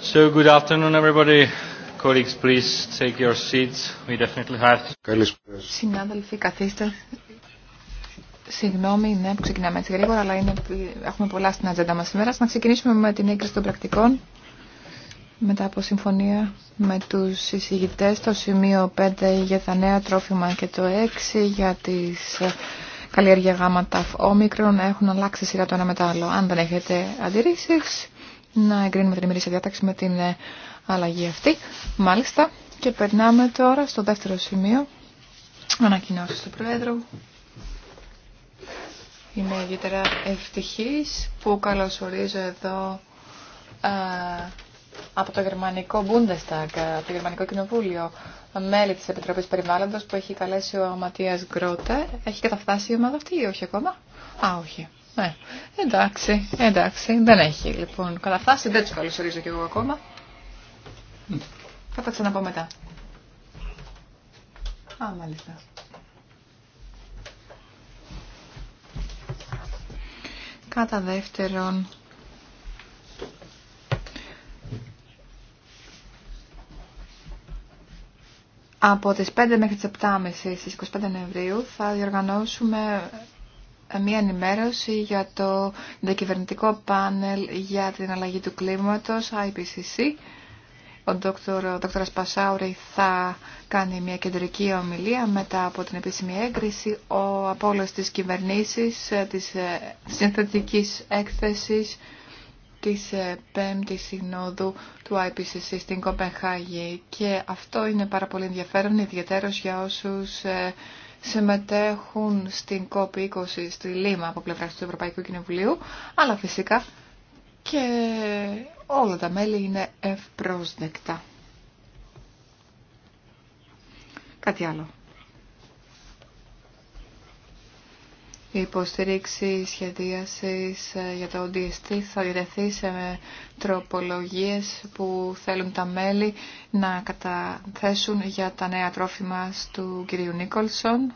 So good afternoon everybody. Colleagues, please take your seats. We definitely have Συνάδελφοι, καθίστε. Συγγνώμη, ναι, που ξεκινάμε έτσι γρήγορα, αλλά είναι, έχουμε πολλά στην ατζέντα μας σήμερα. Να ξεκινήσουμε με την έγκριση των πρακτικών. Μετά από συμφωνία με τους εισηγητές, το σημείο 5 για τα νέα τρόφιμα και το 6 για τις ε, καλλιέργεια γάματα ομίκρων. έχουν αλλάξει σειρά το ένα μετά άλλο. Αν δεν έχετε αντιρρήσεις, να εγκρίνουμε την ημερήσια διάταξη με την ε, αλλαγή αυτή. Μάλιστα. Και περνάμε τώρα στο δεύτερο σημείο. Ανακοινώσει του Πρόεδρου. Είμαι ιδιαίτερα ευτυχής που καλωσορίζω εδώ α, ε, από το γερμανικό Bundestag, ε, το γερμανικό κοινοβούλιο, μέλη της Επιτροπής Περιβάλλοντος που έχει καλέσει ο Ματία Γκρότε. Έχει καταφτάσει η ομάδα αυτή ή όχι ακόμα? Α, όχι. Ναι, εντάξει, εντάξει, δεν έχει λοιπόν καταφτάσει, δεν του καλωσορίζω κι εγώ ακόμα. Θα τα ξαναπώ μετά. Α, μάλιστα. Κατά δεύτερον, από τις 5 μέχρι τις 7.30 στις 25 Νευρίου θα διοργανώσουμε μια ενημέρωση για το διακυβερνητικό πάνελ για την αλλαγή του κλίματος, IPCC. Ο δόκτωρας Πασάουρη θα κάνει μια κεντρική ομιλία μετά από την επίσημη έγκριση ο, από όλες τις κυβερνήσεις ε, της ε, συνθετικής έκθεσης της ε, πέμπτης συνόδου του IPCC στην Κοπενχάγη και αυτό είναι πάρα πολύ ενδιαφέρον ιδιαίτερος για όσους συμμετέχουν στην COP20 στη Λίμα από πλευρά του Ευρωπαϊκού Κοινοβουλίου, αλλά φυσικά και όλα τα μέλη είναι ευπρόσδεκτα. Κάτι άλλο. Η υποστήριξη σχεδίασης ε, για το ODST θα διατεθεί σε τροπολογίες που θέλουν τα μέλη να καταθέσουν για τα νέα τρόφιμα του κυρίου Νίκολσον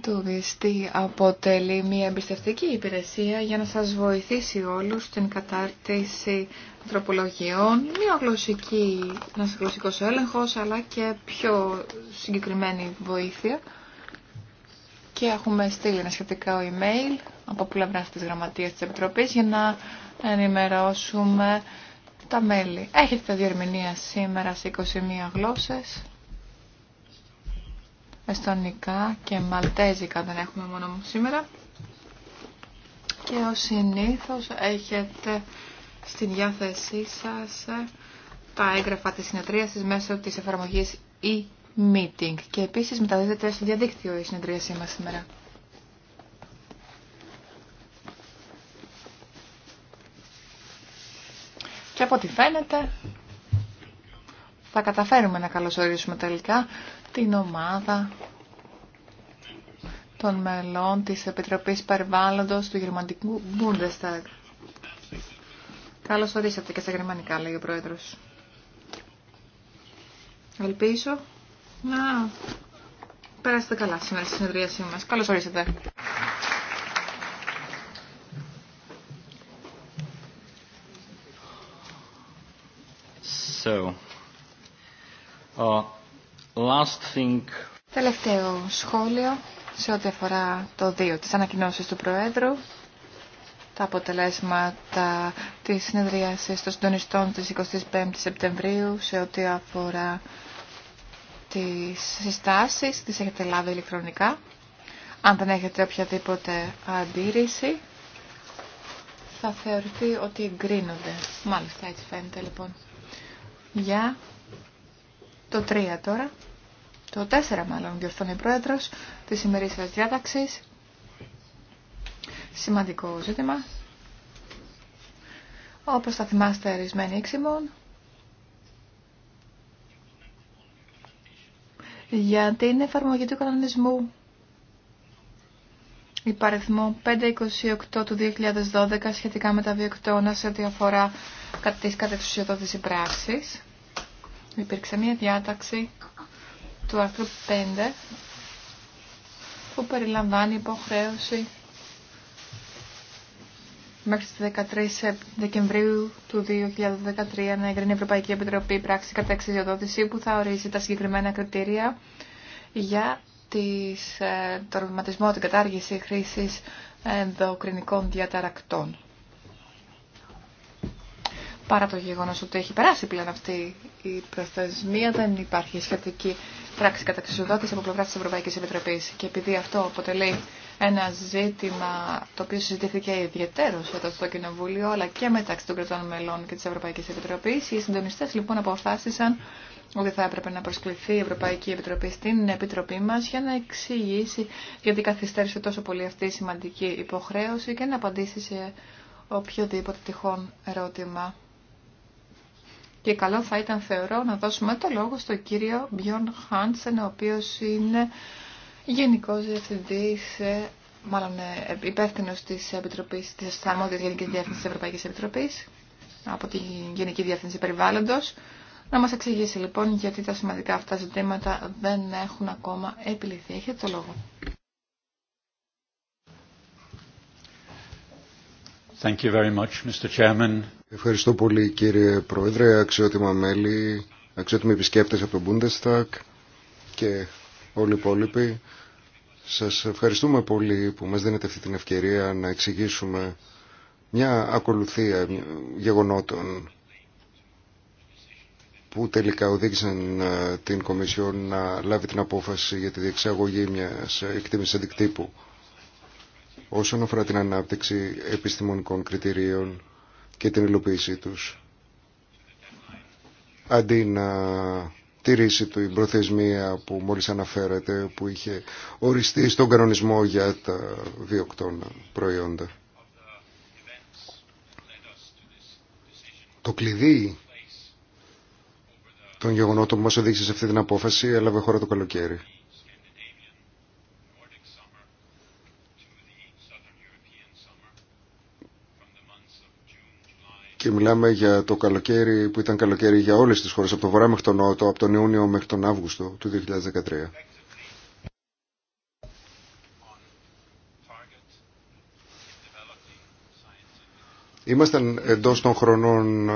Το βιστή αποτελεί μια εμπιστευτική υπηρεσία για να σας βοηθήσει όλους στην κατάρτιση τροπολογιών, μια γλωσσική, ένας γλωσσικό έλεγχος, αλλά και πιο συγκεκριμένη βοήθεια. Και έχουμε στείλει ένα σχετικά email από πλευρά της γραμματεία τη Επιτροπής για να ενημερώσουμε τα μέλη. Έχετε διερμηνία σήμερα σε 21 γλώσσες εστονικά και μαλτέζικα δεν έχουμε μόνο σήμερα. Και ως συνήθως έχετε στην διάθεσή σας ε, τα έγγραφα της συνεδρίασης μέσω της εφαρμογής e-meeting και επίσης μεταδίδεται στο διαδίκτυο η συνεδρίασή μας σήμερα. Και από ό,τι φαίνεται θα καταφέρουμε να καλωσορίσουμε τελικά την ομάδα των μελών της Επιτροπής Περιβάλλοντος του Γερμανικού Bundestag. Καλώς ορίσατε και στα γερμανικά, λέει ο Πρόεδρος. Ελπίζω να περάσετε καλά σήμερα στη συνεδρίασή μας. Καλώς ορίσατε. So, uh... Last thing. Τελευταίο σχόλιο σε ό,τι αφορά το 2 της ανακοινώσεις του Προέδρου τα αποτελέσματα της συνεδρίασης των συντονιστών της 25 Σεπτεμβρίου σε ό,τι αφορά τις συστάσεις, τις έχετε λάβει ηλεκτρονικά. Αν δεν έχετε οποιαδήποτε αντίρρηση, θα θεωρηθεί ότι εγκρίνονται. Μάλιστα, έτσι φαίνεται λοιπόν. Για το 3 τώρα το 4 μάλλον διορθώνει ο πρόεδρος της ημερήσιας διάταξης. Σημαντικό ζήτημα. Όπως θα θυμάστε αρισμένοι εξημών. Για την εφαρμογή του κανονισμού υπαριθμό 528 του 2012 σχετικά με τα βιοκτώνα σε ό,τι αφορά τις κατευσουσιοδότηση πράξης. Υπήρξε μια διάταξη του άρθρου 5 που περιλαμβάνει υποχρέωση μέχρι τις 13 Δεκεμβρίου του 2013 να εγκρίνει η Ευρωπαϊκή Επιτροπή πράξη κατά εξιδιοδότηση που θα ορίζει τα συγκεκριμένα κριτήρια για τις, ε, το ρευματισμό, την κατάργηση χρήσης ενδοκρινικών διαταρακτών. Παρά το γεγονός ότι έχει περάσει πλέον αυτή η προθεσμία, δεν υπάρχει σχετική πράξη καταξιοδότηση από πλευρά τη Ευρωπαϊκή Επιτροπή. Και επειδή αυτό αποτελεί ένα ζήτημα το οποίο συζητήθηκε ιδιαίτερο εδώ στο Κοινοβούλιο, αλλά και μεταξύ των κρατών μελών και τη Ευρωπαϊκή Επιτροπή, οι συντονιστέ λοιπόν αποφάσισαν ότι θα έπρεπε να προσκληθεί η Ευρωπαϊκή Επιτροπή στην Επιτροπή μα για να εξηγήσει γιατί καθυστέρησε τόσο πολύ αυτή η σημαντική υποχρέωση και να απαντήσει σε οποιοδήποτε τυχόν ερώτημα και καλό θα ήταν, θεωρώ, να δώσουμε το λόγο στον κύριο Μπιόν Χάντσεν, ο οποίος είναι γενικός διευθυντής, ε, μάλλον ε, υπεύθυνο της Επιτροπής, της Αρμόδιας Γενικής Διεύθυνσης Ευρωπαϊκής Επιτροπής, από τη Γενική Διεύθυνση Περιβάλλοντος. Να μας εξηγήσει λοιπόν γιατί τα σημαντικά αυτά ζητήματα δεν έχουν ακόμα επιληθεί. Έχετε το λόγο. Thank you very much, Mr. Chairman. Ευχαριστώ πολύ κύριε Πρόεδρε, αξιότιμα μέλη, αξιότιμοι επισκέπτες από τον Bundestag και όλοι οι υπόλοιποι. Σας ευχαριστούμε πολύ που μας δίνετε αυτή την ευκαιρία να εξηγήσουμε μια ακολουθία γεγονότων που τελικά οδήγησαν ε, την Κομισιόν να λάβει την απόφαση για τη διεξαγωγή μιας εκτίμησης αντικτύπου όσον αφορά την ανάπτυξη επιστημονικών κριτηρίων και την υλοποίησή τους αντί να τηρήσει την προθεσμία που μόλις αναφέρατε που είχε οριστεί στον κανονισμό για τα βιοκτώνα προϊόντα. Το κλειδί των γεγονότων που μας οδήγησε σε αυτή την απόφαση έλαβε χώρα το καλοκαίρι. και μιλάμε για το καλοκαίρι που ήταν καλοκαίρι για όλες τις χώρες από το βορρά μέχρι τον νότο, από τον Ιούνιο μέχρι τον Αύγουστο του 2013. Ήμασταν εντός των χρονών ε,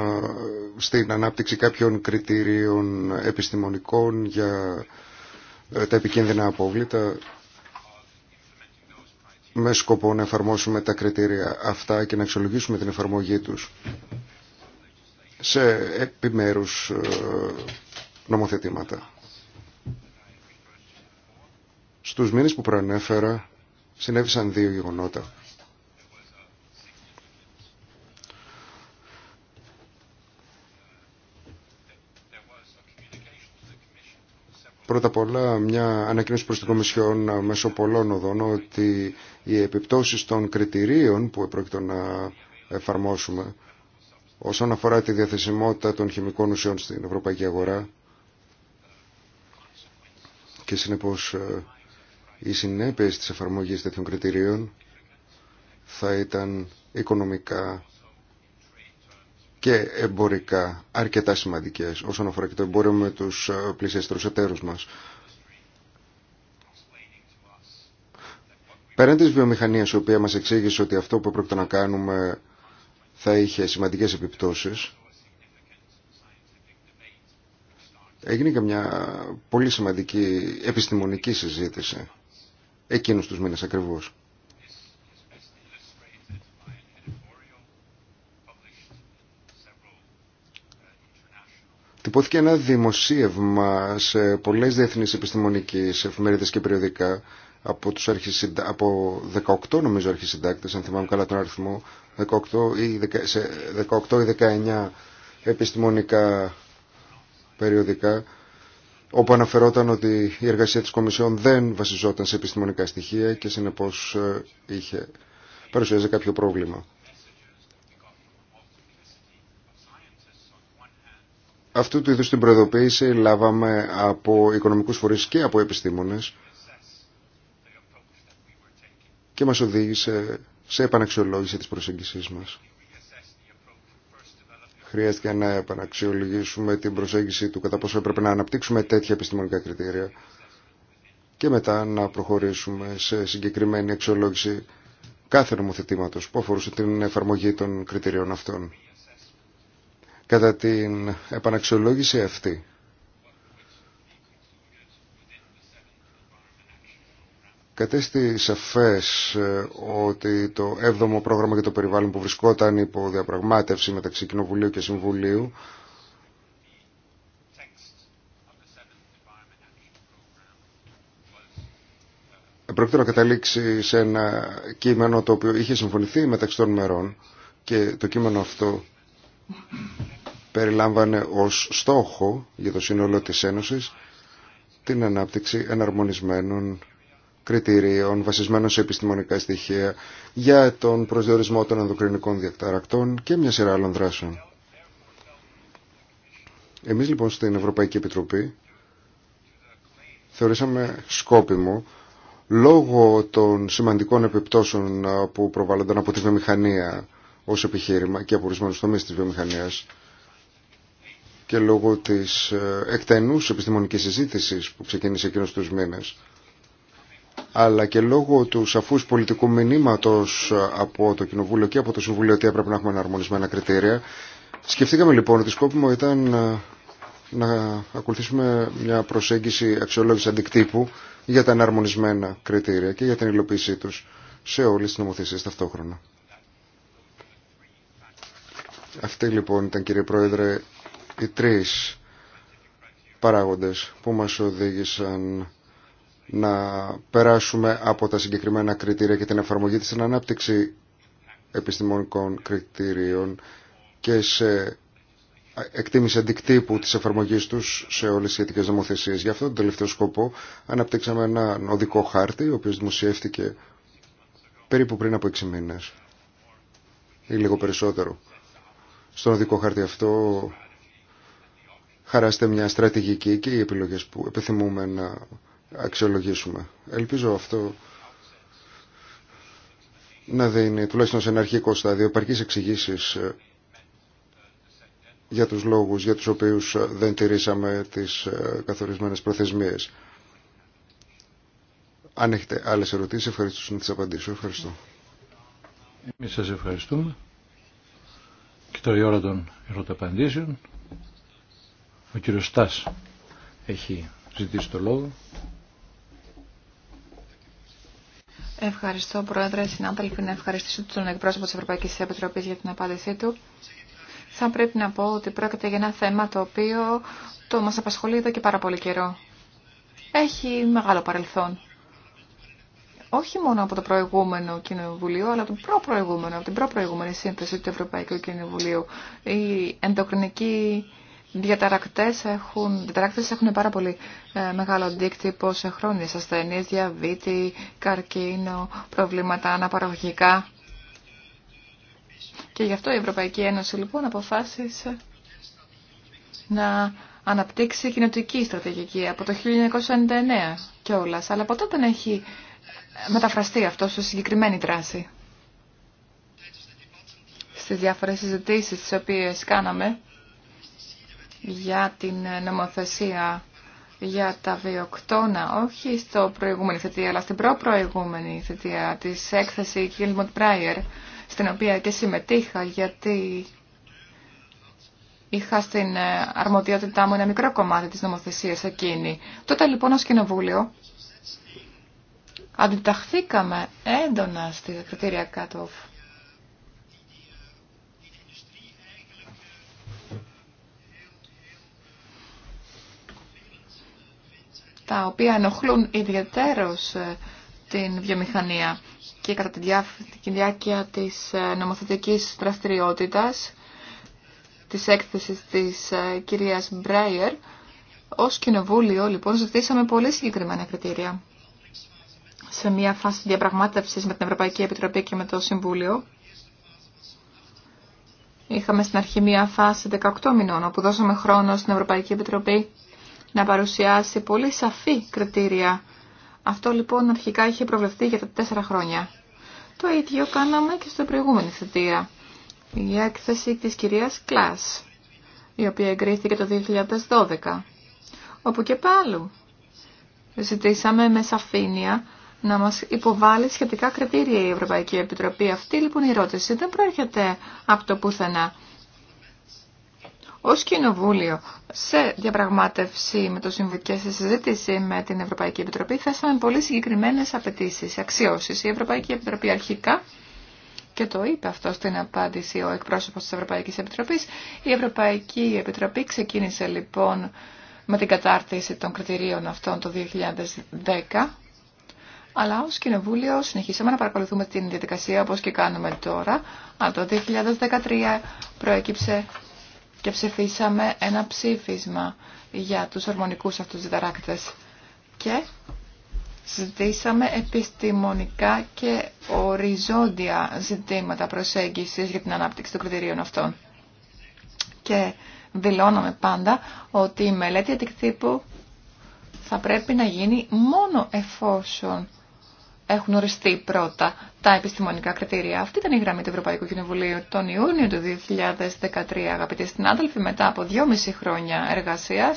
στην ανάπτυξη κάποιων κριτηρίων επιστημονικών για ε, τα επικίνδυνα απόβλητα με σκοπό να εφαρμόσουμε τα κριτήρια αυτά και να αξιολογήσουμε την εφαρμογή τους σε επιμέρους ε, νομοθετήματα. Στους μήνες που προανέφερα συνέβησαν δύο γεγονότα. Πρώτα απ' όλα μια ανακοίνωση προς την Κομισιόν μέσω πολλών οδών ότι οι επιπτώσεις των κριτηρίων που επρόκειτο να εφαρμόσουμε όσον αφορά τη διαθεσιμότητα των χημικών ουσιών στην ευρωπαϊκή αγορά και συνεπώς ε, οι συνέπειες της εφαρμογής τέτοιων κριτηρίων θα ήταν οικονομικά και εμπορικά αρκετά σημαντικές όσον αφορά και το εμπόριο με τους ε, πλησιέστερους εταίρους μας. Πέραν της βιομηχανίας, η οποία μας εξήγησε ότι αυτό που πρόκειται να κάνουμε θα είχε σημαντικές επιπτώσεις, έγινε και μια πολύ σημαντική επιστημονική συζήτηση εκείνους τους μήνες ακριβώς. Τυπώθηκε ένα δημοσίευμα σε πολλές διεθνείς επιστημονικές εφημερίδες και περιοδικά από, τους αρχισυντα... από 18 νομίζω αρχισυντάκτες, αν θυμάμαι καλά τον αριθμό, 18 ή, 18 ή 19 επιστημονικά περιοδικά, όπου αναφερόταν ότι η εργασία της Κομισιόν δεν βασιζόταν σε επιστημονικά στοιχεία και συνεπώς ε, είχε παρουσιάζει κάποιο πρόβλημα. αυτού του είδους την προεδοποίηση λάβαμε από οικονομικούς φορείς και από επιστήμονες και μας οδήγησε σε επαναξιολόγηση της προσέγγισής μας. Χρειάστηκε να επαναξιολογήσουμε την προσέγγιση του κατά πόσο έπρεπε να αναπτύξουμε τέτοια επιστημονικά κριτήρια και μετά να προχωρήσουμε σε συγκεκριμένη αξιολόγηση κάθε νομοθετήματος που αφορούσε την εφαρμογή των κριτηρίων αυτών. Κατά την επαναξιολόγηση αυτή, κατέστη σαφές ε, ότι το 7ο πρόγραμμα για το περιβάλλον που βρισκόταν υπό διαπραγμάτευση μεταξύ Κοινοβουλίου και Συμβουλίου πρόκειται να καταλήξει σε ένα κείμενο το οποίο είχε συμφωνηθεί μεταξύ των μερών και το κείμενο αυτό περιλάμβανε ως στόχο για το σύνολο της Ένωσης την ανάπτυξη εναρμονισμένων κριτηρίων βασισμένων σε επιστημονικά στοιχεία για τον προσδιορισμό των ενδοκρινικών διαταρακτών και μια σειρά άλλων δράσεων. Εμείς λοιπόν στην Ευρωπαϊκή Επιτροπή θεωρήσαμε σκόπιμο λόγω των σημαντικών επιπτώσεων που προβάλλονταν από τη βιομηχανία ως επιχείρημα και από ορισμένους τομείς της βιομηχανίας και λόγω της ε, εκτενούς επιστημονικής συζήτησης που ξεκίνησε εκείνους τους μήνες αλλά και λόγω του σαφούς πολιτικού μηνύματος ε, από το Κοινοβούλιο και από το Συμβούλιο ότι έπρεπε να έχουμε εναρμονισμένα κριτήρια σκεφτήκαμε λοιπόν ότι σκόπιμο ήταν ε, να ακολουθήσουμε μια προσέγγιση αξιολόγηση αντικτύπου για τα εναρμονισμένα κριτήρια και για την υλοποίησή τους σε όλες τις νομοθεσίες ταυτόχρονα. Αυτή λοιπόν ήταν κύριε Πρόεδρε οι τρεις παράγοντες που μας οδήγησαν να περάσουμε από τα συγκεκριμένα κριτήρια και την εφαρμογή της στην ανάπτυξη επιστημονικών κριτήριων και σε εκτίμηση αντικτύπου της εφαρμογής τους σε όλες τις σχετικές νομοθεσίες. Γι' αυτό τον τελευταίο σκοπό αναπτύξαμε έναν οδικό χάρτη, ο οποίος δημοσιεύτηκε περίπου πριν από 6 μήνες ή λίγο περισσότερο. Στον οδικό χάρτη αυτό χαράστε μια στρατηγική και οι επιλογές που επιθυμούμε να αξιολογήσουμε. Ελπίζω αυτό να δίνει τουλάχιστον σε ένα αρχικό στάδιο επαρκείς εξηγήσει ε, για τους λόγους για τους οποίους ε, δεν τηρήσαμε τις ε, καθορισμένες προθεσμίες. Αν έχετε άλλες ερωτήσεις, ευχαριστώ να τις απαντήσω. Ευχαριστώ. Εμείς σας ευχαριστούμε. Και η ώρα των ερωταπαντήσεων. Ο κύριος Στάς έχει ζητήσει το λόγο. Ευχαριστώ, Πρόεδρε, συνάδελφοι, να ευχαριστήσω τον εκπρόσωπο της Ευρωπαϊκής Επιτροπής για την απάντησή του. Θα πρέπει να πω ότι πρόκειται για ένα θέμα το οποίο το μας απασχολεί εδώ και πάρα πολύ καιρό. Έχει μεγάλο παρελθόν. Όχι μόνο από το προηγούμενο κοινοβουλίο, αλλά από το προπροηγούμενο, από την προπροηγούμενη σύνθεση του Ευρωπαϊκού Κοινοβουλίου. Η ενδοκρινική διαταρακτές έχουν, έχουν πάρα πολύ ε, μεγάλο αντίκτυπο σε χρόνιες ασθένειες, διαβήτη, καρκίνο, προβλήματα αναπαραγωγικά. Και γι' αυτό η Ευρωπαϊκή Ένωση λοιπόν αποφάσισε να αναπτύξει κοινοτική στρατηγική από το 1999 κιόλα. αλλά από τότε δεν έχει μεταφραστεί αυτό σε συγκεκριμένη δράση. Στις διάφορες συζητήσεις τις οποίες κάναμε, για την νομοθεσία για τα βιοκτώνα, όχι στο προηγούμενη θετία, αλλά στην προ-προηγούμενη θετία της έκθεση στην οποία και συμμετείχα γιατί είχα στην αρμοδιότητά μου ένα μικρό κομμάτι της νομοθεσίας εκείνη. Τότε λοιπόν ως κοινοβούλιο αντιταχθήκαμε έντονα στη κριτηρια κάτω. τα οποία ενοχλούν ιδιαίτερως ε, την βιομηχανία και κατά τη διάρκεια της ε, νομοθετικής δραστηριότητας της έκθεσης της ε, κυρίας Μπρέιερ, ως κοινοβούλιο λοιπόν ζητήσαμε πολύ συγκεκριμένα κριτήρια. Σε μια φάση διαπραγμάτευσης με την Ευρωπαϊκή Επιτροπή και με το Συμβούλιο, είχαμε στην αρχή μια φάση 18 μηνών, όπου δώσαμε χρόνο στην Ευρωπαϊκή Επιτροπή να παρουσιάσει πολύ σαφή κριτήρια. Αυτό λοιπόν αρχικά είχε προβλεφθεί για τα τέσσερα χρόνια. Το ίδιο κάναμε και στο προηγούμενη θητεία. Η έκθεση της κυρίας Κλάς, η οποία εγκρίθηκε το 2012, όπου και πάλι ζητήσαμε με σαφήνεια να μας υποβάλει σχετικά κριτήρια η Ευρωπαϊκή Επιτροπή. Αυτή λοιπόν η ερώτηση δεν προέρχεται από το πουθενά. Ω Κοινοβούλιο σε διαπραγμάτευση με το Συμβουλίο και σε συζήτηση με την Ευρωπαϊκή Επιτροπή θέσαμε πολύ συγκεκριμένε απαιτήσει, αξιώσει. Η Ευρωπαϊκή Επιτροπή αρχικά και το είπε αυτό στην απάντηση ο εκπρόσωπο τη Ευρωπαϊκή Επιτροπή, Η Ευρωπαϊκή Επιτροπή ξεκίνησε λοιπόν με την κατάρτιση των κριτηρίων αυτών το 2010 αλλά ως Κοινοβούλιο συνεχίσαμε να παρακολουθούμε την διαδικασία όπως και κάνουμε τώρα. Από το 2013 προέκυψε και ψηφίσαμε ένα ψήφισμα για τους ορμονικούς αυτούς διδαράκτες και ζητήσαμε επιστημονικά και οριζόντια ζητήματα προσέγγισης για την ανάπτυξη των κριτηρίων αυτών. Και δηλώναμε πάντα ότι η μελέτη αντικτύπου θα πρέπει να γίνει μόνο εφόσον έχουν οριστεί πρώτα τα επιστημονικά κριτήρια. Αυτή ήταν η γραμμή του Ευρωπαϊκού Κοινοβουλίου τον Ιούνιο του 2013, αγαπητοί συνάδελφοι, μετά από δυόμιση χρόνια εργασία,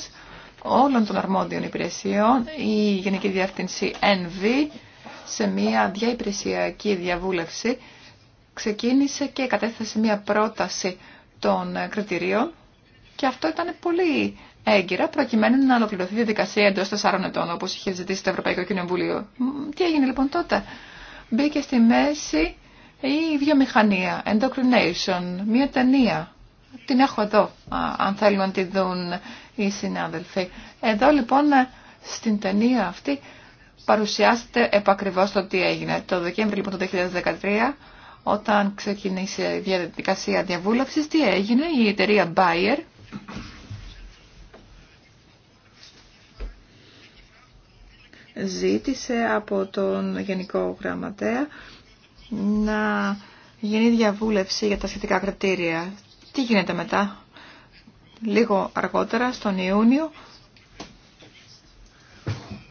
όλων των αρμόδιων υπηρεσιών, η Γενική Διεύθυνση NV σε μια διαυπηρεσιακή διαβούλευση ξεκίνησε και κατέθεσε μια πρόταση των κριτηρίων και αυτό ήταν πολύ έγκυρα προκειμένου να ολοκληρωθεί η διαδικασία εντό 4 ετών όπω είχε ζητήσει το Ευρωπαϊκό Κοινοβούλιο. Τι έγινε λοιπόν τότε. Μπήκε στη μέση η βιομηχανία, Endocrination, μια ταινία. Την έχω εδώ, αν θέλουν να τη δουν οι συνάδελφοι. Εδώ λοιπόν στην ταινία αυτή παρουσιάζεται επακριβώς το τι έγινε. Το Δεκέμβρη λοιπόν το 2013 όταν ξεκινήσε η διαδικασία διαβούλευση, τι έγινε, η εταιρεία Bayer ζήτησε από τον Γενικό Γραμματέα να γίνει διαβούλευση για τα σχετικά κριτήρια. Τι γίνεται μετά. Λίγο αργότερα, στον Ιούνιο,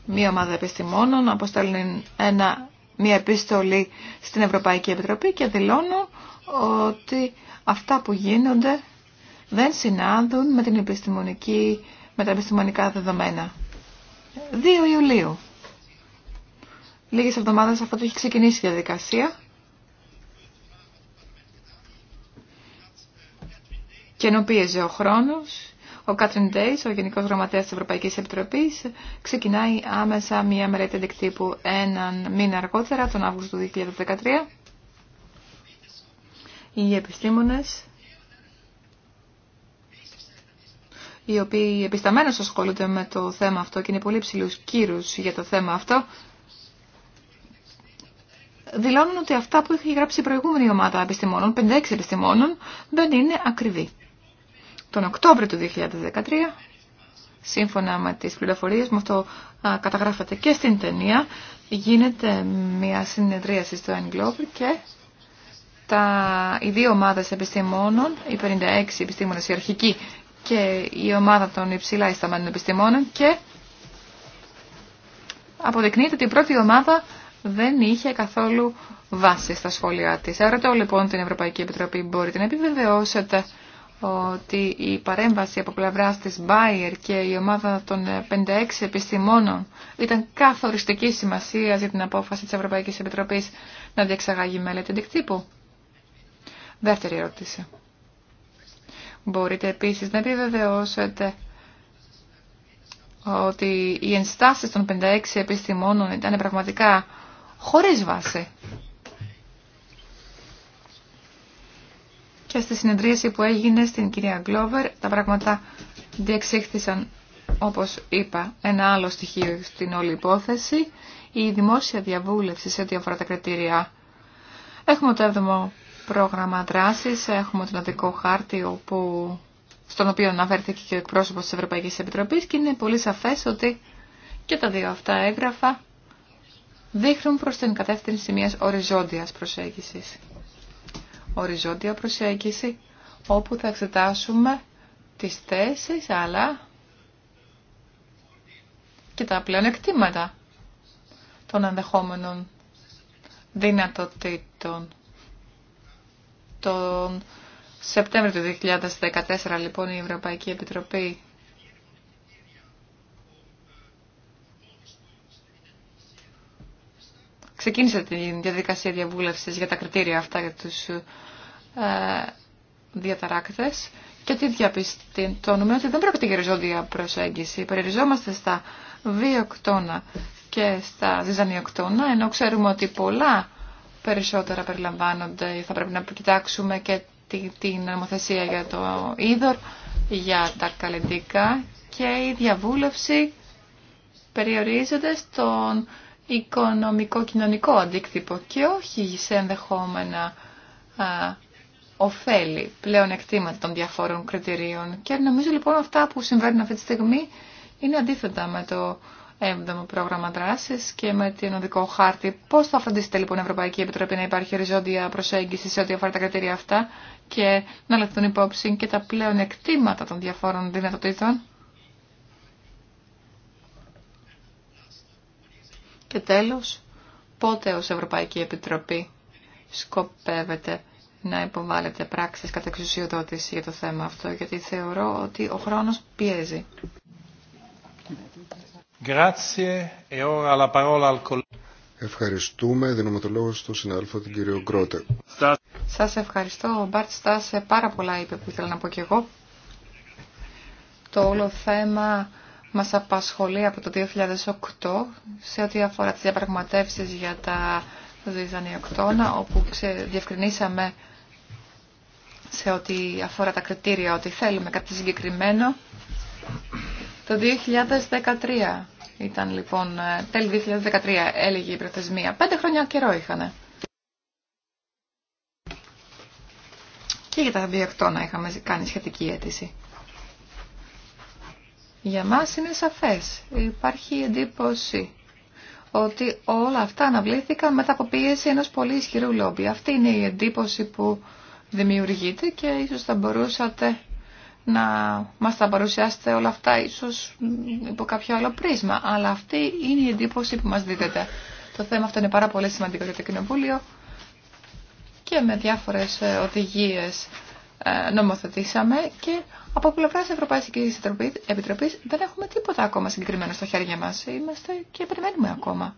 μία ομάδα επιστημόνων αποστέλνει ένα, μία επίστολη στην Ευρωπαϊκή Επιτροπή και δηλώνω ότι αυτά που γίνονται δεν συνάδουν με, την επιστημονική, με τα επιστημονικά δεδομένα. 2 Ιουλίου λίγες εβδομάδες αφού το έχει ξεκινήσει η διαδικασία. Και ο χρόνος, ο Κάτριν Ντέις, ο Γενικός Γραμματέας της Ευρωπαϊκής Επιτροπής, ξεκινάει άμεσα μια μελέτη αντικτύπου έναν μήνα αργότερα, τον Αύγουστο του 2013. Οι επιστήμονες, οι οποίοι επισταμμένως ασχολούνται με το θέμα αυτό και είναι πολύ ψηλούς κύρους για το θέμα αυτό, δηλώνουν ότι αυτά που έχει γράψει η προηγούμενη ομάδα επιστημόνων, 56 επιστημόνων, δεν είναι ακριβή. Τον Οκτώβριο του 2013, σύμφωνα με τις πληροφορίες μου, αυτό καταγράφεται και στην ταινία, γίνεται μια συνεδρίαση στο Englobe και τα, οι δύο ομάδες επιστημόνων, οι 56 επιστήμονες, η αρχική και η ομάδα των υψηλά εισταμένων επιστημόνων και αποδεικνύεται ότι η πρώτη ομάδα δεν είχε καθόλου βάση στα σχόλιά της. Ρωτώ λοιπόν την Ευρωπαϊκή Επιτροπή, μπορείτε να επιβεβαιώσετε ότι η παρέμβαση από πλευρά της Bayer και η ομάδα των 56 επιστημόνων ήταν καθοριστική σημασία για την απόφαση της Ευρωπαϊκής Επιτροπής να διεξαγάγει μελέτη αντικτύπου. Δεύτερη ερώτηση. Μπορείτε επίσης να επιβεβαιώσετε ότι οι ενστάσεις των 56 επιστημόνων ήταν πραγματικά χωρίς βάση. Και στη συνεδρίαση που έγινε στην κυρία Γκλόβερ, τα πράγματα διεξήχθησαν, όπως είπα, ένα άλλο στοιχείο στην όλη υπόθεση, η δημόσια διαβούλευση σε ό,τι αφορά τα κριτήρια. Έχουμε το 7ο πρόγραμμα δράσης, έχουμε τον οδικό χάρτη όπου, στον οποίο αναφέρθηκε και ο εκπρόσωπος της Ευρωπαϊκής Επιτροπής και είναι πολύ σαφές ότι και τα δύο αυτά έγγραφα δείχνουν προς την κατεύθυνση μιας οριζόντιας προσέγγισης. Οριζόντια προσέγγιση όπου θα εξετάσουμε τις θέσεις αλλά και τα πλεονεκτήματα των ενδεχόμενων δυνατοτήτων. Τον Σεπτέμβριο του 2014 λοιπόν η Ευρωπαϊκή Επιτροπή ξεκίνησε τη διαδικασία διαβούλευση για τα κριτήρια αυτά για του ε, διαταράκτες και τι διαπιστώνουμε ότι δεν πρόκειται για οριζόντια προσέγγιση. Περιοριζόμαστε στα βιοκτώνα και στα ζυζανιοκτώνα, ενώ ξέρουμε ότι πολλά περισσότερα περιλαμβάνονται. Θα πρέπει να κοιτάξουμε και την νομοθεσία για το είδωρ, για τα καλλιντικά και η διαβούλευση περιορίζεται στον οικονομικό-κοινωνικό αντίκτυπο και όχι σε ενδεχόμενα α, ωφέλη πλέον εκτίματα των διαφόρων κριτηρίων. Και νομίζω λοιπόν αυτά που συμβαίνουν αυτή τη στιγμή είναι αντίθετα με το έβδομο πρόγραμμα δράση και με την οδικό χάρτη. Πώ θα φροντίσετε λοιπόν η Ευρωπαϊκή Επιτροπή να υπάρχει οριζόντια προσέγγιση σε ό,τι αφορά τα κριτήρια αυτά και να λεφθούν υπόψη και τα πλέον εκτίματα των διαφόρων δυνατοτήτων. Και τέλος, πότε ως Ευρωπαϊκή Επιτροπή σκοπεύετε να υποβάλλετε πράξεις κατά εξουσιοδότηση για το θέμα αυτό, γιατί θεωρώ ότι ο χρόνος πιέζει. E Ευχαριστούμε. Δίνουμε το λόγο στον συνάδελφο, τον κύριο Γκρότε. Σας ευχαριστώ. Ο Μπάρτ Στάσε πάρα πολλά είπε που ήθελα να πω κι εγώ. Το όλο θέμα μας απασχολεί από το 2008 σε ό,τι αφορά τις διαπραγματεύσεις για τα διδανειοκτώνα, όπου διευκρινίσαμε σε ό,τι αφορά τα κριτήρια ότι θέλουμε κάτι συγκεκριμένο. Το 2013 ήταν λοιπόν, τέλη 2013 έλεγε η προθεσμία. Πέντε χρόνια καιρό είχανε. Και για τα εκτώνα είχαμε κάνει σχετική αίτηση. Για μας είναι σαφές. Υπάρχει εντύπωση ότι όλα αυτά αναβλήθηκαν μετά από πίεση ενός πολύ ισχυρού λόμπι. Αυτή είναι η εντύπωση που δημιουργείται και ίσως θα μπορούσατε να μας τα παρουσιάσετε όλα αυτά ίσως υπό κάποιο άλλο πρίσμα. Αλλά αυτή είναι η εντύπωση που μας δείτε. Το θέμα αυτό είναι πάρα πολύ σημαντικό για το Κοινοβούλιο και με διάφορες ε, οδηγίες νομοθετήσαμε και από πλευρά Ευρωπαϊκή Επιτροπή δεν έχουμε τίποτα ακόμα συγκεκριμένο στα χέρια μα. Είμαστε και περιμένουμε ακόμα.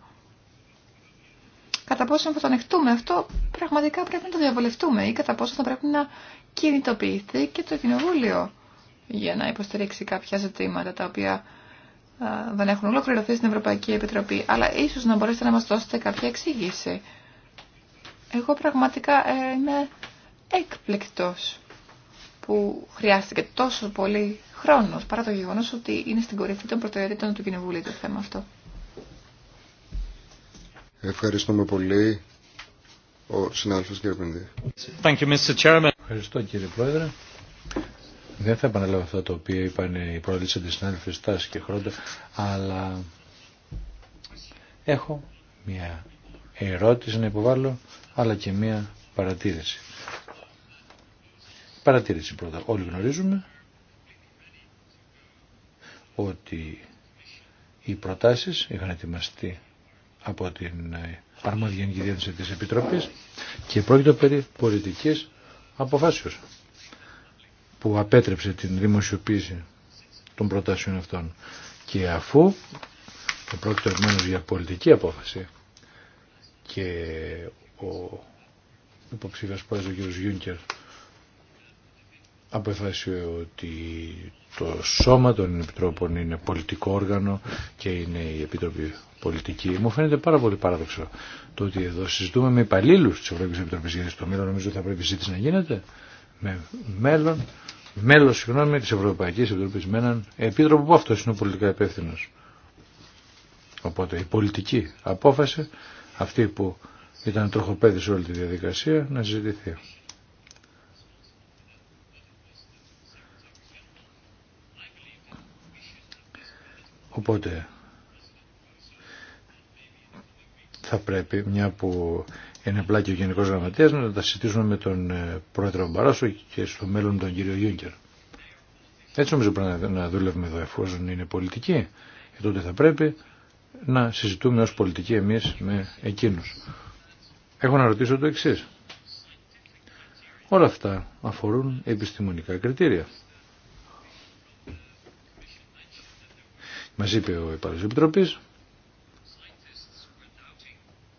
Κατά πόσο θα το ανεχτούμε αυτό, πραγματικά πρέπει να το διαβολευτούμε ή κατά πόσο θα πρέπει να κινητοποιηθεί και το Κοινοβούλιο για να υποστηρίξει κάποια ζητήματα τα οποία δεν έχουν ολοκληρωθεί στην Ευρωπαϊκή Επιτροπή. Αλλά ίσως να μπορέσετε να μας δώσετε κάποια εξήγηση. Εγώ πραγματικά ε, είμαι έκπληκτος που χρειάστηκε τόσο πολύ χρόνος, παρά το γεγονό ότι είναι στην κορυφή των προτεραιότητων του Κοινοβουλίου το θέμα αυτό. Ευχαριστούμε πολύ. Ο συνάδελφος κ. Πενδύ. Ευχαριστώ κύριε Πρόεδρε. Δεν θα επαναλάβω αυτά τα οποία είπαν οι τη συνάδελφοι Τάση και Χρόντα, αλλά έχω μια ερώτηση να υποβάλω, αλλά και μια παρατήρηση. Παρατήρηση πρώτα. Όλοι γνωρίζουμε ότι οι προτάσεις είχαν ετοιμαστεί από την ε, αρμόδια Διεύθυνση της Επιτροπής και πρόκειται περί πολιτικής αποφάσεως που απέτρεψε την δημοσιοποίηση των προτάσεων αυτών. Και αφού πρόκειται για πολιτική απόφαση και ο υποψήφιος πρόεδρος ο κ. Γιούνκερ αποφάσισε ότι το σώμα των επιτρόπων είναι πολιτικό όργανο και είναι η Επιτροπή Πολιτική. Μου φαίνεται πάρα πολύ παράδοξο το ότι εδώ συζητούμε με υπαλλήλου τη Ευρωπαϊκή Επιτροπή γιατί Το μέλλον νομίζω ότι θα πρέπει η συζήτηση να γίνεται με μέλλον, μέλο συγγνώμη τη Ευρωπαϊκή Επιτροπή με έναν επίτροπο που αυτό είναι ο πολιτικά υπεύθυνο. Οπότε η πολιτική απόφαση αυτή που ήταν τροχοπέδη σε όλη τη διαδικασία να συζητηθεί. Οπότε θα πρέπει μια που είναι απλά και ο Γενικό Γραμματέα να τα συζητήσουμε με τον ε, πρόεδρο Μπαράσο και στο μέλλον τον κύριο Γιούγκερ. Έτσι νομίζω πρέπει να δουλεύουμε εδώ εφόσον είναι πολιτική. Και ε, τότε θα πρέπει να συζητούμε ως πολιτικοί εμείς με εκείνους. Έχω να ρωτήσω το εξής. Όλα αυτά αφορούν επιστημονικά κριτήρια. Μας είπε ο υπάλληλος Επιτροπής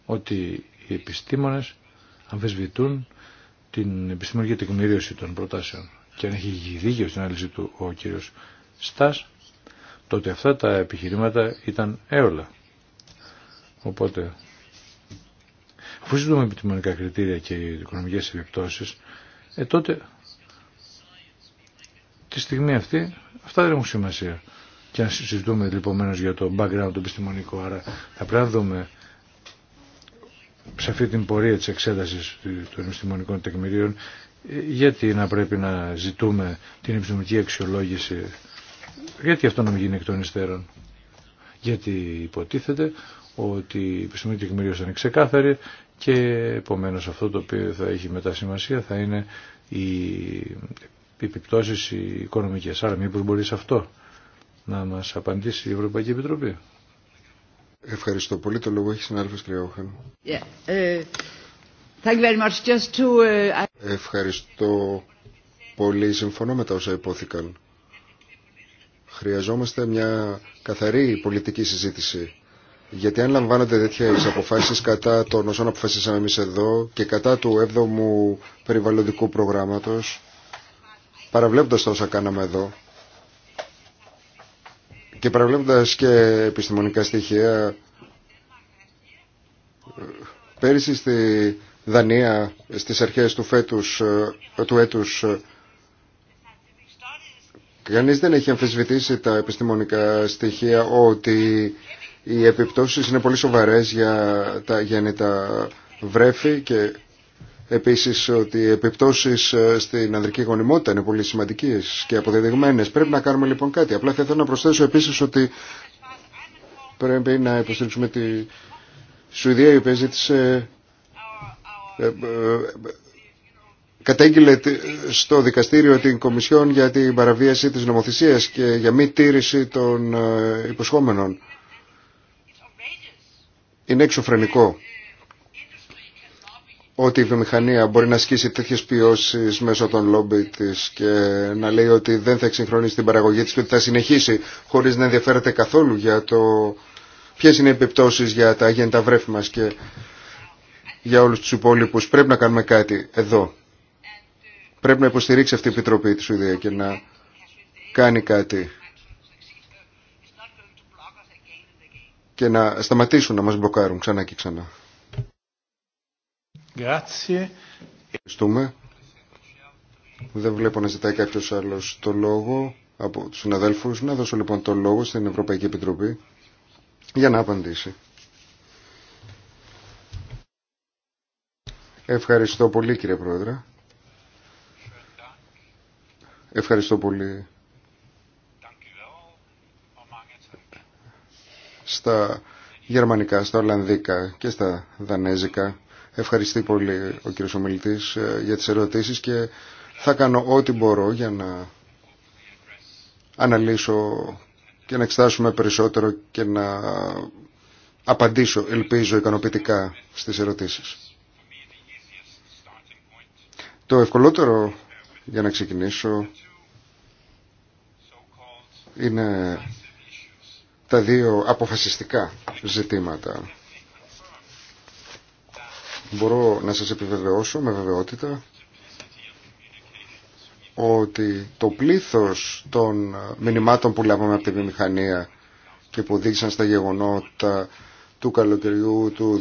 ότι οι επιστήμονες αμφισβητούν την επιστημονική τεκμηρίωση των προτάσεων και αν έχει δίκιο στην άλυση του ο κύριος Στάς, τότε αυτά τα επιχειρήματα ήταν έολα. Οπότε, αφού ζητούμε επιτυμονικά κριτήρια και οικονομικές επιπτώσεις, ε, τότε τη στιγμή αυτή αυτά δεν έχουν σημασία. Και αν συζητούμε λοιπόν για το background το επιστημονικό, άρα θα πρέπει να δούμε σε αυτή την πορεία της εξέτασης των επιστημονικών τεκμηρίων ε, γιατί να πρέπει να ζητούμε την επιστημονική αξιολόγηση γιατί αυτό να μην γίνει εκ των υστέρων γιατί υποτίθεται ότι η επιστημονική τεκμηρίωση είναι ξεκάθαρη και επομένως αυτό το οποίο θα έχει μετά σημασία θα είναι οι επιπτώσεις οι οικονομικές. Άρα μήπως μπορεί αυτό να μας απαντήσει η Ευρωπαϊκή Επιτροπή. Ευχαριστώ πολύ. Το λόγο έχει συνάδελφος κ. Yeah. Uh, uh, Ευχαριστώ πολύ. Συμφωνώ με τα όσα υπόθηκαν. Χρειαζόμαστε μια καθαρή πολιτική συζήτηση. Γιατί αν λαμβάνονται τέτοιε αποφάσει κατά των όσων αποφασίσαμε εμεί εδώ και κατά του 7ου περιβαλλοντικού προγράμματο, παραβλέποντα τα όσα κάναμε εδώ, και παραβλέποντας και επιστημονικά στοιχεία, πέρυσι στη Δανία, στις αρχές του, του έτους, κανείς δεν έχει αμφισβητήσει τα επιστημονικά στοιχεία ότι οι επιπτώσεις είναι πολύ σοβαρές για τα γέννητα βρέφη και Επίσης ότι οι επιπτώσεις ε, στην ανδρική γονιμότητα είναι πολύ σημαντικές και αποδεδειγμένες. Πρέπει να κάνουμε λοιπόν κάτι. Απλά θα ήθελα να προσθέσω επίσης ότι πρέπει να υποστηρίξουμε τη Σουηδία η οποία ζήτησε ε, ε, κατέγγειλε στο δικαστήριο την Κομισιόν για την παραβίαση της νομοθεσίας και για μη τήρηση των υποσχόμενων. Είναι εξωφρενικό ότι η βιομηχανία μπορεί να ασκήσει τέτοιες ποιώσει μέσω των λόμπι της και να λέει ότι δεν θα εξυγχρονίσει την παραγωγή της και ότι θα συνεχίσει χωρίς να ενδιαφέρεται καθόλου για το ποιες είναι οι επιπτώσεις για τα αγέντα βρέφη μας και για όλους τους υπόλοιπους. Πρέπει να κάνουμε κάτι εδώ. Πρέπει να υποστηρίξει αυτή η Επιτροπή τη Σουηδία και να κάνει κάτι. Και να σταματήσουν να μας μπλοκάρουν ξανά και ξανά. Ευχαριστούμε. Δεν βλέπω να ζητάει κάποιο άλλο το λόγο από του συναδέλφου. Να δώσω λοιπόν το λόγο στην Ευρωπαϊκή Επιτροπή για να απαντήσει. Ευχαριστώ πολύ κύριε Πρόεδρε. Ευχαριστώ πολύ. Στα γερμανικά, στα ολλανδικά και στα δανέζικα Ευχαριστεί πολύ ο κύριος ομιλητής ε, για τις ερωτήσεις και θα κάνω ό,τι μπορώ για να αναλύσω και να εξετάσουμε περισσότερο και να απαντήσω, ελπίζω, ικανοποιητικά στις ερωτήσεις. Το ευκολότερο για να ξεκινήσω είναι τα δύο αποφασιστικά ζητήματα μπορώ να σας επιβεβαιώσω με βεβαιότητα ότι το πλήθος των μηνυμάτων που λάβαμε από τη βιομηχανία και που οδήγησαν στα γεγονότα του καλοκαιριού του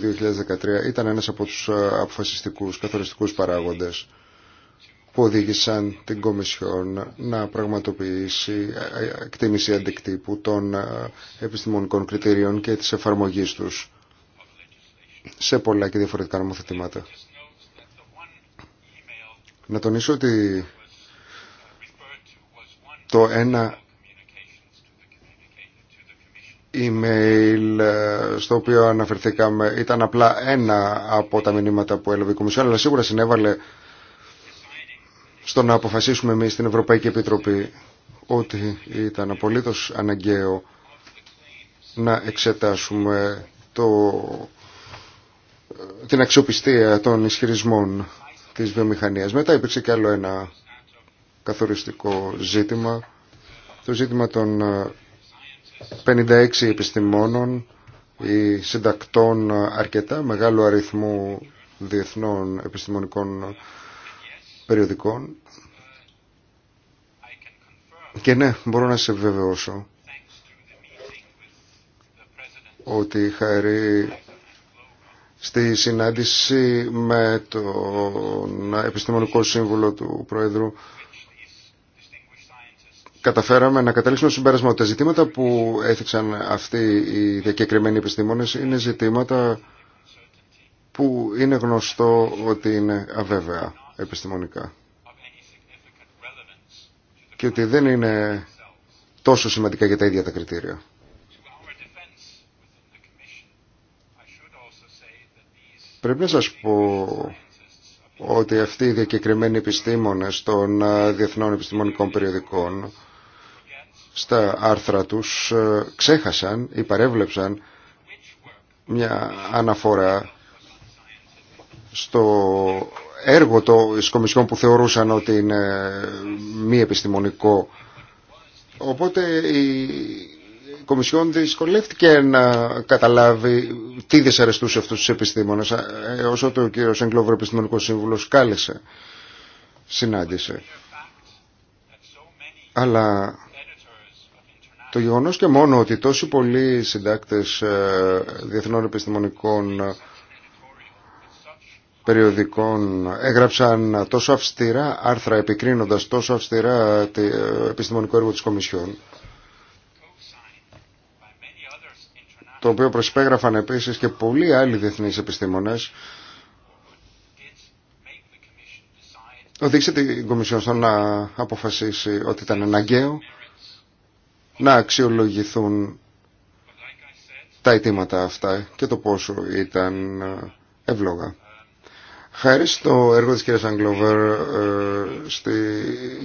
2013 ήταν ένας από τους αποφασιστικούς καθοριστικούς παράγοντες που οδήγησαν την Κομισιόν να πραγματοποιήσει ε, ε, εκτίμηση αντικτύπου των ε, επιστημονικών κριτηρίων και της εφαρμογής τους σε πολλά και διαφορετικά νομοθετήματα. Να τονίσω ότι το ένα email ε, στο οποίο αναφερθήκαμε ήταν απλά ένα από τα μηνύματα που έλαβε η Κομισιόν αλλά σίγουρα συνέβαλε στο να αποφασίσουμε εμείς στην Ευρωπαϊκή Επιτροπή ότι ήταν απολύτως αναγκαίο να εξετάσουμε το την αξιοπιστία των ισχυρισμών της βιομηχανίας. Μετά υπήρξε και άλλο ένα καθοριστικό ζήτημα, το ζήτημα των 56 ε, επιστημόνων ή συντακτών αρκετά μεγάλου αριθμού διεθνών επιστημονικών περιοδικών. Και ναι, μπορώ να σε βεβαιώσω ότι χάρη στη συνάντηση με τον Επιστημονικό Σύμβουλο του Πρόεδρου καταφέραμε να καταλήξουμε στο συμπέρασμα ότι τα ζητήματα που έθιξαν αυτοί οι διακεκριμένοι επιστήμονες είναι ζητήματα που είναι γνωστό ότι είναι αβέβαια επιστημονικά και ότι δεν είναι τόσο σημαντικά για τα ίδια τα κριτήρια. Πρέπει να σας πω ότι αυτοί οι διακεκριμένοι επιστήμονες των ε, διεθνών επιστημονικών περιοδικών στα άρθρα τους ε, ξέχασαν ή παρέβλεψαν μια αναφορά στο έργο της Κομισιόν που θεωρούσαν ότι είναι μη επιστημονικό. Οπότε η παρεβλεψαν μια αναφορα στο εργο το εισκομισιων που θεωρουσαν οτι ειναι μη επιστημονικο οποτε η Κομισιόν δυσκολεύτηκε να καταλάβει τι δυσαρεστούσε αυτούς τους επιστήμονες ε, όσο το κύριο Σεγκλόβρο επιστημονικό Σύμβουλος κάλεσε, συνάντησε. Αλλά το γεγονός και μόνο ότι τόσοι πολλοί συντάκτες ε, διεθνών επιστημονικών ε, περιοδικών έγραψαν τόσο αυστηρά άρθρα επικρίνοντας τόσο αυστηρά το επιστημονικό έργο της Κομισιόν το οποίο προσπέγραφαν επίσης και πολλοί άλλοι διεθνείς επιστήμονες, οδήγησε την Κομισιόν στο να αποφασίσει ότι ήταν αναγκαίο να αξιολογηθούν τα αιτήματα αυτά και το πόσο ήταν ευλόγα. Χάρη στο έργο της κυρίας Αγγλόβερ ε,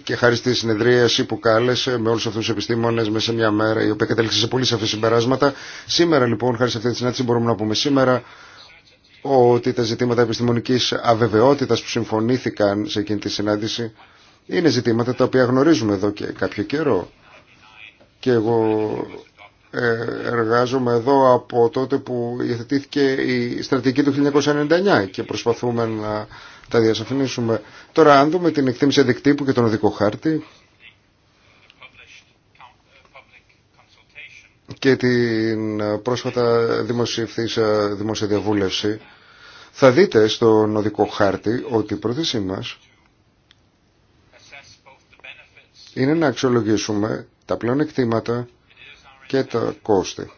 και χάρη στη συνεδρίαση που κάλεσε με όλους αυτούς τους επιστήμονες μέσα σε μια μέρα η οποία κατέληξε σε πολύ σαφή συμπεράσματα σήμερα λοιπόν χάρη σε αυτή τη συνάντηση μπορούμε να πούμε σήμερα ότι τα ζητήματα επιστημονικής αβεβαιότητας που συμφωνήθηκαν σε εκείνη τη συνάντηση είναι ζητήματα τα οποία γνωρίζουμε εδώ και κάποιο καιρό και εγώ ε, εργάζομαι εδώ από τότε που υιοθετήθηκε η στρατηγική του 1999 και προσπαθούμε να τα διασαφηνίσουμε. Τώρα αν δούμε την εκτίμηση αντικτύπου και τον οδικό χάρτη και την πρόσφατα δημοσιευθήσα ε, δημόσια διαβούλευση θα δείτε στον οδικό χάρτη ότι η πρόθεσή μας είναι να αξιολογήσουμε τα πλέον εκτήματα και τα κόστη.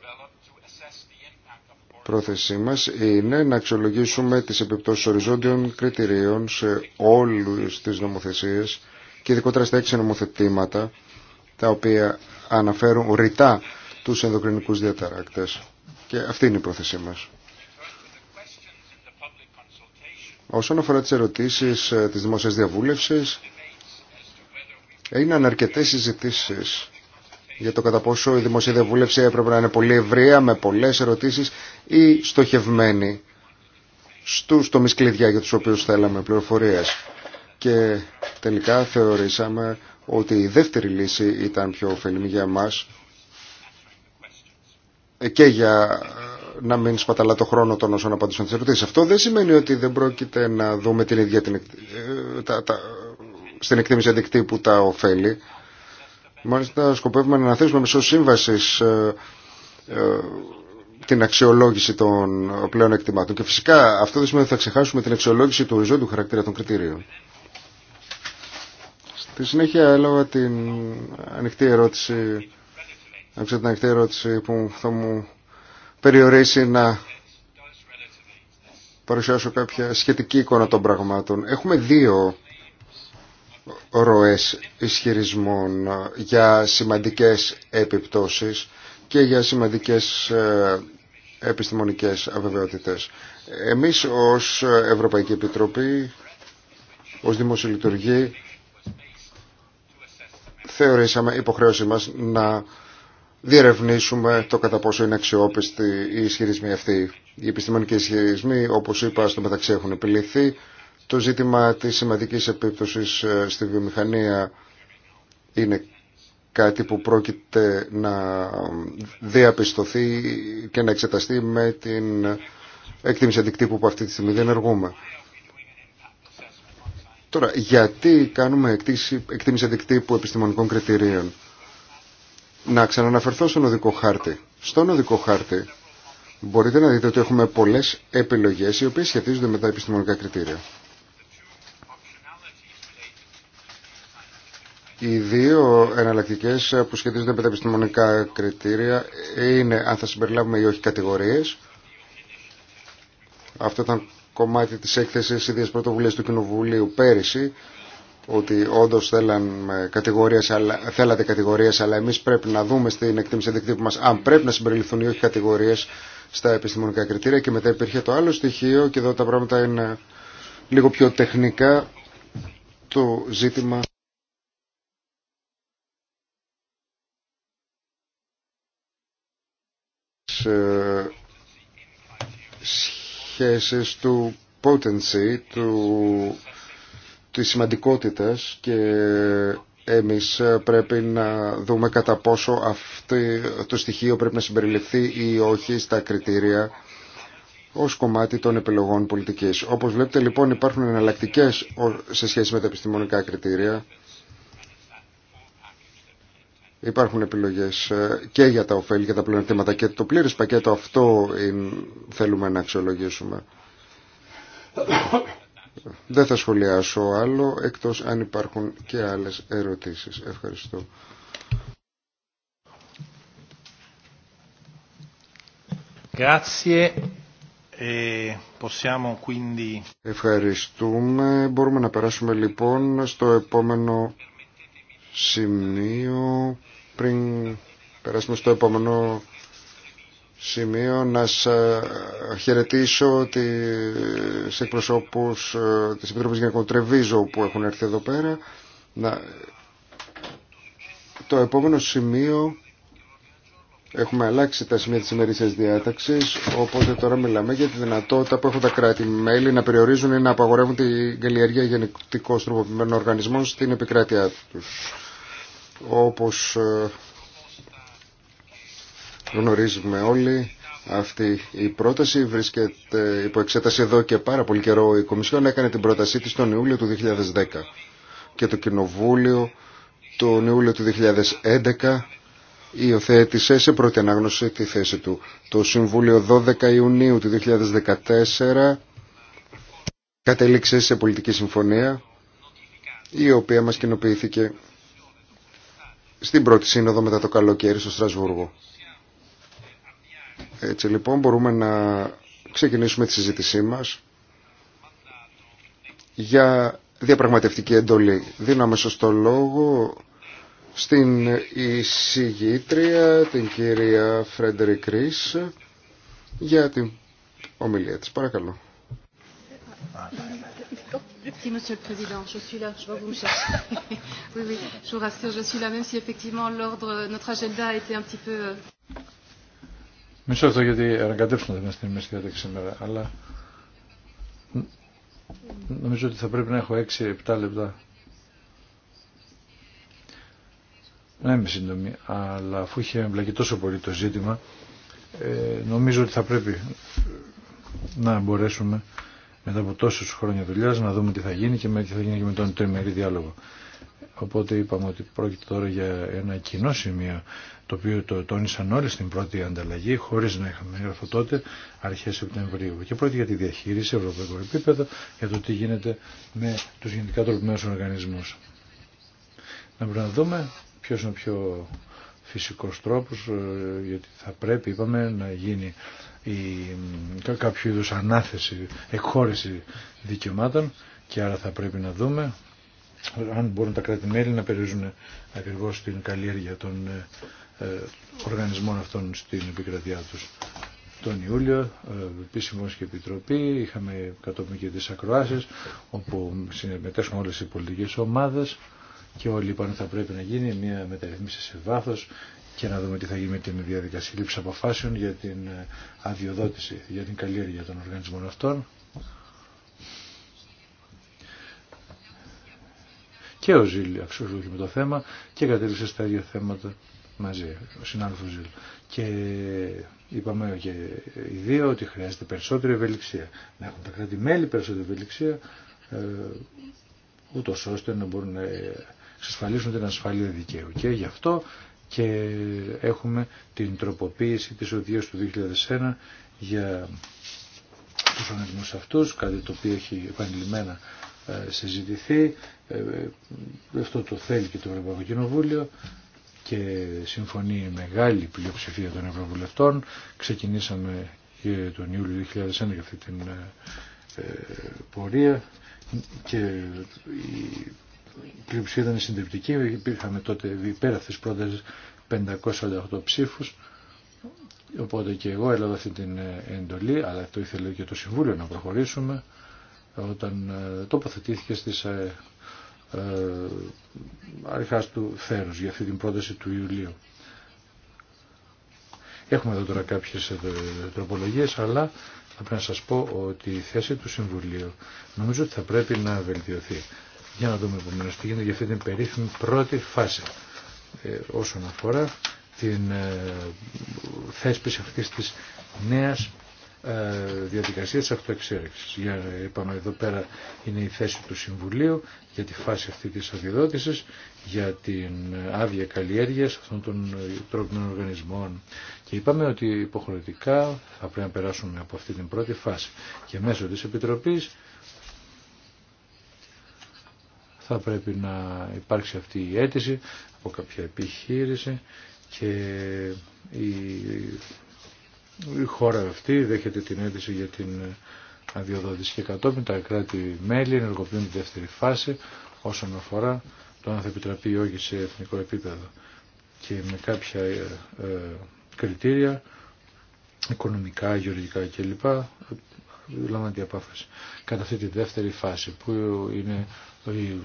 Πρόθεσή μας είναι να αξιολογήσουμε τις επιπτώσεις οριζόντιων κριτηρίων σε όλες τις νομοθεσίες και ειδικότερα στα έξι νομοθετήματα τα οποία αναφέρουν ρητά τους ενδοκρινικούς διαταράκτες. Και αυτή είναι η πρόθεσή μας. Όσον αφορά τις ερωτήσεις ε, της δημόσιας διαβούλευσης, έγιναν αρκετέ συζητήσεις για το κατά πόσο η διαβούλευση έπρεπε να είναι πολύ ευρεία με πολλές ερωτήσεις ή στοχευμένη στους τομείς κλειδιά για τους οποίους θέλαμε πληροφορίες. Και τελικά θεωρήσαμε ότι η δεύτερη λύση ήταν πιο ωφελημή για μας ε, και για ε, να μην σπαταλά το χρόνο των όσων απαντήσουν τις ερωτήσεις. Αυτό δεν σημαίνει ότι δεν πρόκειται να δούμε την ίδια την, ε, στην εκτίμηση αντικτύπου τα ωφέλη. Μάλιστα σκοπεύουμε να αναθέσουμε μέσω σύμβαση ε, ε, την αξιολόγηση των πλέον εκτιμάτων. Και φυσικά αυτό δεν σημαίνει ότι θα ξεχάσουμε την αξιολόγηση του οριζόντου χαρακτήρα των κριτηρίων. Στη συνέχεια έλαβα την ανοιχτή ερώτηση, την ανοιχτή ερώτηση που θα μου περιορίσει να παρουσιάσω κάποια σχετική εικόνα των πραγμάτων. Έχουμε δύο ροές ισχυρισμών ε, για σημαντικές επιπτώσεις και για σημαντικές ε, επιστημονικές αβεβαιότητες. Εμείς ως Ευρωπαϊκή Επιτροπή, ως Δημοσιολειτουργή, θεωρήσαμε υποχρέωση μας να διερευνήσουμε το κατά πόσο είναι αξιόπιστοι οι ισχυρισμοί αυτοί. Οι επιστημονικοί ισχυρισμοί, όπως είπα, στο μεταξύ έχουν επιληθεί το ζήτημα της σημαντικής επίπτωσης ε, στη βιομηχανία είναι κάτι που πρόκειται να διαπιστωθεί και να εξεταστεί με την εκτίμηση αντικτύπου που αυτή τη στιγμή δεν εργούμε. Τώρα, γιατί κάνουμε εκτίμηση αντικτύπου επιστημονικών κριτηρίων. Να ξαναναφερθώ στον οδικό χάρτη. Στον οδικό χάρτη μπορείτε να δείτε ότι έχουμε πολλές επιλογές οι οποίες σχετίζονται με τα επιστημονικά κριτήρια. Οι δύο εναλλακτικέ που σχετίζονται με τα επιστημονικά κριτήρια είναι αν θα συμπεριλάβουμε ή όχι κατηγορίε. Αυτό ήταν κομμάτι τη έκθεση ίδια πρωτοβουλία του Κοινοβουλίου πέρυσι ότι όντω θέλατε κατηγορίε, αλλά εμεί πρέπει να δούμε στην εκτίμηση αντικτύπου μα αν πρέπει να συμπεριληφθούν ή όχι κατηγορίε στα επιστημονικά κριτήρια. Και μετά υπήρχε το άλλο στοιχείο, και εδώ τα πράγματα είναι λίγο πιο τεχνικά, το ζήτημα Ε, σχέσεις του potency, του, της σημαντικότητας και εμείς πρέπει να δούμε κατά πόσο αυτό το στοιχείο πρέπει να συμπεριληφθεί ή όχι στα κριτήρια ως κομμάτι των επιλογών πολιτικής. Όπως βλέπετε λοιπόν υπάρχουν εναλλακτικές σε σχέση με τα επιστημονικά κριτήρια Υπάρχουν επιλογές ε, και για τα ωφέλη και τα πλεονεκτήματα και το πλήρες πακέτο αυτό θέλουμε να αξιολογήσουμε. Δεν θα σχολιάσω άλλο εκτός αν υπάρχουν και άλλες ερωτήσεις. Ευχαριστώ. Ε, Ευχαριστούμε. Μπορούμε να περάσουμε λοιπόν στο επόμενο σημείο πριν περάσουμε στο επόμενο σημείο να σα ε, χαιρετήσω τις εκπροσώπους ε, της Επιτροπής Γενικών Τρεβίζο που έχουν έρθει εδώ πέρα. Το επόμενο σημείο έχουμε αλλάξει τα σημεία της ημερήσιας διάταξης οπότε τώρα μιλάμε για τη δυνατότητα που έχουν τα κράτη-μέλη να περιορίζουν ή να απαγορεύουν την καλλιεργία γενικτικών τροποποιημένων οργανισμών στην επικράτειά τους. Όπως ε, γνωρίζουμε όλοι, αυτή η πρόταση βρίσκεται υπό εξέταση εδώ και πάρα πολύ καιρό. Η Κομισιόν έκανε την πρότασή της τον Ιούλιο του 2010 και το Κοινοβούλιο τον Ιούλιο του 2011 υιοθέτησε σε πρώτη ανάγνωση τη θέση του. Το Συμβούλιο 12 Ιουνίου του 2014 κατέληξε σε πολιτική συμφωνία η οποία μας κοινοποιήθηκε στην πρώτη σύνοδο μετά το καλοκαίρι στο Στρασβούργο. Έτσι λοιπόν μπορούμε να ξεκινήσουμε τη συζήτησή μας για διαπραγματευτική εντολή. Δίνω αμέσως το λόγο στην εισηγήτρια, την κυρία Φρέντερη Κρίς για την ομιλία της. Παρακαλώ. Merci, Monsieur le Je suis je γιατί αλλά νομίζω ότι θα πρέπει να έχω 6-7 λεπτά. Να είμαι σύντομη, αλλά αφού είχε τόσο πολύ το ζήτημα, ε, νομίζω ότι θα πρέπει να μπορέσουμε μετά από τόσους χρόνια δουλειάς να δούμε τι θα γίνει και τι θα γίνει και με τον τριμερή διάλογο. Οπότε είπαμε ότι πρόκειται τώρα για ένα κοινό σημείο το οποίο το τόνισαν όλοι στην πρώτη ανταλλαγή χωρίς να είχαμε έγραφο τότε αρχές Σεπτεμβρίου. Και πρόκειται για τη διαχείριση σε ευρωπαϊκό επίπεδο για το τι γίνεται με τους γενικά τροπημένους οργανισμούς. Να πρέπει να δούμε ποιος είναι ο πιο φυσικός τρόπος ε, γιατί θα πρέπει είπαμε να γίνει η, κάποιο είδους ανάθεση, εκχώρηση δικαιωμάτων και άρα θα πρέπει να δούμε αν μπορούν τα κράτη-μέλη να περιορίζουν ακριβώς την καλλιέργεια των ε, ε, οργανισμών αυτών στην επικρατεία τους. Τον Ιούλιο, ε, επίσημο και επιτροπή, είχαμε κατόπιν και τις ακροάσεις, όπου συμμετέχουν όλες οι πολιτικές ομάδες και όλοι είπαν θα πρέπει να γίνει μια μεταρρυθμίση σε βάθος και να δούμε τι θα γίνει με την διαδικασία λήψη αποφάσεων για την ε, αδειοδότηση, για την καλλιέργεια των οργανισμών αυτών. Και ο Ζήλ αξιολογεί με το θέμα και κατέληξε στα ίδια θέματα μαζί, ο συνάδελφος Ζήλ. Και είπαμε και οι δύο ότι χρειάζεται περισσότερη ευελιξία. Να έχουν τα κράτη-μέλη περισσότερη ευελιξία, ε, ώστε να μπορούν να εξασφαλίσουν την ασφάλεια δικαίου. Και γι' αυτό και έχουμε την τροποποίηση της οδηγίας του 2001 για τους οργανισμούς αυτούς, κάτι το οποίο έχει επανειλημμένα ε, συζητηθεί. Ε, ε, αυτό το θέλει και το Ευρωπαϊκό Κοινοβούλιο και συμφωνεί η μεγάλη πλειοψηφία των Ευρωβουλευτών. Ξεκινήσαμε τον Ιούλιο 2001 για αυτή την πορεία και πλειοψηφία ήταν συντριπτική, υπήρχαμε τότε υπέρ αυτής πρότασης 548 ψήφους, οπότε και εγώ έλαβα αυτή την ε, εντολή, αλλά το ήθελε και το Συμβούλιο να προχωρήσουμε, όταν ε, τοποθετήθηκε στις ε, ε, αρχάς του θέρους για αυτή την πρόταση του Ιουλίου. Έχουμε εδώ τώρα κάποιες τροπολογίες, αλλά θα πρέπει να σας πω ότι η θέση του Συμβουλίου νομίζω ότι θα πρέπει να βελτιωθεί για να δούμε επομένω τι γίνεται για αυτή την περίφημη πρώτη φάση ε, όσον αφορά την ε, θέσπιση αυτής της νέας ε, διαδικασία τη αυτοεξέρευσης. Για, είπαμε εδώ πέρα είναι η θέση του Συμβουλίου για τη φάση αυτή της αδειοδότησης, για την άδεια καλλιέργειας αυτών των ε, τρόπινων οργανισμών και είπαμε ότι υποχρεωτικά θα πρέπει να περάσουμε από αυτή την πρώτη φάση και μέσω της Επιτροπής θα πρέπει να υπάρξει αυτή η αίτηση από κάποια επιχείρηση και η χώρα αυτή δέχεται την αίτηση για την αδειοδότηση και κατόπιν τα κράτη-μέλη ενεργοποιούν τη δεύτερη φάση όσον αφορά το αν θα επιτραπεί ή όχι σε εθνικό επίπεδο και με κάποια ε, ε, κριτήρια οικονομικά, γεωργικά κλπ. λαμβάνει η απόφαση. Κατά αυτή τη δεύτερη φάση που είναι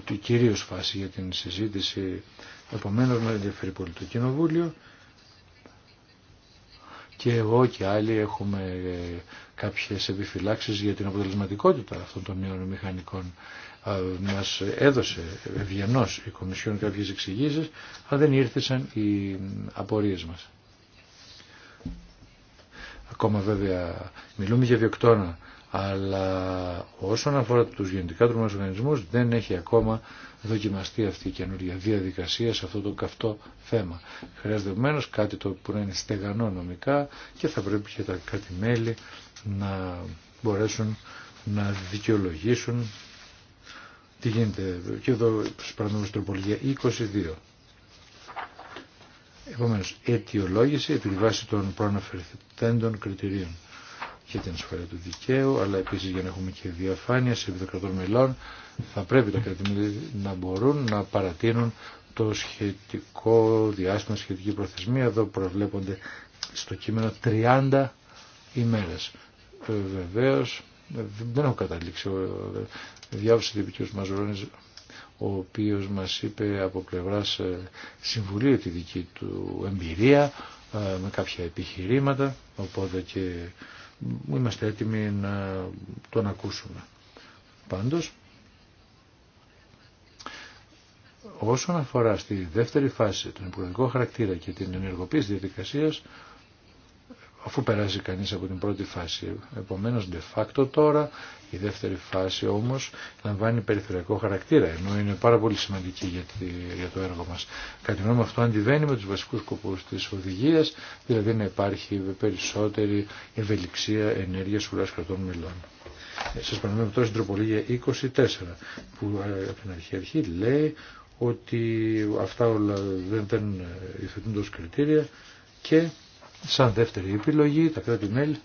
του κυρίως φάση για την συζήτηση. Επομένως με ενδιαφέρει πολύ το Κοινοβούλιο και εγώ και άλλοι έχουμε ε, κάποιες επιφυλάξεις για την αποτελεσματικότητα αυτών των νέων μηχανικών. Ε, μας έδωσε ευγενώ η Κομισιόν κάποιες εξηγήσει, αλλά δεν ήρθησαν οι απορίες μας. Ακόμα βέβαια μιλούμε για βιοκτώνα αλλά όσον αφορά τους γενετικά τρομερούς οργανισμούς δεν έχει ακόμα δοκιμαστεί αυτή η καινούργια διαδικασία σε αυτό το καυτό θέμα. Χρειάζεται επομένω κάτι το που να είναι στεγανό νομικά και θα πρέπει και τα κάτι μέλη να μπορέσουν να δικαιολογήσουν τι γίνεται. Και εδώ παραδείγματος τροπολογία 22. Επομένως, αιτιολόγηση επί βάση των προαναφερθέντων κριτηρίων για την ασφαλεία του δικαίου, αλλά επίσης για να έχουμε και διαφάνεια σε επιδοκρατών μελών, θα πρέπει τα κρατημέλη να μπορούν να παρατείνουν το σχετικό διάστημα, σχετική προθεσμία. Εδώ προβλέπονται στο κείμενο 30 ημέρες. Ε, Βεβαίω, δεν έχω καταλήξει, διάβασε την επικοινωνία ο οποίος μας είπε από πλευρά ε, συμβουλίου τη δική του εμπειρία, ε, με κάποια επιχειρήματα, οπότε και είμαστε έτοιμοι να τον ακούσουμε. Πάντως, όσον αφορά στη δεύτερη φάση, τον υπουργικό χαρακτήρα και την ενεργοποίηση διαδικασίας, αφού περάσει κανείς από την πρώτη φάση. Επομένως, de facto τώρα, η δεύτερη φάση όμως λαμβάνει περιφερειακό χαρακτήρα, ενώ είναι πάρα πολύ σημαντική για, για το έργο μας. Κατά αυτό αντιβαίνει με τους βασικούς σκοπούς της οδηγίας, δηλαδή να υπάρχει περισσότερη ευελιξία ενέργειας ουράς κρατών μελών. Ε, σας παραμένω τώρα στην τροπολογία 24, που ε, από την αρχή αρχή λέει ότι αυτά όλα δεν, δεν ε, κριτήρια και σαν δεύτερη επιλογή τα κράτη-μέλη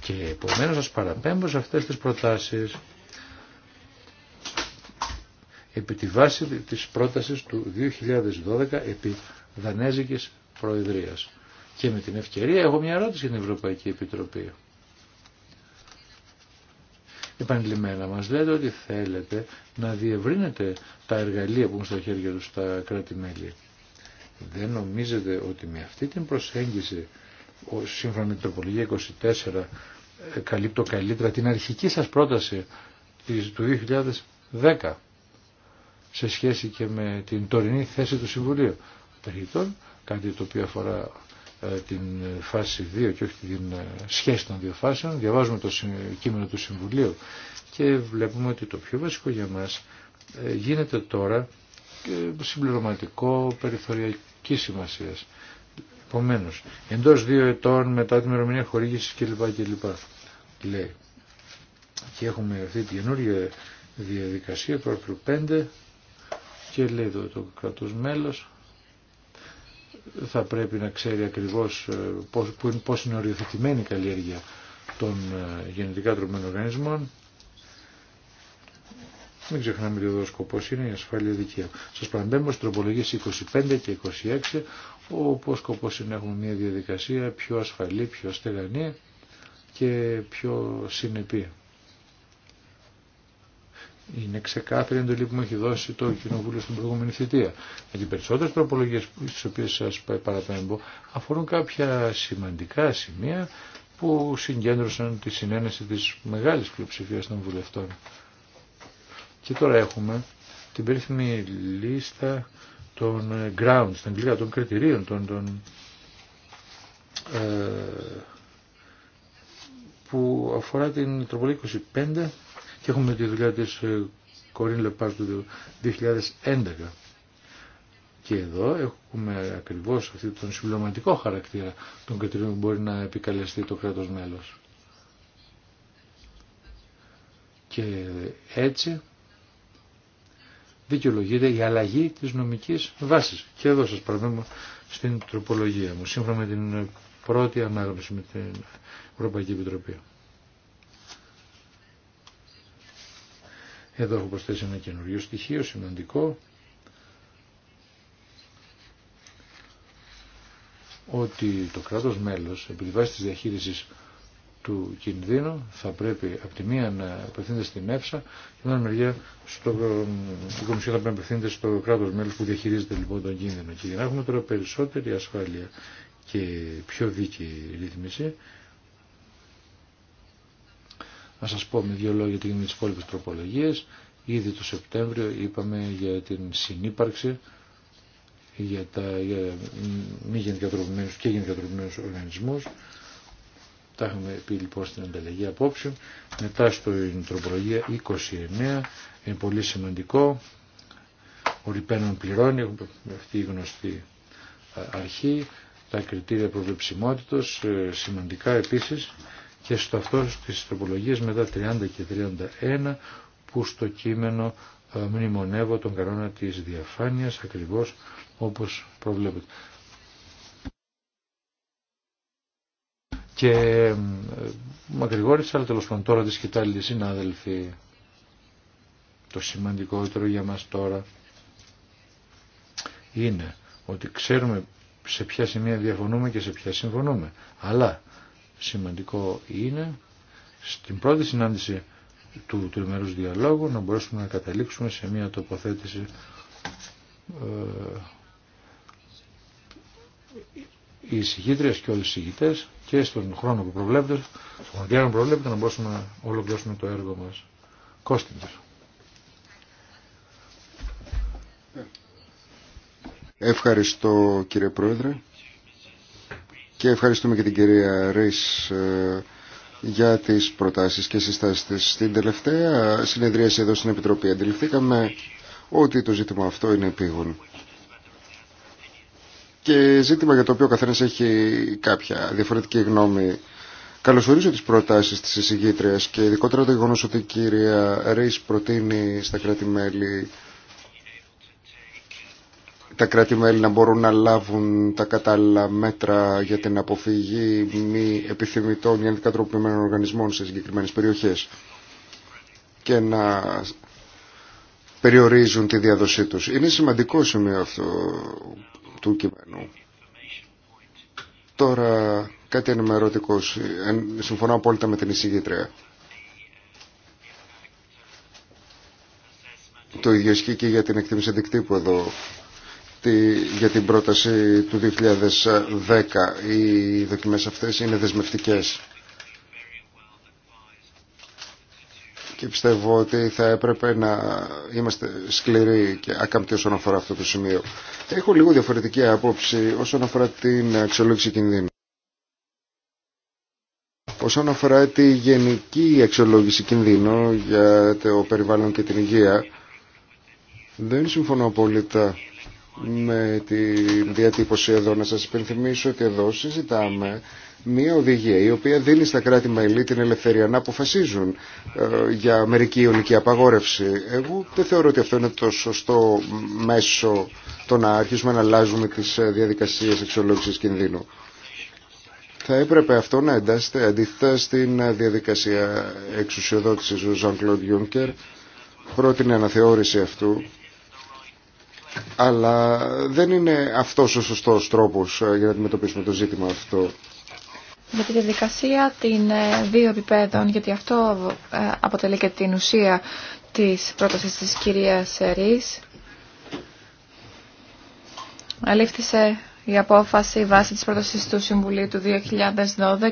και επομένως σας παραπέμπω σε αυτές τις προτάσεις επί τη βάση της πρότασης του 2012 επί Δανέζικης Προεδρίας. Και με την ευκαιρία έχω μια ερώτηση για την Ευρωπαϊκή Επιτροπή επανειλημμένα. Μας λέτε ότι θέλετε να διευρύνετε τα εργαλεία που έχουν στα χέρια τους τα κράτη-μέλη. Δεν νομίζετε ότι με αυτή την προσέγγιση, σύμφωνα με την τροπολογία 24, ε, καλύπτω καλύτερα την αρχική σας πρόταση του 2010 σε σχέση και με την τωρινή θέση του Συμβουλίου. Τρίτον, κάτι το οποίο αφορά ε, την φάση 2 και όχι την ε, σχέση των δύο φάσεων. Διαβάζουμε το κείμενο του Συμβουλίου και βλέπουμε ότι το πιο βασικό για μας ε, γίνεται τώρα συμπληρωματικό περιθωριακή σημασία. Επομένω, εντό δύο ετών μετά την ημερομηνία χορήγηση κλπ. κλπ. Λέει. Και έχουμε αυτή την καινούργια διαδικασία του άρθρου 5 και λέει εδώ το κρατό μέλος θα πρέπει να ξέρει ακριβώς ε, πώς, είναι οριοθετημένη η καλλιέργεια των ε, γενετικά τρομένων οργανισμών. Μην ξεχνάμε ότι εδώ ο σκοπός είναι η ασφάλεια δικαίου. Σα παραμπέμπω στις τροπολογίες 25 και 26, όπου ο σκοπός είναι να έχουμε μια διαδικασία πιο ασφαλή, πιο στεγανή και πιο συνεπή. Είναι ξεκάθαρη η εντολή που μου έχει δώσει το Κοινοβούλιο στην προηγούμενη θητεία. Γιατί οι περισσότερε τροπολογίε στι οποίε σα παραπέμπω αφορούν κάποια σημαντικά σημεία που συγκέντρωσαν τη συνένεση τη μεγάλη πλειοψηφία των βουλευτών. Και τώρα έχουμε την περίφημη λίστα των ε, grounds, στην αγγλικά, των κριτηρίων, των, των ε, που αφορά την τροπολογία 25 και έχουμε τη δουλειά της Κορίν ε, Λεπάς του 2011. Και εδώ έχουμε ακριβώς αυτή τον συμπληρωματικό χαρακτήρα των κριτηρίων που μπορεί να επικαλεστεί το κράτος μέλος. Και έτσι δικαιολογείται η αλλαγή της νομικής βάσης. Και εδώ σας παραδείγμα στην τροπολογία μου, σύμφωνα με την πρώτη ανάγνωση με την Ευρωπαϊκή Επιτροπή. Εδώ έχω προσθέσει ένα καινούριο στοιχείο σημαντικό ότι το κράτος μέλος επί τη βάση της διαχείρισης του κινδύνου θα πρέπει από τη μία να απευθύνεται στην ΕΦΣΑ και από την μεριά στο, η Κομισιόν πρέπει να απευθύνεται στο κράτος μέλος που διαχειρίζεται λοιπόν τον κίνδυνο. Και για να έχουμε τώρα περισσότερη ασφάλεια και πιο δίκαιη ρύθμιση να σας πω με δύο λόγια τι γίνεται με τις υπόλοιπες τροπολογίες. Ήδη το Σεπτέμβριο είπαμε για την συνύπαρξη για, τα, για μη γενικατροπημένους και γενικατροπημένους οργανισμούς. Τα έχουμε πει λοιπόν στην ανταλλαγή απόψεων. Μετά στο τροπολογία 29, είναι πολύ σημαντικό, ο Ριπένον πληρώνει, αυτή η γνωστή αρχή, τα κριτήρια προβλεψιμότητος, ε, σημαντικά επίσης και στο αυτό στις τροπολογίες μετά 30 και 31 που στο κείμενο ε, μνημονεύω τον κανόνα της διαφάνειας ακριβώς όπως προβλέπετε. Και ε, μακρηγόρησα, αλλά τέλος πάντων τώρα τη σκητάλη συνάδελφοι. Το σημαντικότερο για μας τώρα είναι ότι ξέρουμε σε ποια σημεία διαφωνούμε και σε ποια συμφωνούμε. Αλλά σημαντικό είναι στην πρώτη συνάντηση του τριμερούς διαλόγου να μπορέσουμε να καταλήξουμε σε μια τοποθέτηση ε, οι εισηγήτρες και όλοι οι συγχυτές και στον χρόνο που προβλέπετε, στον χρόνο που να μπορέσουμε να ολοκληρώσουμε το έργο μας. Κώστιντες. Ευχαριστώ κύριε Πρόεδρε και ευχαριστούμε και την κυρία Ρης ε, για τις προτάσεις και συστάσεις της. Στην τελευταία συνεδρίαση εδώ στην Επιτροπή αντιληφθήκαμε ότι το ζήτημα αυτό είναι επίγον. Και ζήτημα για το οποίο ο καθένας έχει κάποια διαφορετική γνώμη. Καλωσορίζω τις προτάσεις της εισηγήτριας και ειδικότερα το γεγονός ότι η κυρία Ρης προτείνει στα κράτη-μέλη τα κράτη-μέλη να μπορούν να λάβουν τα κατάλληλα μέτρα για την αποφυγή μη επιθυμητών ή τροποποιημένων οργανισμών σε συγκεκριμένες περιοχές και να περιορίζουν τη διαδοσή τους. Είναι σημαντικό σημείο αυτό του κειμένου. Τώρα κάτι ενημερωτικό. Συμφωνώ απόλυτα με την εισηγήτρια. Το ίδιο ισχύει και για την εκτίμηση δικτύπου εδώ για την πρόταση του 2010. Οι δοκιμές αυτές είναι δεσμευτικές. Και πιστεύω ότι θα έπρεπε να είμαστε σκληροί και ακαμπτοί όσον αφορά αυτό το σημείο. Έχω λίγο διαφορετική άποψη όσον αφορά την αξιολόγηση κινδύνου. Όσον αφορά τη γενική αξιολόγηση κινδύνου για το περιβάλλον και την υγεία, δεν συμφωνώ απόλυτα με τη διατύπωση εδώ. Να σας υπενθυμίσω ότι εδώ συζητάμε μια οδηγία η οποία δίνει στα κράτη-μέλη την ελευθερία να αποφασίζουν ε, για μερική ιονική απαγόρευση. Εγώ δεν θεωρώ ότι αυτό είναι το σωστό μέσο το να αρχίσουμε να αλλάζουμε τις ε, διαδικασίες εξολόγησης κινδύνου. Θα έπρεπε αυτό να εντάσσεται αντίθετα στην ε, διαδικασία εξουσιοδότησης. του Ζαν Κλοντ Γιούνκερ πρότεινε αναθεώρηση αυτού αλλά δεν είναι αυτός ο σωστός τρόπος ε, για να αντιμετωπίσουμε το ζήτημα αυτό. Με τη διαδικασία την ε, δύο επιπέδων, γιατί αυτό ε, αποτελεί και την ουσία της πρότασης της κυρίας αλήφθησε η απόφαση βάσει της πρότασης του Συμβουλίου του 2012.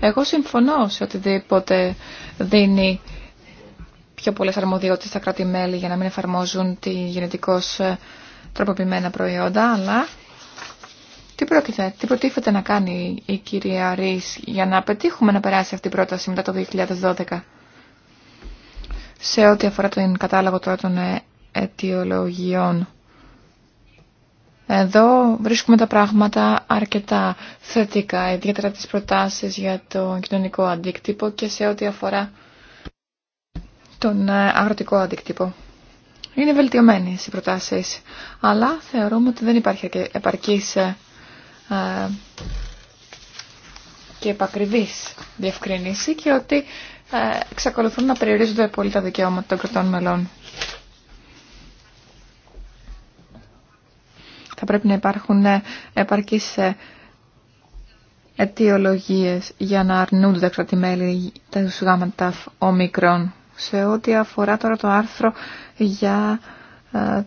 Εγώ συμφωνώ σε οτιδήποτε δίνει πιο πολλέ αρμοδιότητε στα κράτη-μέλη για να μην εφαρμόζουν τη γενετικώ ε, τροποποιημένα προϊόντα, αλλά τι, πρόκειται, τι προτίθεται να κάνει η κυρία Ρης για να πετύχουμε να περάσει αυτή η πρόταση μετά το 2012 σε ό,τι αφορά τον κατάλογο των ε, αιτιολογιών. Εδώ βρίσκουμε τα πράγματα αρκετά θετικά, ιδιαίτερα τις προτάσεις για το κοινωνικό αντίκτυπο και σε ό,τι αφορά τον ε, αγροτικό αντίκτυπο. Είναι βελτιωμένη οι προτάσεις, αλλά θεωρούμε ότι δεν υπάρχει επαρκής ε, ε, και επακριβής διευκρινήση και ότι εξακολουθούν να περιορίζονται πολύ τα δικαιώματα των κρατών μελών. Θα πρέπει να υπάρχουν επαρκείς αιτιολογίες για να αρνούνται τα κρατημέλη τα γάμματα ομικρών σε ό,τι αφορά τώρα το άρθρο για ε,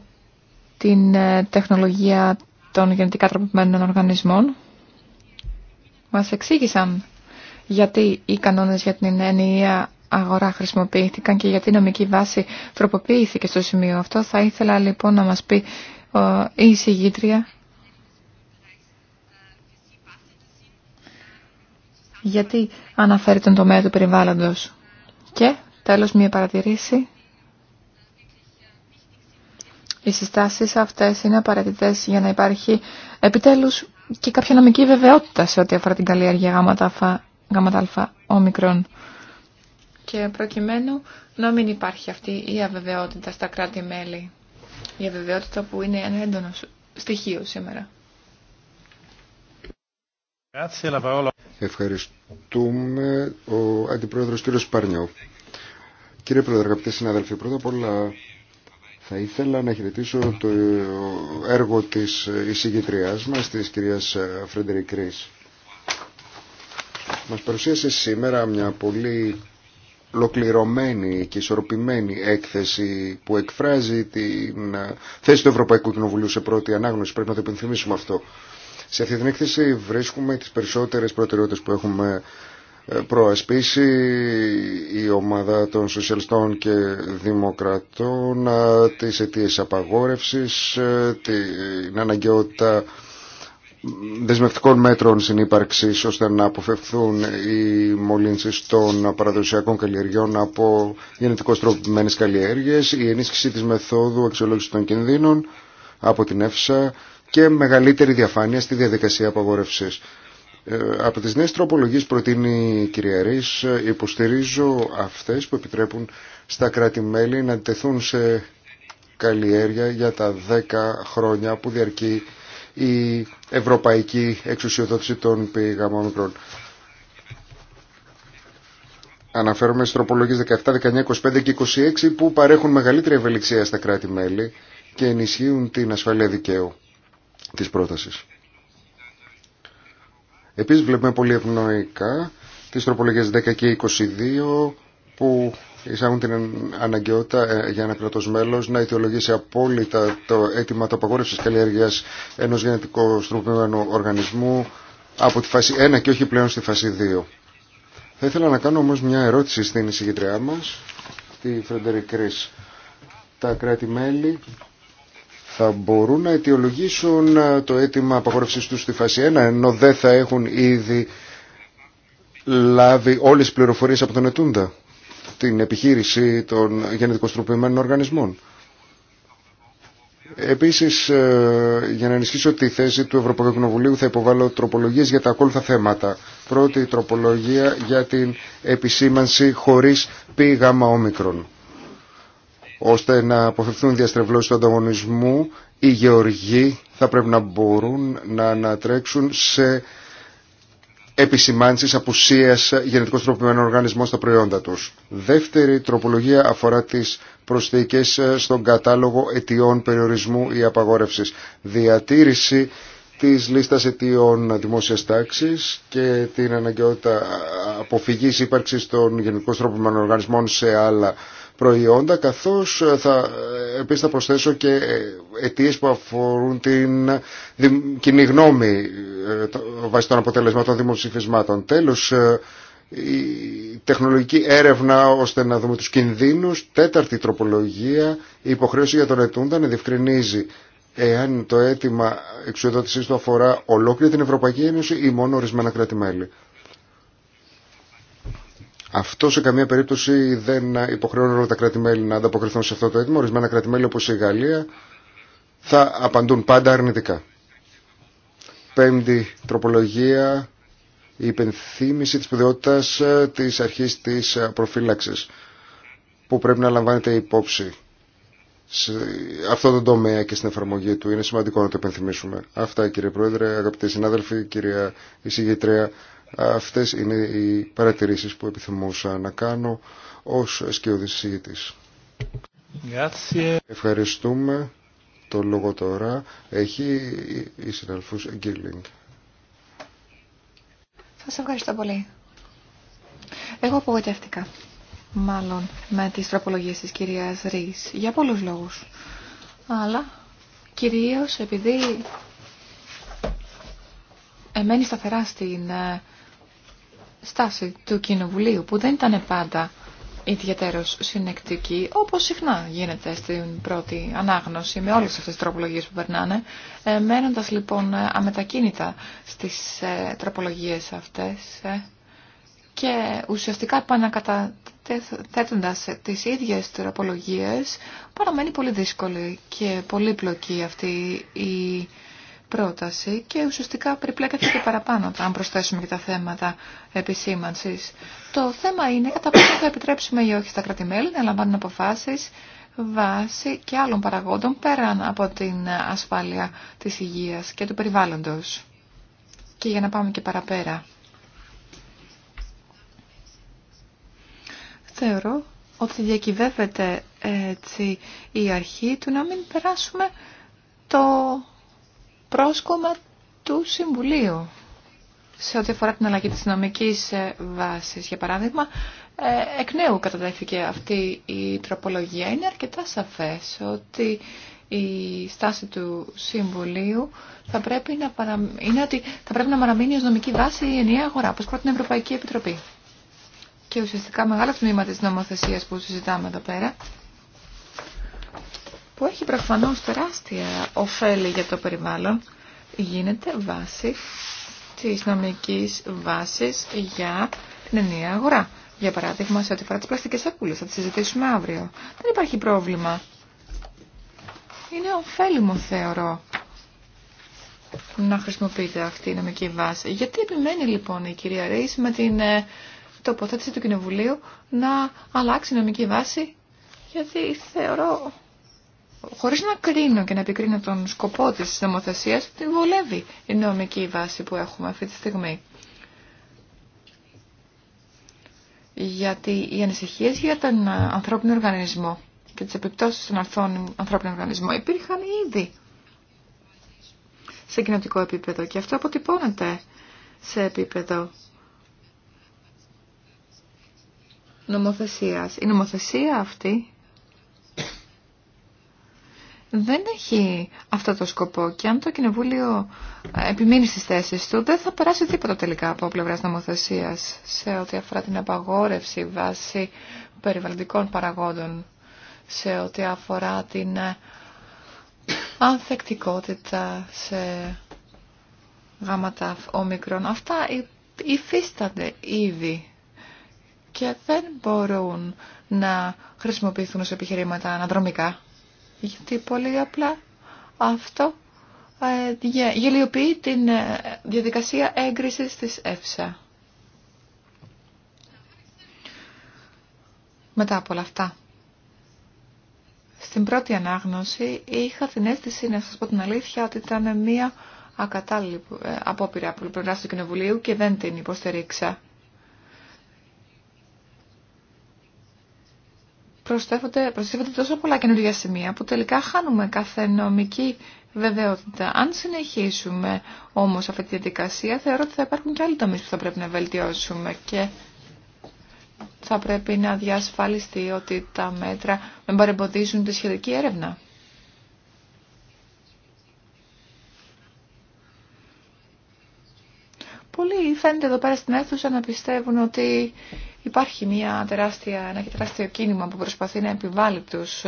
την ε, τεχνολογία των γενετικά τροποποιημένων οργανισμών. Μας εξήγησαν γιατί οι κανόνες για την ενιαία αγορά χρησιμοποιήθηκαν και γιατί η νομική βάση τροποποιήθηκε στο σημείο αυτό. Θα ήθελα λοιπόν να μας πει η εισηγήτρια γιατί αναφέρει τον τομέα του περιβάλλοντος και Τέλος, μία παρατηρήση. Οι συστάσεις αυτές είναι απαραίτητες για να υπάρχει επιτέλους και κάποια νομική βεβαιότητα σε ό,τι αφορά την καλλιέργεια γαμματάλφα ομικρών. Και προκειμένου να μην υπάρχει αυτή η αβεβαιότητα στα κράτη-μέλη. Η αβεβαιότητα που είναι ένα έντονο στοιχείο σήμερα. Ευχαριστούμε ο Αντιπρόεδρος κ. Σπαρνιό. Κύριε Πρόεδρε, αγαπητοί συνάδελφοι, πρώτα απ' όλα θα ήθελα να χαιρετήσω το έργο της εισηγητριάς μας, της κυρίας Φρεντερικ Ρίς. Μας παρουσίασε σήμερα μια πολύ ολοκληρωμένη και ισορροπημένη έκθεση που εκφράζει την θέση του Ευρωπαϊκού Κοινοβουλίου σε πρώτη ανάγνωση. Πρέπει να το υπενθυμίσουμε αυτό. Σε αυτή την έκθεση βρίσκουμε τις περισσότερες προτεραιότητες που έχουμε προασπίσει η ομάδα των σοσιαλιστών και δημοκρατών ε, τις αιτίες απαγόρευσης, ε, την αναγκαιότητα δεσμευτικών μέτρων συνύπαρξης ώστε να αποφευθούν οι μολύνσεις των παραδοσιακών καλλιεργιών από γενετικώς τροπημένες καλλιέργειες, η ενίσχυση της μεθόδου αξιολόγησης των κινδύνων από την ΕΦΣΑ και μεγαλύτερη διαφάνεια στη διαδικασία απαγόρευσης. Ε, από τις νέες τροπολογίες προτείνει η κυρία Ρής, ε, υποστηρίζω αυτές που επιτρέπουν στα κράτη-μέλη να τεθούν σε καλλιέργεια για τα 10 χρόνια που διαρκεί η ευρωπαϊκή εξουσιοδότηση των πηγαμών μικρών. Αναφέρομαι στις τροπολογίες 17, 19, 25 και 26 που παρέχουν μεγαλύτερη ευελιξία στα κράτη-μέλη και ενισχύουν την ασφαλεία δικαίου της πρότασης. Επίσης βλέπουμε πολύ ευνοϊκά τις τροπολογίες 10 και 22 που εισάγουν την αναγκαιότητα ε, για ένα κρατό μέλο να αιτιολογήσει απόλυτα το αίτημα το απαγόρευση καλλιέργειας ενός γενετικού στροπημένου οργανισμού από τη φάση 1 και όχι πλέον στη φάση 2. Θα ήθελα να κάνω όμως μια ερώτηση στην εισηγητριά μας, τη Φρεντερικ Κρίς. Τα κράτη-μέλη θα μπορούν να αιτιολογήσουν ε, το αίτημα απαγόρευσης τους στη φάση 1 ενώ δεν θα έχουν ήδη λάβει όλες τις πληροφορίες από τον Ετούντα την επιχείρηση των γενετικοστροπημένων οργανισμών. Επίσης, ε, για να ενισχύσω τη θέση του Ευρωπαϊκού Κοινοβουλίου θα υποβάλω τροπολογίες για τα ακόλουθα θέματα. Πρώτη τροπολογία για την επισήμανση χωρίς πήγαμα όμικρον ώστε να αποφευθούν διαστρεβλώσεις του ανταγωνισμού, οι γεωργοί θα πρέπει να μπορούν να ανατρέξουν σε επισημάνσεις απουσίας γενετικώς τροποποιημένων οργανισμών στα προϊόντα τους. Δεύτερη τροπολογία αφορά τις προσθήκες στον κατάλογο αιτιών περιορισμού ή απαγόρευσης. Διατήρηση της λίστας αιτιών δημόσιας τάξης και την αναγκαιότητα αποφυγής ύπαρξης των γενικών τροποποιημένων οργανισμών σε άλλα προϊόντα καθώς ε, θα, ε, επίσης θα προσθέσω και ε, αιτίες που αφορούν την κοινή γνώμη βάσει των αποτελεσμάτων δημοψηφισμάτων. Τέλος, η τεχνολογική έρευνα ώστε να δούμε τους κινδύνους. Τέταρτη τροπολογία, η υποχρέωση για τον ετούντα να διευκρινίζει εάν το αίτημα εξουδότησής του αφορά ολόκληρη την Ευρωπαϊκή Ένωση ή μόνο ορισμένα κράτη-μέλη. Αυτό σε καμία περίπτωση δεν υποχρεώνει όλα τα κράτη-μέλη να ανταποκριθούν σε αυτό το έτοιμο. Ορισμένα κράτη-μέλη όπως η Γαλλία θα απαντούν πάντα αρνητικά. Πέμπτη τροπολογία, η υπενθύμηση της παιδιότητας ε, της αρχής της ε, προφύλαξης που πρέπει να λαμβάνεται υπόψη σε αυτό το τομέα και στην εφαρμογή του. Είναι σημαντικό να το υπενθυμίσουμε. Αυτά κύριε Πρόεδρε, αγαπητοί συνάδελφοι, κυρία εισηγητρία. Αυτές είναι οι παρατηρήσεις που επιθυμούσα να κάνω ως σκιώδης συζήτης. Ευχαριστούμε. Το λόγο τώρα έχει η συναλφούς Γκίλινγκ. Σας ευχαριστώ πολύ. Εγώ απογοητεύτηκα, μάλλον, με τις τροπολογίες της κυρίας Ρίς για πολλούς λόγους. Αλλά, κυρίως επειδή εμένει σταθερά στην ε, στάση του Κοινοβουλίου που δεν ήταν πάντα ιδιαίτερο συνεκτική, όπως συχνά γίνεται στην πρώτη ανάγνωση με όλε αυτές τις τροπολογίε που περνάνε, ε, μένοντα λοιπόν ε, αμετακίνητα στις ε, τροπολογίες αυτές και ουσιαστικά επανακαταθέτοντας τις ίδιες τροπολογίες, παραμένει πολύ δύσκολη και πολύπλοκη αυτή η πρόταση και ουσιαστικά περιπλέκεται και παραπάνω αν προσθέσουμε και τα θέματα επισήμανσης. Το θέμα είναι κατά πόσο θα επιτρέψουμε ή όχι στα κρατημέλη να λαμβάνουν αποφάσεις βάσει και άλλων παραγόντων πέραν από την ασφάλεια της υγείας και του περιβάλλοντος. Και για να πάμε και παραπέρα. Θεωρώ ότι διακυβεύεται έτσι η αρχή του να μην περάσουμε το πρόσκομα του Συμβουλίου σε ό,τι αφορά την αλλαγή της νομικής ε, βάσης. Για παράδειγμα, ε, εκ νέου κατατέθηκε αυτή η τροπολογία. Είναι αρκετά σαφές ότι η στάση του Συμβουλίου θα πρέπει να, θα πρέπει να παραμείνει ως νομική βάση η ενιαία αγορά, όπως πρότεινε η Ευρωπαϊκή Επιτροπή. Και ουσιαστικά μεγάλο τμήμα της νομοθεσίας που συζητάμε εδώ πέρα που έχει προφανώς τεράστια ωφέλη για το περιβάλλον, γίνεται βάση της νομικής βάσης για την ενιαία αγορά. Για παράδειγμα, σε ό,τι αφορά τι πλαστικές σακούλε, θα τις συζητήσουμε αύριο. Δεν υπάρχει πρόβλημα. Είναι ωφέλιμο, θεωρώ, να χρησιμοποιείται αυτή η νομική βάση. Γιατί επιμένει λοιπόν η κυρία Ρή με την ε, τοποθέτηση του Κοινοβουλίου να αλλάξει η νομική βάση, γιατί θεωρώ χωρίς να κρίνω και να επικρίνω τον σκοπό της νομοθεσίας, την βολεύει η νομική βάση που έχουμε αυτή τη στιγμή. Γιατί οι ανησυχίες για τον ανθρώπινο οργανισμό και τις επιπτώσεις στον ανθρώπινο οργανισμό υπήρχαν ήδη σε κοινωτικό επίπεδο και αυτό αποτυπώνεται σε επίπεδο νομοθεσίας. Η νομοθεσία αυτή δεν έχει αυτό το σκοπό και αν το Κοινοβούλιο ε, επιμείνει στις θέσεις του δεν θα περάσει τίποτα τελικά από πλευράς νομοθεσίας σε ό,τι αφορά την απαγόρευση βάση περιβαλλοντικών παραγόντων, σε ό,τι αφορά την ε, ανθεκτικότητα σε γάματα ομικρών. Αυτά υφίστανται ήδη και δεν μπορούν να χρησιμοποιηθούν σε επιχειρήματα αναδρομικά. Γιατί πολύ απλά αυτό ε, γελιοποιεί την ε, διαδικασία έγκρισης της ΕΦΣΑ. Μετά από όλα αυτά, στην πρώτη ανάγνωση είχα την αίσθηση, να σας πω την αλήθεια, ότι ήταν μια ακατάλληλη ε, απόπειρα από πλευρά του Κοινοβουλίου και δεν την υποστηρίξα. προσθέτονται, τόσο πολλά καινούργια σημεία που τελικά χάνουμε κάθε νομική βεβαιότητα. Αν συνεχίσουμε όμως αυτή τη διαδικασία θεωρώ ότι θα υπάρχουν και άλλοι τομείς που θα πρέπει να βελτιώσουμε και θα πρέπει να διασφαλιστεί ότι τα μέτρα με παρεμποδίζουν τη σχετική έρευνα. Πολλοί φαίνεται εδώ πέρα στην αίθουσα να πιστεύουν ότι Υπάρχει μια τεράστια, ένα τεράστιο κίνημα που προσπαθεί να επιβάλλει τους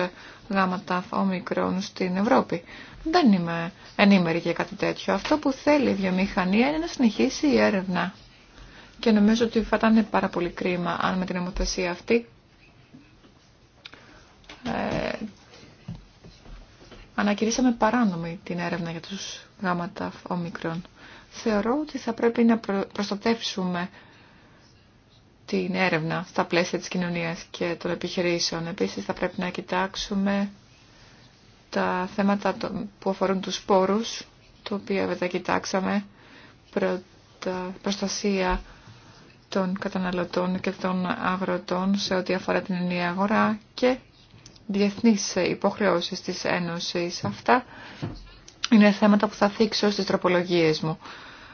γάματα ομικρών στην Ευρώπη. Δεν είμαι ενήμερη για κάτι τέτοιο. Αυτό που θέλει η βιομηχανία είναι να συνεχίσει η έρευνα. Και νομίζω ότι θα ήταν πάρα πολύ κρίμα αν με την νομοθεσία αυτή ε, ανακηρύσαμε παράνομη την έρευνα για τους γάματα ομικρών. Θεωρώ ότι θα πρέπει να προστατεύσουμε την έρευνα στα πλαίσια της κοινωνίας και των επιχειρήσεων. Επίσης θα πρέπει να κοιτάξουμε τα θέματα που αφορούν τους σπόρους, το οποίο βέβαια κοιτάξαμε, προστασία των καταναλωτών και των αγροτών σε ό,τι αφορά την ενιαία αγορά και διεθνείς υποχρεώσεις της Ένωσης. Αυτά είναι θέματα που θα θίξω στις τροπολογίες μου.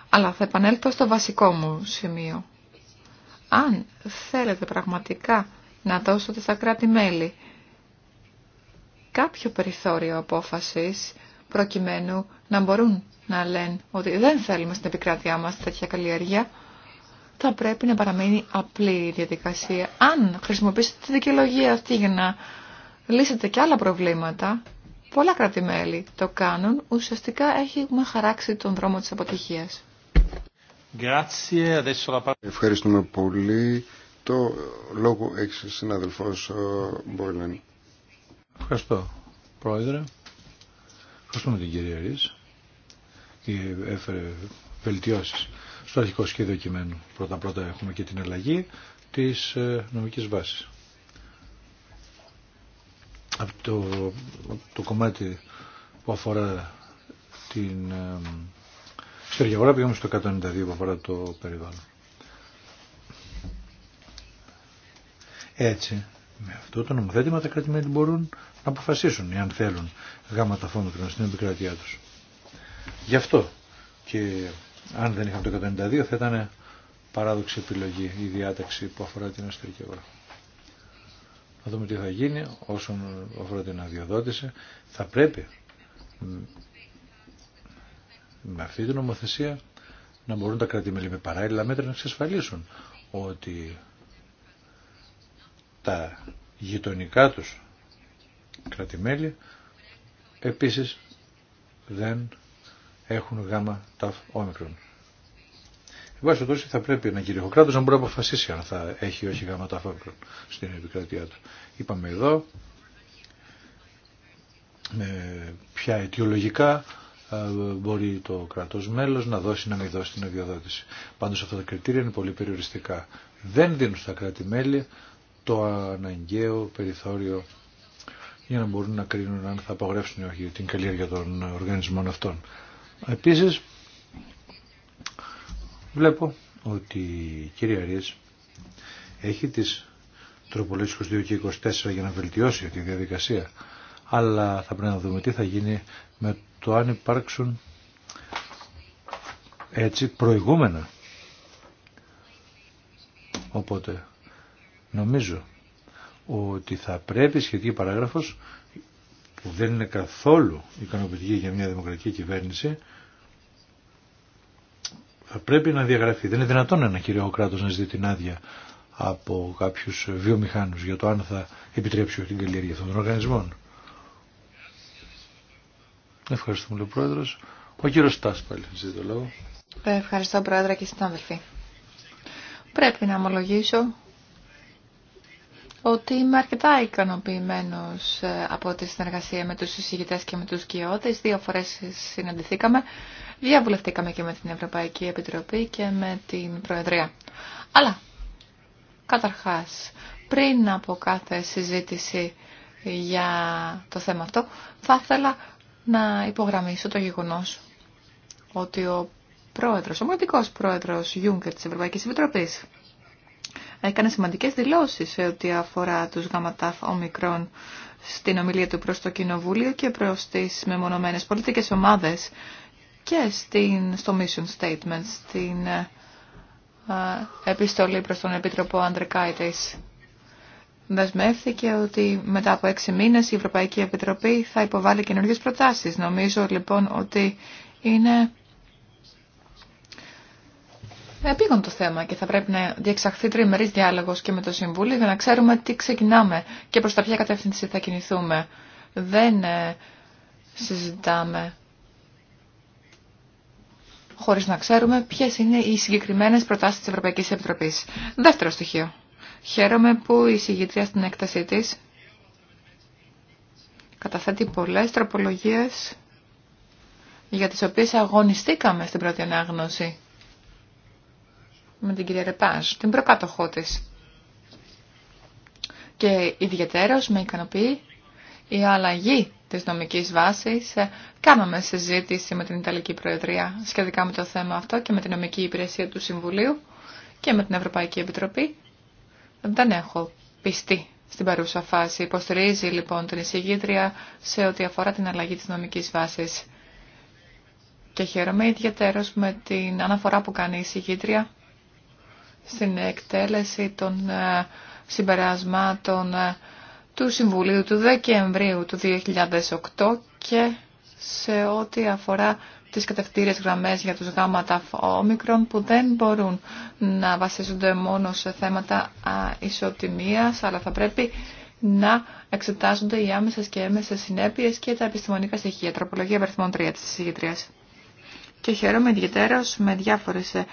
Αλλά θα επανέλθω στο βασικό μου σημείο. Αν θέλετε πραγματικά να δώσετε στα κράτη-μέλη κάποιο περιθώριο απόφασης προκειμένου να μπορούν να λένε ότι δεν θέλουμε στην επικράτειά μας τέτοια καλλιέργεια, θα πρέπει να παραμείνει απλή η διαδικασία. Αν χρησιμοποιήσετε τη δικαιολογία αυτή για να λύσετε και άλλα προβλήματα, πολλά πολλά κράτη-μέλη το κάνουν, ουσιαστικά έχουμε χαράξει τον δρόμο της αποτυχίας. Ευχαριστούμε πολύ. Το λόγο έχει συνάδελφος Μπόιλεν. Ευχαριστώ, Πρόεδρε. Ευχαριστούμε την κυρία Ρή. και έφερε βελτιώσεις στο αρχικό σχέδιο κειμένου. Πρώτα-πρώτα έχουμε και την αλλαγή της ε, νομικής βάσης. Από το, το κομμάτι που αφορά την ε, στο Αγορά πήγαμε στο 192 που αφορά το περιβάλλον. Έτσι, με αυτό το νομοθέτημα τα κρατη μπορούν να αποφασίσουν εάν θέλουν γάμματα φόντου στην επικρατεία τους. Γι' αυτό και αν δεν είχαμε το 192 θα ήταν παράδοξη επιλογή η διάταξη που αφορά την εσωτερική αγορά. Να δούμε τι θα γίνει όσον αφορά την αδειοδότηση. Θα πρέπει με αυτή την νομοθεσία να μπορούν τα κρατημέλη με παράλληλα μέτρα να εξασφαλίσουν ότι τα γειτονικά τους κρατημέλη επίσης δεν έχουν γάμα ταφ όμικρον. Εν πάση περιπτώσει θα πρέπει ένα κράτο, να μπορεί να αποφασίσει αν θα έχει ή όχι γάμα ταφ όμικρον στην επικρατεία του. Είπαμε εδώ με ποια αιτιολογικά ε, μπορεί το κρατός μέλος να δώσει να μην δώσει την αδειοδότηση. Πάντως αυτά τα κριτήρια είναι πολύ περιοριστικά. Δεν δίνουν στα κράτη-μέλη το αναγκαίο περιθώριο για να μπορούν να κρίνουν αν θα απαγορεύσουν ή όχι την καλλιέργεια των οργανισμών αυτών. Επίσης, βλέπω ότι η κυρία Ρίες έχει τις τροπολογίες 22 και 24 για να βελτιώσει τη διαδικασία, αλλά θα πρέπει να δούμε τι θα γίνει με το αν υπάρξουν έτσι προηγούμενα. Οπότε νομίζω ότι θα πρέπει σχετική παράγραφος που δεν είναι καθόλου ικανοποιητική για μια δημοκρατική κυβέρνηση θα πρέπει να διαγραφεί. Δεν είναι δυνατόν ένα κυριακό κράτος να ζητεί την άδεια από κάποιους βιομηχάνους για το αν θα επιτρέψει την καλλιέργεια αυτών των οργανισμών. Ευχαριστούμε, λέει ο Πρόεδρος. Ο κύριο Στάσ πάλι, ζητώ το λόγο. Ευχαριστώ, Πρόεδρε και συνάδελφοι. Πρέπει να ομολογήσω ότι είμαι αρκετά ικανοποιημένο ε, από τη συνεργασία με τους συζητητέ και με τους κοιότε. Δύο φορέ συναντηθήκαμε, διαβουλευτήκαμε και με την Ευρωπαϊκή Επιτροπή και με την Προεδρία. Αλλά, καταρχάς, πριν από κάθε συζήτηση για το θέμα αυτό, θα ήθελα να υπογραμμίσω το γεγονός ότι ο πρόεδρος, ο μοναδικός πρόεδρος Γιούγκερ της Ευρωπαϊκής Επιτροπής έκανε σημαντικές δηλώσεις σε ό,τι αφορά τους γαματάφ ομικρών στην ομιλία του προς το Κοινοβούλιο και προς τις μεμονωμένες πολιτικές ομάδες και στην, στο Mission Statement, στην ε, επιστολή προ τον Επίτροπο Αντρεκάιτης δεσμεύθηκε ότι μετά από έξι μήνες η Ευρωπαϊκή Επιτροπή θα υποβάλει καινούργιες προτάσεις. Νομίζω λοιπόν ότι είναι επίγον το θέμα και θα πρέπει να διεξαχθεί τριμερής διάλογος και με το Συμβούλιο για να ξέρουμε τι ξεκινάμε και προς τα ποια κατεύθυνση θα κινηθούμε. Δεν ε, συζητάμε χωρίς να ξέρουμε ποιες είναι οι συγκεκριμένες προτάσεις της Ευρωπαϊκής Επιτροπής. Δεύτερο στοιχείο. Χαίρομαι που η συγγήτρια στην έκτασή της καταθέτει πολλές τροπολογίες για τις οποίες αγωνιστήκαμε στην πρώτη ανάγνωση με την κυρία Ρεπάζ, την προκάτοχό της. Και ιδιαίτερος με ικανοποιεί η αλλαγή της νομικής βάσης. Κάναμε συζήτηση με την Ιταλική Προεδρία σχετικά με το θέμα αυτό και με την νομική υπηρεσία του Συμβουλίου και με την Ευρωπαϊκή Επιτροπή δεν έχω πιστεί στην παρούσα φάση. Υποστηρίζει λοιπόν την εισηγήτρια σε ό,τι αφορά την αλλαγή της νομικής βάσης. Και χαίρομαι ιδιαίτερος με την αναφορά που κάνει η εισηγήτρια στην εκτέλεση των ε, συμπερασμάτων ε, του Συμβουλίου του Δεκεμβρίου του 2008 και σε ό,τι αφορά τις κατευθύνες γραμμές για τους γάμματα όμικρων που δεν μπορούν να βασίζονται μόνο σε θέματα ισοτιμίας, αλλά θα πρέπει να εξετάζονται οι άμεσες και έμεσες συνέπειες και τα επιστημονικά στοιχεία. Τροπολογία βαριθμών 3 της Και χαίρομαι ιδιαίτερως με διάφορες ε,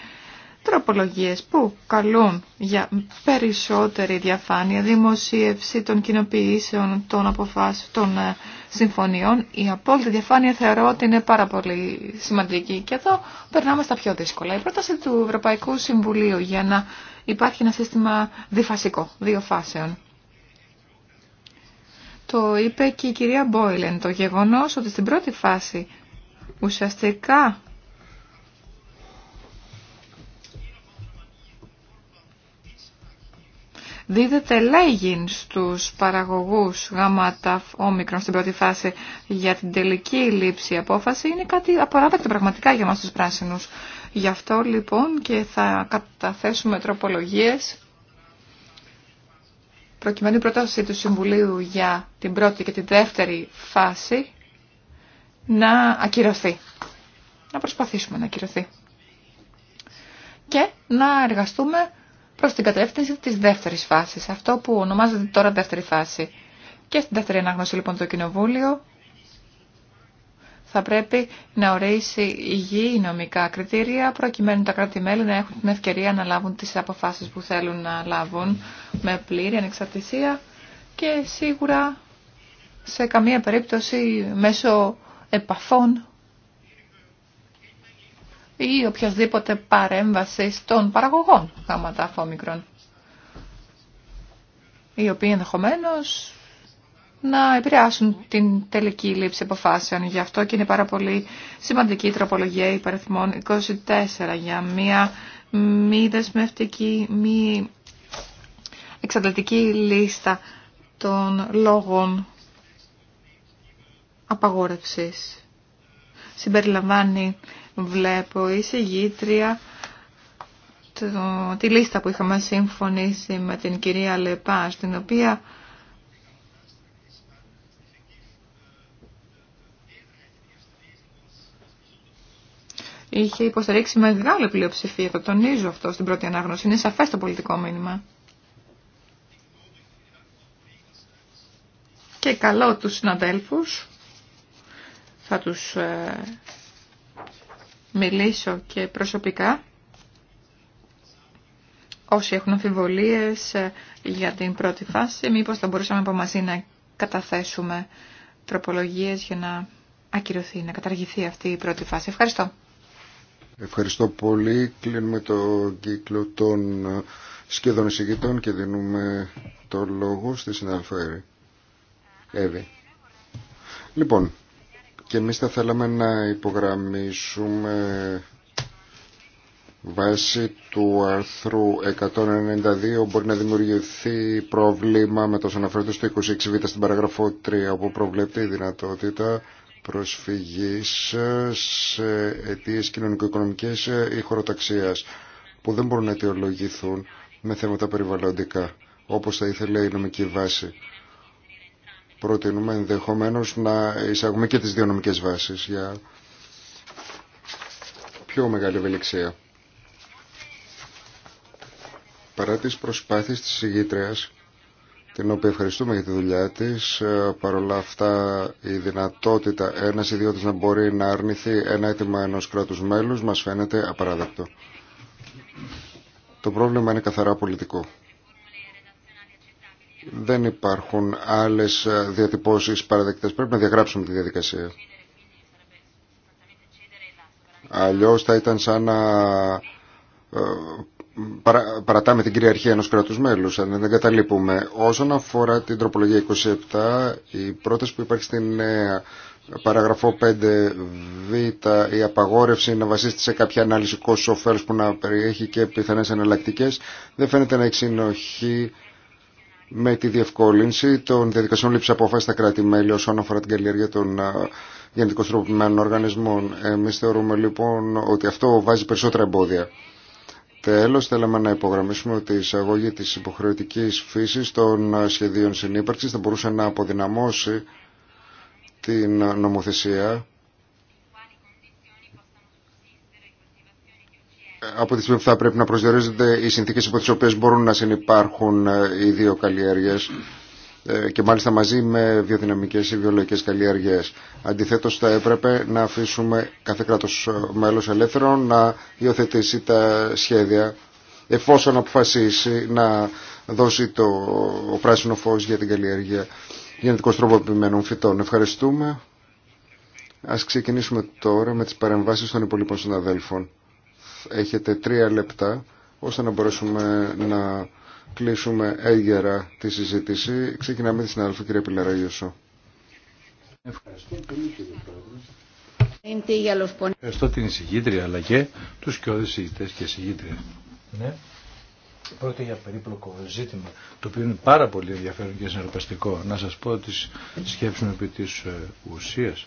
τροπολογίες που καλούν για περισσότερη διαφάνεια, δημοσίευση των κοινοποιήσεων, των αποφάσεων, των ε, συμφωνιών. Η απόλυτη διαφάνεια θεωρώ ότι είναι πάρα πολύ σημαντική και εδώ περνάμε στα πιο δύσκολα. Η πρόταση του Ευρωπαϊκού Συμβουλίου για να υπάρχει ένα σύστημα διφασικό, δύο φάσεων. Το είπε και η κυρία Μπόιλεν, το γεγονός ότι στην πρώτη φάση ουσιαστικά δίδεται λέγειν στους παραγωγούς γαμάτα όμικρον στην πρώτη φάση για την τελική λήψη απόφαση είναι κάτι απαράδεκτο πραγματικά για μας τους πράσινους. Γι' αυτό λοιπόν και θα καταθέσουμε τροπολογίες προκειμένου η πρόταση του Συμβουλίου για την πρώτη και την δεύτερη φάση να ακυρωθεί. Να προσπαθήσουμε να ακυρωθεί. Και να εργαστούμε Προ την κατεύθυνση τη δεύτερη φάση, αυτό που ονομάζεται τώρα δεύτερη φάση. Και στην δεύτερη ανάγνωση λοιπόν το Κοινοβούλιο θα πρέπει να ορίσει υγιή νομικά κριτήρια προκειμένου τα κράτη-μέλη να έχουν την ευκαιρία να λάβουν τις αποφάσεις που θέλουν να λάβουν με πλήρη ανεξαρτησία και σίγουρα σε καμία περίπτωση μέσω επαφών ή οποιασδήποτε παρέμβαση των παραγωγών γάματα αφόμικρων οι οποίοι ενδεχομένω να επηρεάσουν την τελική λήψη αποφάσεων. Γι' αυτό και είναι πάρα πολύ σημαντική η τροπολογία υπαριθμών 24 για μια μη δεσμευτική, μη εξαντλητική λίστα των λόγων απαγόρευσης. Συμπεριλαμβάνει βλέπω η συγγήτρια τη λίστα που είχαμε συμφωνήσει με την κυρία Λεπά, στην οποία είχε υποστηρίξει μεγάλη πλειοψηφία. Το τονίζω αυτό στην πρώτη ανάγνωση. Είναι σαφές το πολιτικό μήνυμα. Και καλό τους συναδέλφους, θα τους ε, μιλήσω και προσωπικά. Όσοι έχουν αμφιβολίες ε, για την πρώτη φάση, μήπως θα μπορούσαμε από μαζί να καταθέσουμε τροπολογίες για να ακυρωθεί, να καταργηθεί αυτή η πρώτη φάση. Ευχαριστώ. Ευχαριστώ πολύ. Κλείνουμε το κύκλο των ε, σχεδόν εισηγητών και δίνουμε το λόγο στη συναλφέρη. Εύη. Λοιπόν, και εμείς θα θέλαμε να υπογραμμίσουμε βάση του άρθρου 192 μπορεί να δημιουργηθεί πρόβλημα με το αναφέρεται στο 26β στην παραγραφό 3 όπου προβλέπει η δυνατότητα προσφυγής σε αιτίες κοινωνικο-οικονομικές ή χωροταξίας που δεν μπορούν να αιτιολογηθούν με θέματα περιβαλλοντικά όπως θα ήθελε η νομική βάση προτείνουμε ενδεχομένως να εισαγούμε και τις δύο νομικές βάσεις για πιο μεγάλη ευελιξία. Παρά τις προσπάθειες της ηγήτριας, την οποία ευχαριστούμε για τη δουλειά της, ε, παρόλα αυτά η δυνατότητα ένας ιδιώτης να μπορεί να αρνηθεί ένα αίτημα ενός κράτους μέλους μας φαίνεται απαράδεκτο. Το πρόβλημα είναι καθαρά πολιτικό. Δεν υπάρχουν άλλες ε, διατυπώσεις παραδεκτές. Πρέπει να διαγράψουμε τη διαδικασία. Αλλιώς θα ήταν σαν να ε, παρα, παρατάμε την κυριαρχία ενός κράτους μέλους, αν δεν καταλείπουμε. Όσον αφορά την τροπολογία 27, η πρόταση που υπάρχει στην παραγραφό 5β, η απαγόρευση να βασίζεται σε κάποια ανάλυση κόστος που να περιέχει και πιθανές εναλλακτικέ, δεν φαίνεται να έχει συνοχή με τη διευκόλυνση των διαδικασιών λήψη απόφαση στα κράτη-μέλη όσον αφορά την καλλιέργεια των γενετικώς οργανισμών. Εμεί θεωρούμε λοιπόν ότι αυτό βάζει περισσότερα εμπόδια. Τέλο, θέλαμε να υπογραμμίσουμε ότι η εισαγωγή τη υποχρεωτική φύση των σχεδίων συνύπαρξη θα μπορούσε να αποδυναμώσει την νομοθεσία από τη στιγμή που θα πρέπει να προσδιορίζονται οι συνθήκες υπό τις οποίες μπορούν να συνεπάρχουν ε, οι δύο καλλιέργειες ε, και μάλιστα μαζί με βιοδυναμικές ή βιολογικές καλλιέργειες. Αντιθέτως θα έπρεπε να αφήσουμε κάθε κράτος ε, μέλος ελεύθερο να υιοθετήσει τα σχέδια εφόσον αποφασίσει να δώσει το πράσινο φως για την καλλιέργεια γενετικώς τροποποιημένων φυτών. Ευχαριστούμε. Ας ξεκινήσουμε τώρα με τις παρεμβάσεις των υπολείπων συναδέλφων έχετε τρία λεπτά ώστε να μπορέσουμε να κλείσουμε έγκαιρα τη συζήτηση. Ξεκινάμε τη συναδελφή κυρία Πιλαραγιωσό. Ευχαριστώ κύριε Πρόεδρε. Ευχαριστώ την εισηγήτρια αλλά και τους κοιόδες και εισηγήτρια. Ναι. Πρώτα για περίπλοκο ζήτημα, το οποίο είναι πάρα πολύ ενδιαφέρον και συνεργαστικό. Να σας πω τις σκέψεις μου επί της ε, ουσίας.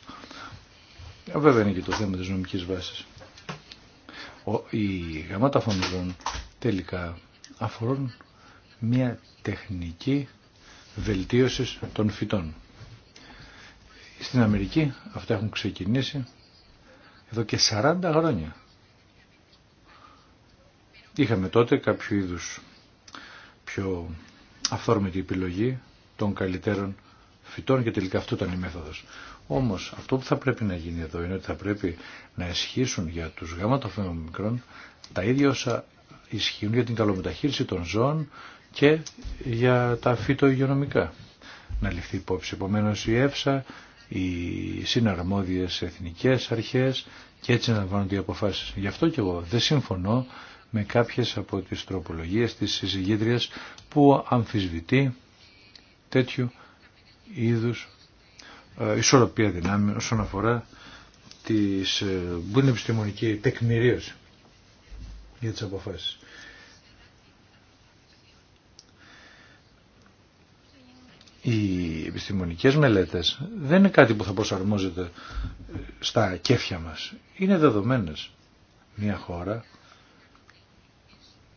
Ε, βέβαια είναι και το θέμα της νομικής βάσης οι γαμάτα φωνηρών τελικά αφορούν μια τεχνική βελτίωση των φυτών. Στην Αμερική αυτά έχουν ξεκινήσει εδώ και 40 χρόνια. Είχαμε τότε κάποιο είδους πιο αυθόρμητη επιλογή των καλύτερων φυτών και τελικά αυτό ήταν η μέθοδος. Όμως αυτό που θα πρέπει να γίνει εδώ είναι ότι θα πρέπει να ισχύσουν για τους γάμματα φαινομικρών τα ίδια όσα ισχύουν για την καλομεταχείριση των ζώων και για τα φυτοϊγειονομικά. Να ληφθεί υπόψη επομένω η ΕΦΣΑ, οι συναρμόδιες εθνικές αρχές και έτσι να λαμβάνονται οι αποφάσεις. Γι' αυτό και εγώ δεν συμφωνώ με κάποιες από τις τροπολογίες της συζυγήτριας που αμφισβητεί τέτοιου είδου ε, ισορροπία δυνάμει όσον αφορά της, ε, που είναι επιστημονική τεκμηρίωση για τις αποφάσεις. Οι επιστημονικές μελέτες δεν είναι κάτι που θα προσαρμόζεται ε, στα κέφια μας. Είναι δεδομένες. Μια χώρα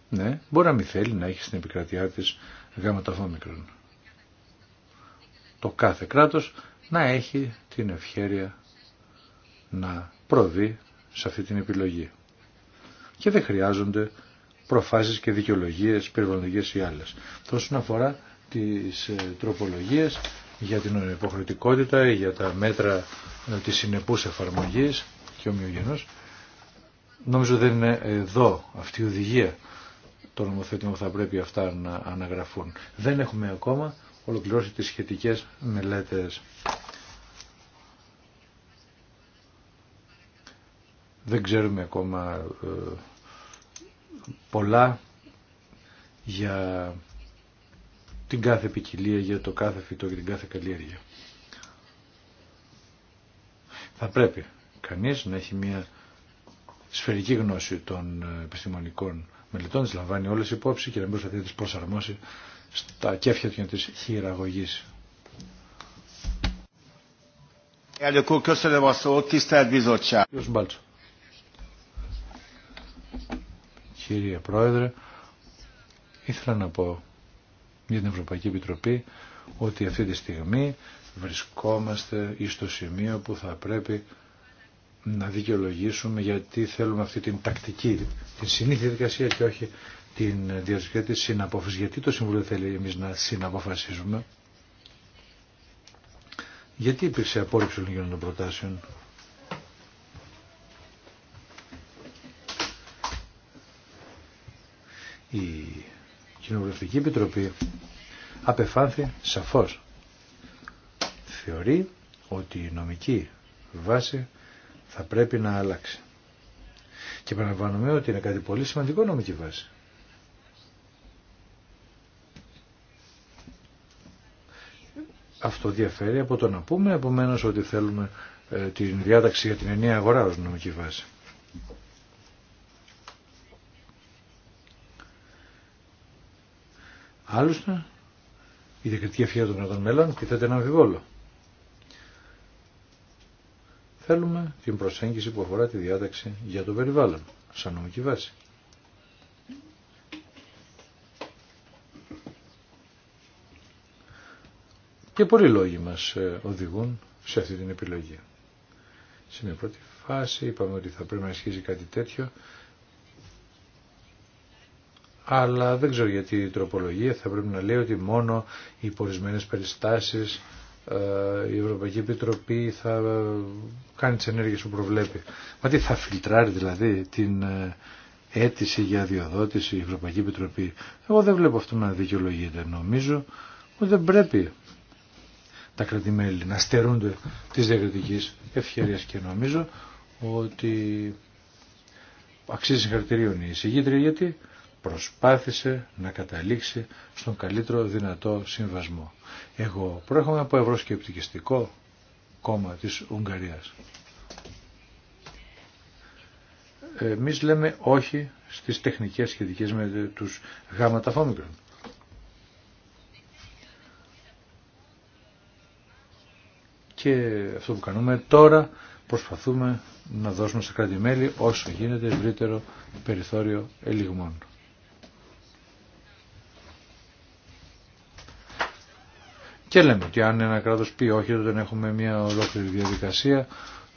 ναι, μπορεί να μην θέλει να έχει στην επικρατειά της γάμματα Το κάθε κράτος να έχει την ευχέρεια να προβεί σε αυτή την επιλογή. Και δεν χρειάζονται προφάσεις και δικαιολογίες περιβαλλοντικές ή άλλες. Τόσον αφορά τις ε, τροπολογίες για την υποχρεωτικότητα, για τα μέτρα ε, της συνεπούς εφαρμογής και ομοιογενούς. νομίζω δεν είναι εδώ αυτή η οδηγία το νομοθέτημα που θα πρέπει αυτά να αναγραφούν. Δεν έχουμε ακόμα ολοκληρώσει τις σχετικές μελέτες. Δεν ξέρουμε ακόμα ε, πολλά για την κάθε ποικιλία, για το κάθε φυτό για την κάθε καλλιέργεια. Θα πρέπει κανείς να έχει μια σφαιρική γνώση των ε, επιστημονικών μελετών, τις λαμβάνει όλες υπόψη και να μπορεί να τις προσαρμόσει στα κέφια του για να τις χειραγωγήσει. κύριε Πρόεδρε. Ήθελα να πω για την Ευρωπαϊκή Επιτροπή ότι αυτή τη στιγμή βρισκόμαστε στο σημείο που θα πρέπει να δικαιολογήσουμε γιατί θέλουμε αυτή την τακτική, την συνήθεια διαδικασία και όχι την διαδικασία της συναπόφασης. Γιατί το Συμβούλιο θέλει εμείς να συναποφασίζουμε. Γιατί υπήρξε απόρριψη όλων των προτάσεων. Η Κοινοβουλευτική Επιτροπή απεφάνθη σαφώς. Θεωρεί ότι η νομική βάση θα πρέπει να αλλάξει. Και παραλαμβάνομαι ότι είναι κάτι πολύ σημαντικό νομική βάση. Αυτό διαφέρει από το να πούμε επομένω ότι θέλουμε ε, την διάταξη για την ενιαία αγορά ως νομική βάση. Άλλωστε, η διακριτική ευχαίρεια των κρατών μέλων πιθέται ένα αμφιβόλο. Θέλουμε την προσέγγιση που αφορά τη διάταξη για το περιβάλλον, σαν νομική βάση. Και πολλοί λόγοι μας ε, οδηγούν σε αυτή την επιλογή. Στην πρώτη φάση είπαμε ότι θα πρέπει να ισχύσει κάτι τέτοιο αλλά δεν ξέρω γιατί η τροπολογία θα πρέπει να λέει ότι μόνο οι υπορισμένες περιστάσεις ε, η Ευρωπαϊκή Επιτροπή θα ε, κάνει τις ενέργειες που προβλέπει. Μα τι θα φιλτράρει δηλαδή την ε, αίτηση για διοδότηση η Ευρωπαϊκή Επιτροπή. Εγώ δεν βλέπω αυτό να δικαιολογείται. Νομίζω ότι δεν πρέπει τα κρατημέλη να στερούνται της διακριτικής ευκαιρίας και νομίζω ότι αξίζει συγχαρητηρίων η εισηγήτρια γιατί προσπάθησε να καταλήξει στον καλύτερο δυνατό συμβασμό. Εγώ προέρχομαι από ευρωσκεπτικιστικό κόμμα της Ουγγαρίας. Εμείς λέμε όχι στις τεχνικές σχετικές με τους γάματα φόμικρων. Και αυτό που κάνουμε τώρα προσπαθούμε να δώσουμε στα κράτη-μέλη όσο γίνεται ευρύτερο περιθώριο ελιγμών. Και λέμε ότι αν ένα κράτος πει όχι, όταν έχουμε μια ολόκληρη διαδικασία,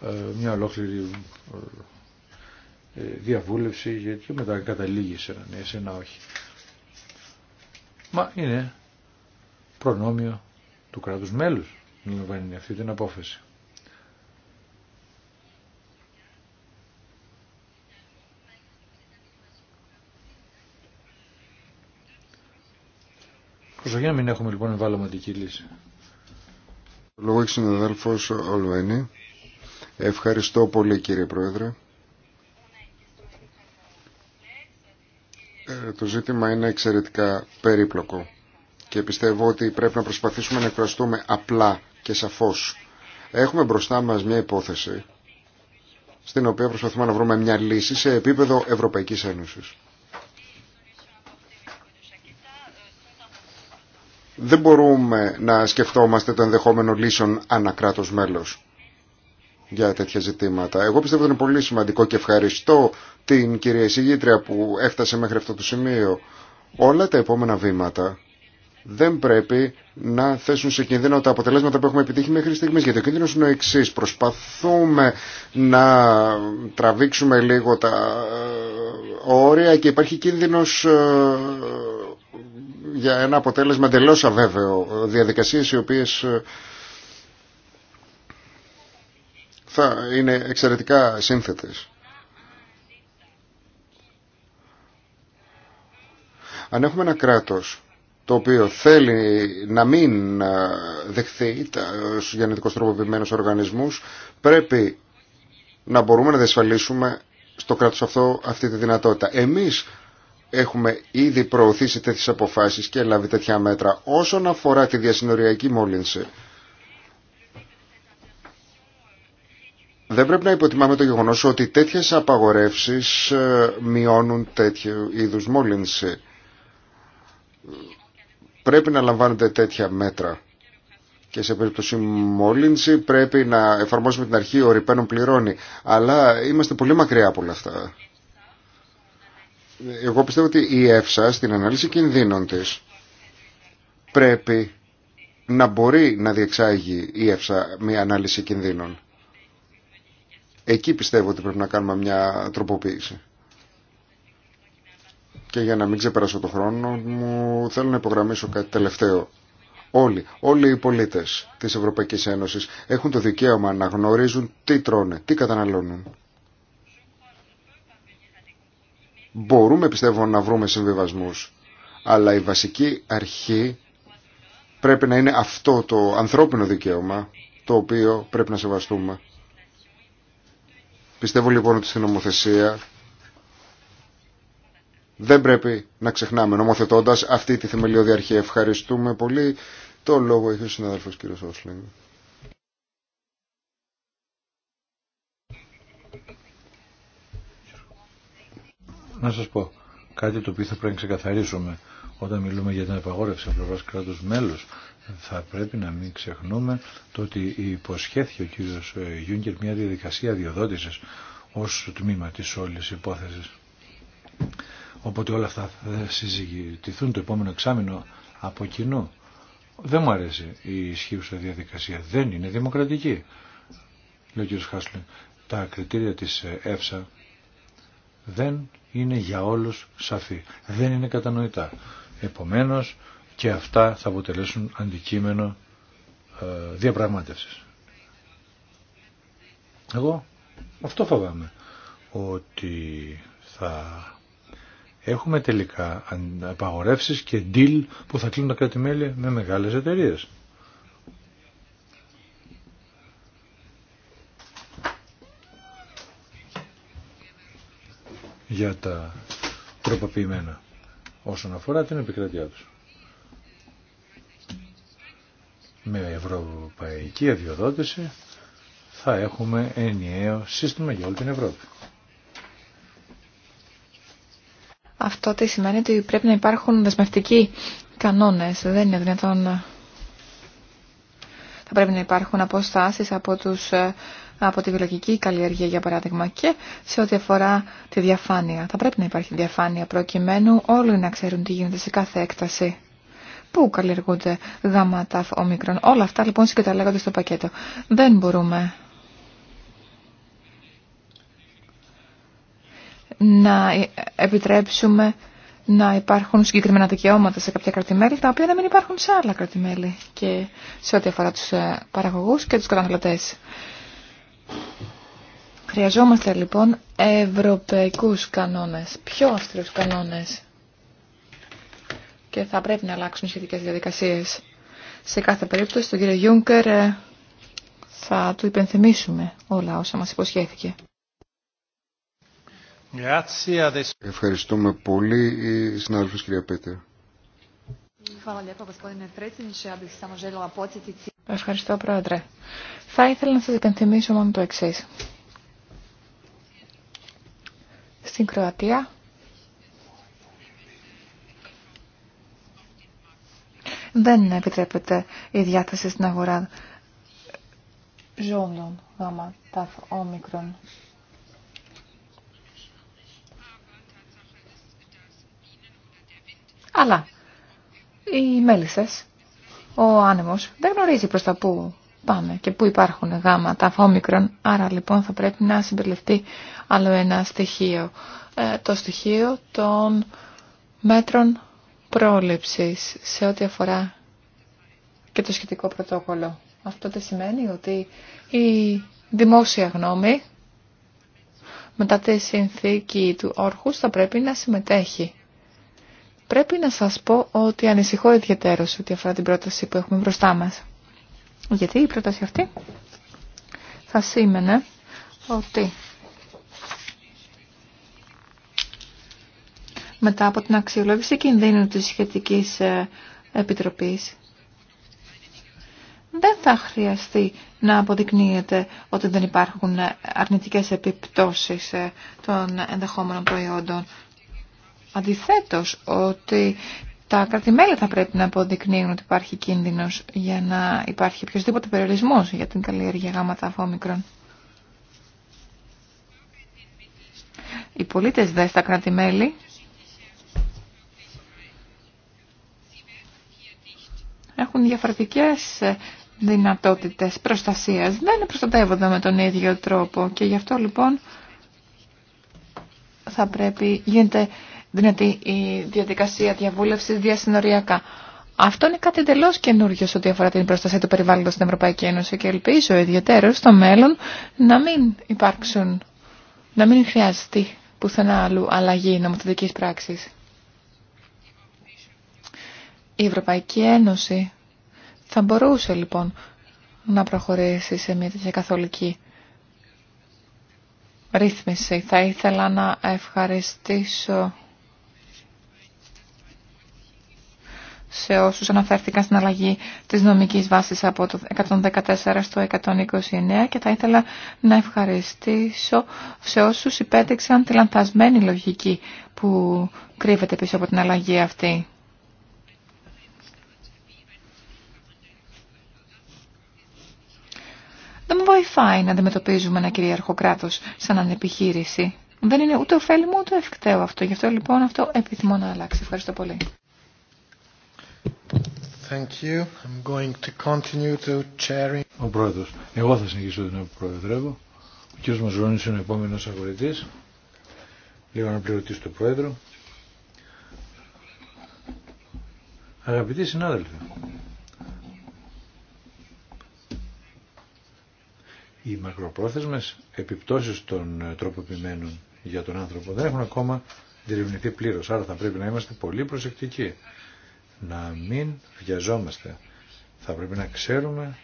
ε, μια ολόκληρη ε, ε, διαβούλευση, γιατί μετά καταλήγει σε ένα ναι, σε ένα όχι. Μα είναι προνόμιο του κράτους μέλους να λαμβάνει αυτή την απόφαση. Για να μην έχουμε λοιπόν εμβαλωματική λύση. Λόγω συναδέλφο Ολβένη. Ευχαριστώ πολύ κύριε Πρόεδρε. Ε, το ζήτημα είναι εξαιρετικά περίπλοκο και πιστεύω ότι πρέπει να προσπαθήσουμε να εκφραστούμε απλά και σαφώς. Έχουμε μπροστά μας μια υπόθεση στην οποία προσπαθούμε να βρούμε μια λύση σε επίπεδο Ευρωπαϊκής Ένωσης. δεν μπορούμε να σκεφτόμαστε το ενδεχόμενο λύσεων ανακράτος μέλος για τέτοια ζητήματα. Εγώ πιστεύω ότι είναι πολύ σημαντικό και ευχαριστώ την κυρία εισηγήτρια που έφτασε μέχρι αυτό το σημείο. Όλα τα επόμενα βήματα δεν πρέπει να θέσουν σε κίνδυνο τα αποτελέσματα που έχουμε επιτύχει μέχρι στιγμή. Γιατί ο κίνδυνο είναι ο εξή. Προσπαθούμε να τραβήξουμε λίγο τα ε, όρια και υπάρχει κίνδυνο ε, για ένα αποτέλεσμα εντελώ αβέβαιο. Διαδικασίες οι οποίες ε, θα είναι εξαιρετικά σύνθετες. Αν έχουμε ένα κράτος το οποίο θέλει να μην ε, δεχθεί στους γενετικώς τροποποιημένους οργανισμούς, πρέπει να μπορούμε να διασφαλίσουμε στο κράτος αυτό αυτή τη δυνατότητα. Εμείς έχουμε ήδη προωθήσει τέτοιες αποφάσεις και λάβει τέτοια μέτρα. Όσον αφορά τη διασυνοριακή μόλυνση, δεν πρέπει να υποτιμάμε το γεγονός ότι τέτοιες απαγορεύσεις ε, μειώνουν τέτοιου είδους μόλυνση. Πρέπει να λαμβάνονται τέτοια μέτρα. Και σε περίπτωση μόλυνση πρέπει να εφαρμόσουμε την αρχή ο ρηπαίνων πληρώνει. Αλλά είμαστε πολύ μακριά από όλα αυτά εγώ πιστεύω ότι η ΕΦΣΑ στην ανάλυση κινδύνων της πρέπει να μπορεί να διεξάγει η ΕΦΣΑ μια ανάλυση κινδύνων. Εκεί πιστεύω ότι πρέπει να κάνουμε μια τροποποίηση. Και για να μην ξεπεράσω το χρόνο μου θέλω να υπογραμμίσω κάτι τελευταίο. Όλοι, όλοι οι πολίτες της Ευρωπαϊκής Ένωσης έχουν το δικαίωμα να γνωρίζουν τι τρώνε, τι καταναλώνουν. Μπορούμε πιστεύω να βρούμε συμβιβασμούς, αλλά η βασική αρχή πρέπει να είναι αυτό το ανθρώπινο δικαίωμα το οποίο πρέπει να σεβαστούμε. Πιστεύω λοιπόν ότι στην νομοθεσία δεν πρέπει να ξεχνάμε νομοθετώντας αυτή τη θεμελιώδη αρχή. Ευχαριστούμε πολύ. Το λόγο έχει ο συνάδελφος κύριος Όσλινγκ. να σας πω κάτι το οποίο θα πρέπει να ξεκαθαρίσουμε όταν μιλούμε για την απαγόρευση από πλευρά κράτου μέλους θα πρέπει να μην ξεχνούμε το ότι υποσχέθηκε ο κύριος ε, Γιούγκερ μια διαδικασία διοδότηση ω τμήμα της όλης υπόθεσης. Οπότε όλα αυτά θα συζητηθούν το επόμενο εξάμεινο από κοινού. Δεν μου αρέσει η ισχύουσα διαδικασία. Δεν είναι δημοκρατική. Λέει ο κ. Χάσλιν. Τα κριτήρια της ΕΦΣΑ δεν είναι για όλους σαφή. Δεν είναι κατανοητά. Επομένως και αυτά θα αποτελέσουν αντικείμενο ε, διαπραγμάτευσης. Εγώ αυτό φοβάμαι. Ότι θα έχουμε τελικά απαγορεύσεις και deal που θα κλείνουν τα κράτη-μέλη με μεγάλες εταιρείες. για τα τροποποιημένα όσον αφορά την επικρατεία τους. Με ευρωπαϊκή αδειοδότηση θα έχουμε ενιαίο σύστημα για όλη την Ευρώπη. Αυτό τι σημαίνει ότι πρέπει να υπάρχουν δεσμευτικοί κανόνες. Δεν είναι δυνατόν... Θα πρέπει να υπάρχουν αποστάσεις από τους ε, από τη βιολογική καλλιέργεια, για παράδειγμα, και σε ό,τι αφορά τη διαφάνεια. Θα πρέπει να υπάρχει διαφάνεια προκειμένου όλοι να ξέρουν τι γίνεται σε κάθε έκταση. Πού καλλιεργούνται γάμα, ταφ, ομικρον. Όλα αυτά λοιπόν συγκαταλέγονται στο πακέτο. Δεν μπορούμε να επιτρέψουμε να υπάρχουν συγκεκριμένα δικαιώματα σε κάποια κρατημέλη, τα οποία δεν υπάρχουν σε άλλα κρατημέλη και σε ό,τι αφορά τους ε, παραγωγούς και τους καταναλωτές. Χρειαζόμαστε λοιπόν ευρωπαϊκούς κανόνες, πιο αυστηρούς κανόνες και θα πρέπει να αλλάξουν σχετικές διαδικασίες. Σε κάθε περίπτωση τον κύριο Γιούγκερ ε, θα του υπενθυμίσουμε όλα όσα μας υποσχέθηκε. Ευχαριστούμε πολύ, ε, συνάδελφος κυρία Πέτερ. Ευχαριστώ, Πρόεδρε. Θα ήθελα να σας υπενθυμίσω μόνο το εξή. Στην Κροατία δεν επιτρέπεται η διάθεση στην αγορά ζώνων, γάμα ταφ όμικρον. Αλλά οι μέλισσες, ο άνεμος, δεν γνωρίζει προς τα πού πάμε και πού υπάρχουν γάματα αφόμικρον. Άρα λοιπόν θα πρέπει να συμπεριληφθεί άλλο ένα στοιχείο. Ε, το στοιχείο των μέτρων πρόληψης σε ό,τι αφορά και το σχετικό πρωτόκολλο. Αυτό δεν σημαίνει ότι η δημόσια γνώμη μετά τη συνθήκη του όρχους θα πρέπει να συμμετέχει Πρέπει να σας πω ότι ανησυχώ ιδιαίτερως ότι αφορά την πρόταση που έχουμε μπροστά μας. Γιατί η πρόταση αυτή θα σήμαινε ότι μετά από την αξιολόγηση κινδύνου της σχετικής ε, επιτροπής δεν θα χρειαστεί να αποδεικνύεται ότι δεν υπάρχουν αρνητικές επιπτώσεις ε, των ενδεχόμενων προϊόντων Αντιθέτως, ότι τα κρατημέλη θα πρέπει να αποδεικνύουν ότι υπάρχει κίνδυνος για να υπάρχει οποιοδήποτε περιορισμός για την καλλιέργεια γάμματα αφόμικρων. Οι πολίτες δε στα κρατημέλη έχουν διαφορετικές δυνατότητες προστασίας. Δεν προστατεύονται με τον ίδιο τρόπο και γι' αυτό λοιπόν θα πρέπει γίνεται δυνατή η διαδικασία διαβούλευσης διασυνοριακά. Αυτό είναι κάτι εντελώ καινούριο ό,τι αφορά την προστασία του περιβάλλοντος στην Ευρωπαϊκή Ένωση και ελπίζω ιδιαίτερω στο μέλλον να μην υπάρξουν, να μην χρειαστεί πουθενά άλλου αλλαγή νομοθετική πράξη. Η Ευρωπαϊκή Ένωση θα μπορούσε λοιπόν να προχωρήσει σε μια τέτοια καθολική ρύθμιση. Θα ήθελα να ευχαριστήσω σε όσους αναφέρθηκαν στην αλλαγή της νομικής βάσης από το 114 στο 129 και θα ήθελα να ευχαριστήσω σε όσους υπέδειξαν τη λανθασμένη λογική που κρύβεται πίσω από την αλλαγή αυτή. Δεν μου βοηθάει να αντιμετωπίζουμε ένα κυρίαρχο κράτο σαν ανεπιχείρηση. Δεν είναι ούτε ωφέλιμο ούτε ευκταίο αυτό. Γι' αυτό λοιπόν αυτό επιθυμώ να αλλάξει. Ευχαριστώ πολύ. Thank you. I'm going to continue to chairing. Ο πρόεδρος. Εγώ θα συνεχίσω να προεδρεύω. Ο κ. Μαζουρόνης είναι ο επόμενος αγορητής. Λίγο να πληρωτήσω του πρόεδρου. Αγαπητοί συνάδελφοι, οι μακροπρόθεσμες επιπτώσεις των ε, τροποποιημένων για τον άνθρωπο δεν έχουν ακόμα διερευνηθεί πλήρως, άρα θα πρέπει να είμαστε πολύ προσεκτικοί να μην βιαζόμαστε. Θα πρέπει να ξέρουμε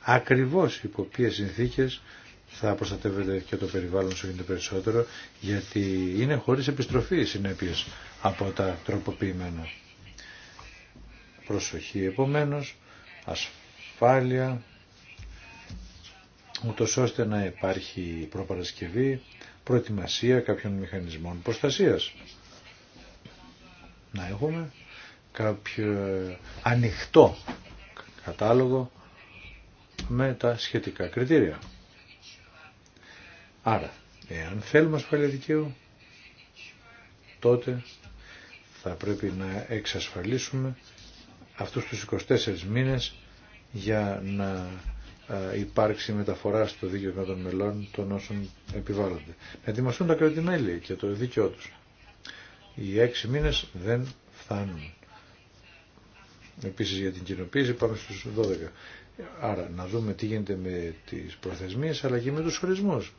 ακριβώς υπό ποιες συνθήκες θα προστατεύεται και το περιβάλλον σου γίνεται περισσότερο γιατί είναι χωρίς επιστροφή οι συνέπειες από τα τροποποιημένα. Προσοχή επομένως, ασφάλεια, ούτω ώστε να υπάρχει προπαρασκευή, προετοιμασία κάποιων μηχανισμών προστασίας. Να έχουμε κάποιο ανοιχτό κατάλογο με τα σχετικά κριτήρια. Άρα, εάν θέλουμε ασφάλεια δικαίου, τότε θα πρέπει να εξασφαλίσουμε αυτούς τους 24 μήνες για να υπάρξει μεταφορά στο δίκαιο των μελών των όσων επιβάλλονται. Να ετοιμαστούν τα κρατημέλη και το δίκαιό τους. Οι έξι μήνες δεν φτάνουν. Επίσης για την κοινοποίηση πάμε στους 12. Άρα να δούμε τι γίνεται με τις προθεσμίες αλλά και με τους χωρισμούς.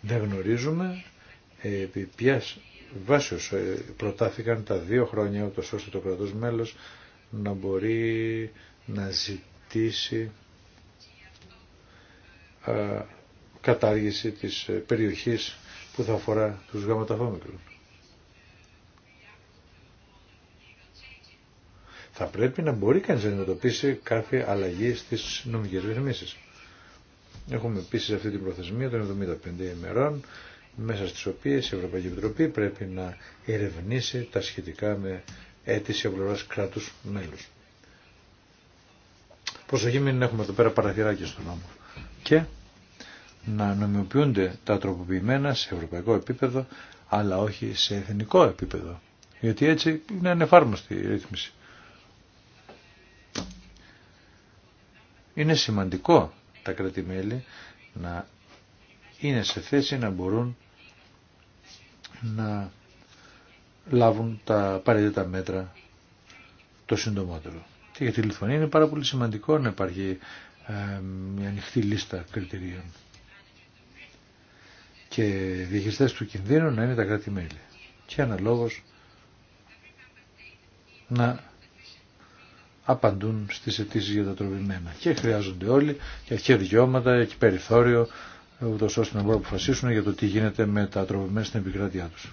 Δεν γνωρίζουμε επί ποιας βάσεως ε, προτάθηκαν τα δύο χρόνια ούτως ώστε το κρατός μέλος να μπορεί να ζητήσει κατάργηση της ε, περιοχής που θα αφορά τους γαματαφόμικρους. θα πρέπει να μπορεί κανείς να αντιμετωπίσει κάθε αλλαγή στις νομικές ρυθμίσεις. Έχουμε επίσης αυτή την προθεσμία των 75 ημερών, μέσα στις οποίες η Ευρωπαϊκή Επιτροπή πρέπει να ερευνήσει τα σχετικά με αίτηση από κράτους μέλους. Προσοχή μην έχουμε εδώ πέρα παραθυράκια στον νόμο. Και να νομιμοποιούνται τα τροποποιημένα σε ευρωπαϊκό επίπεδο, αλλά όχι σε εθνικό επίπεδο. Γιατί έτσι είναι ανεφάρμοστη η ρύθμιση. Είναι σημαντικό τα κράτη-μέλη να είναι σε θέση να μπορούν να λάβουν τα απαραίτητα μέτρα το συντομότερο. Και για τη Λιθουανία είναι πάρα πολύ σημαντικό να υπάρχει ε, μια ανοιχτή λίστα κριτηρίων και διαχειριστές του κινδύνου να είναι τα κράτη-μέλη και αναλόγως να απαντούν στις αιτήσει για τα τροβημένα. Και χρειάζονται όλοι και δικαιώματα και περιθώριο ούτως ώστε να μπορούν να αποφασίσουν για το τι γίνεται με τα τροβημένα στην επικράτειά τους.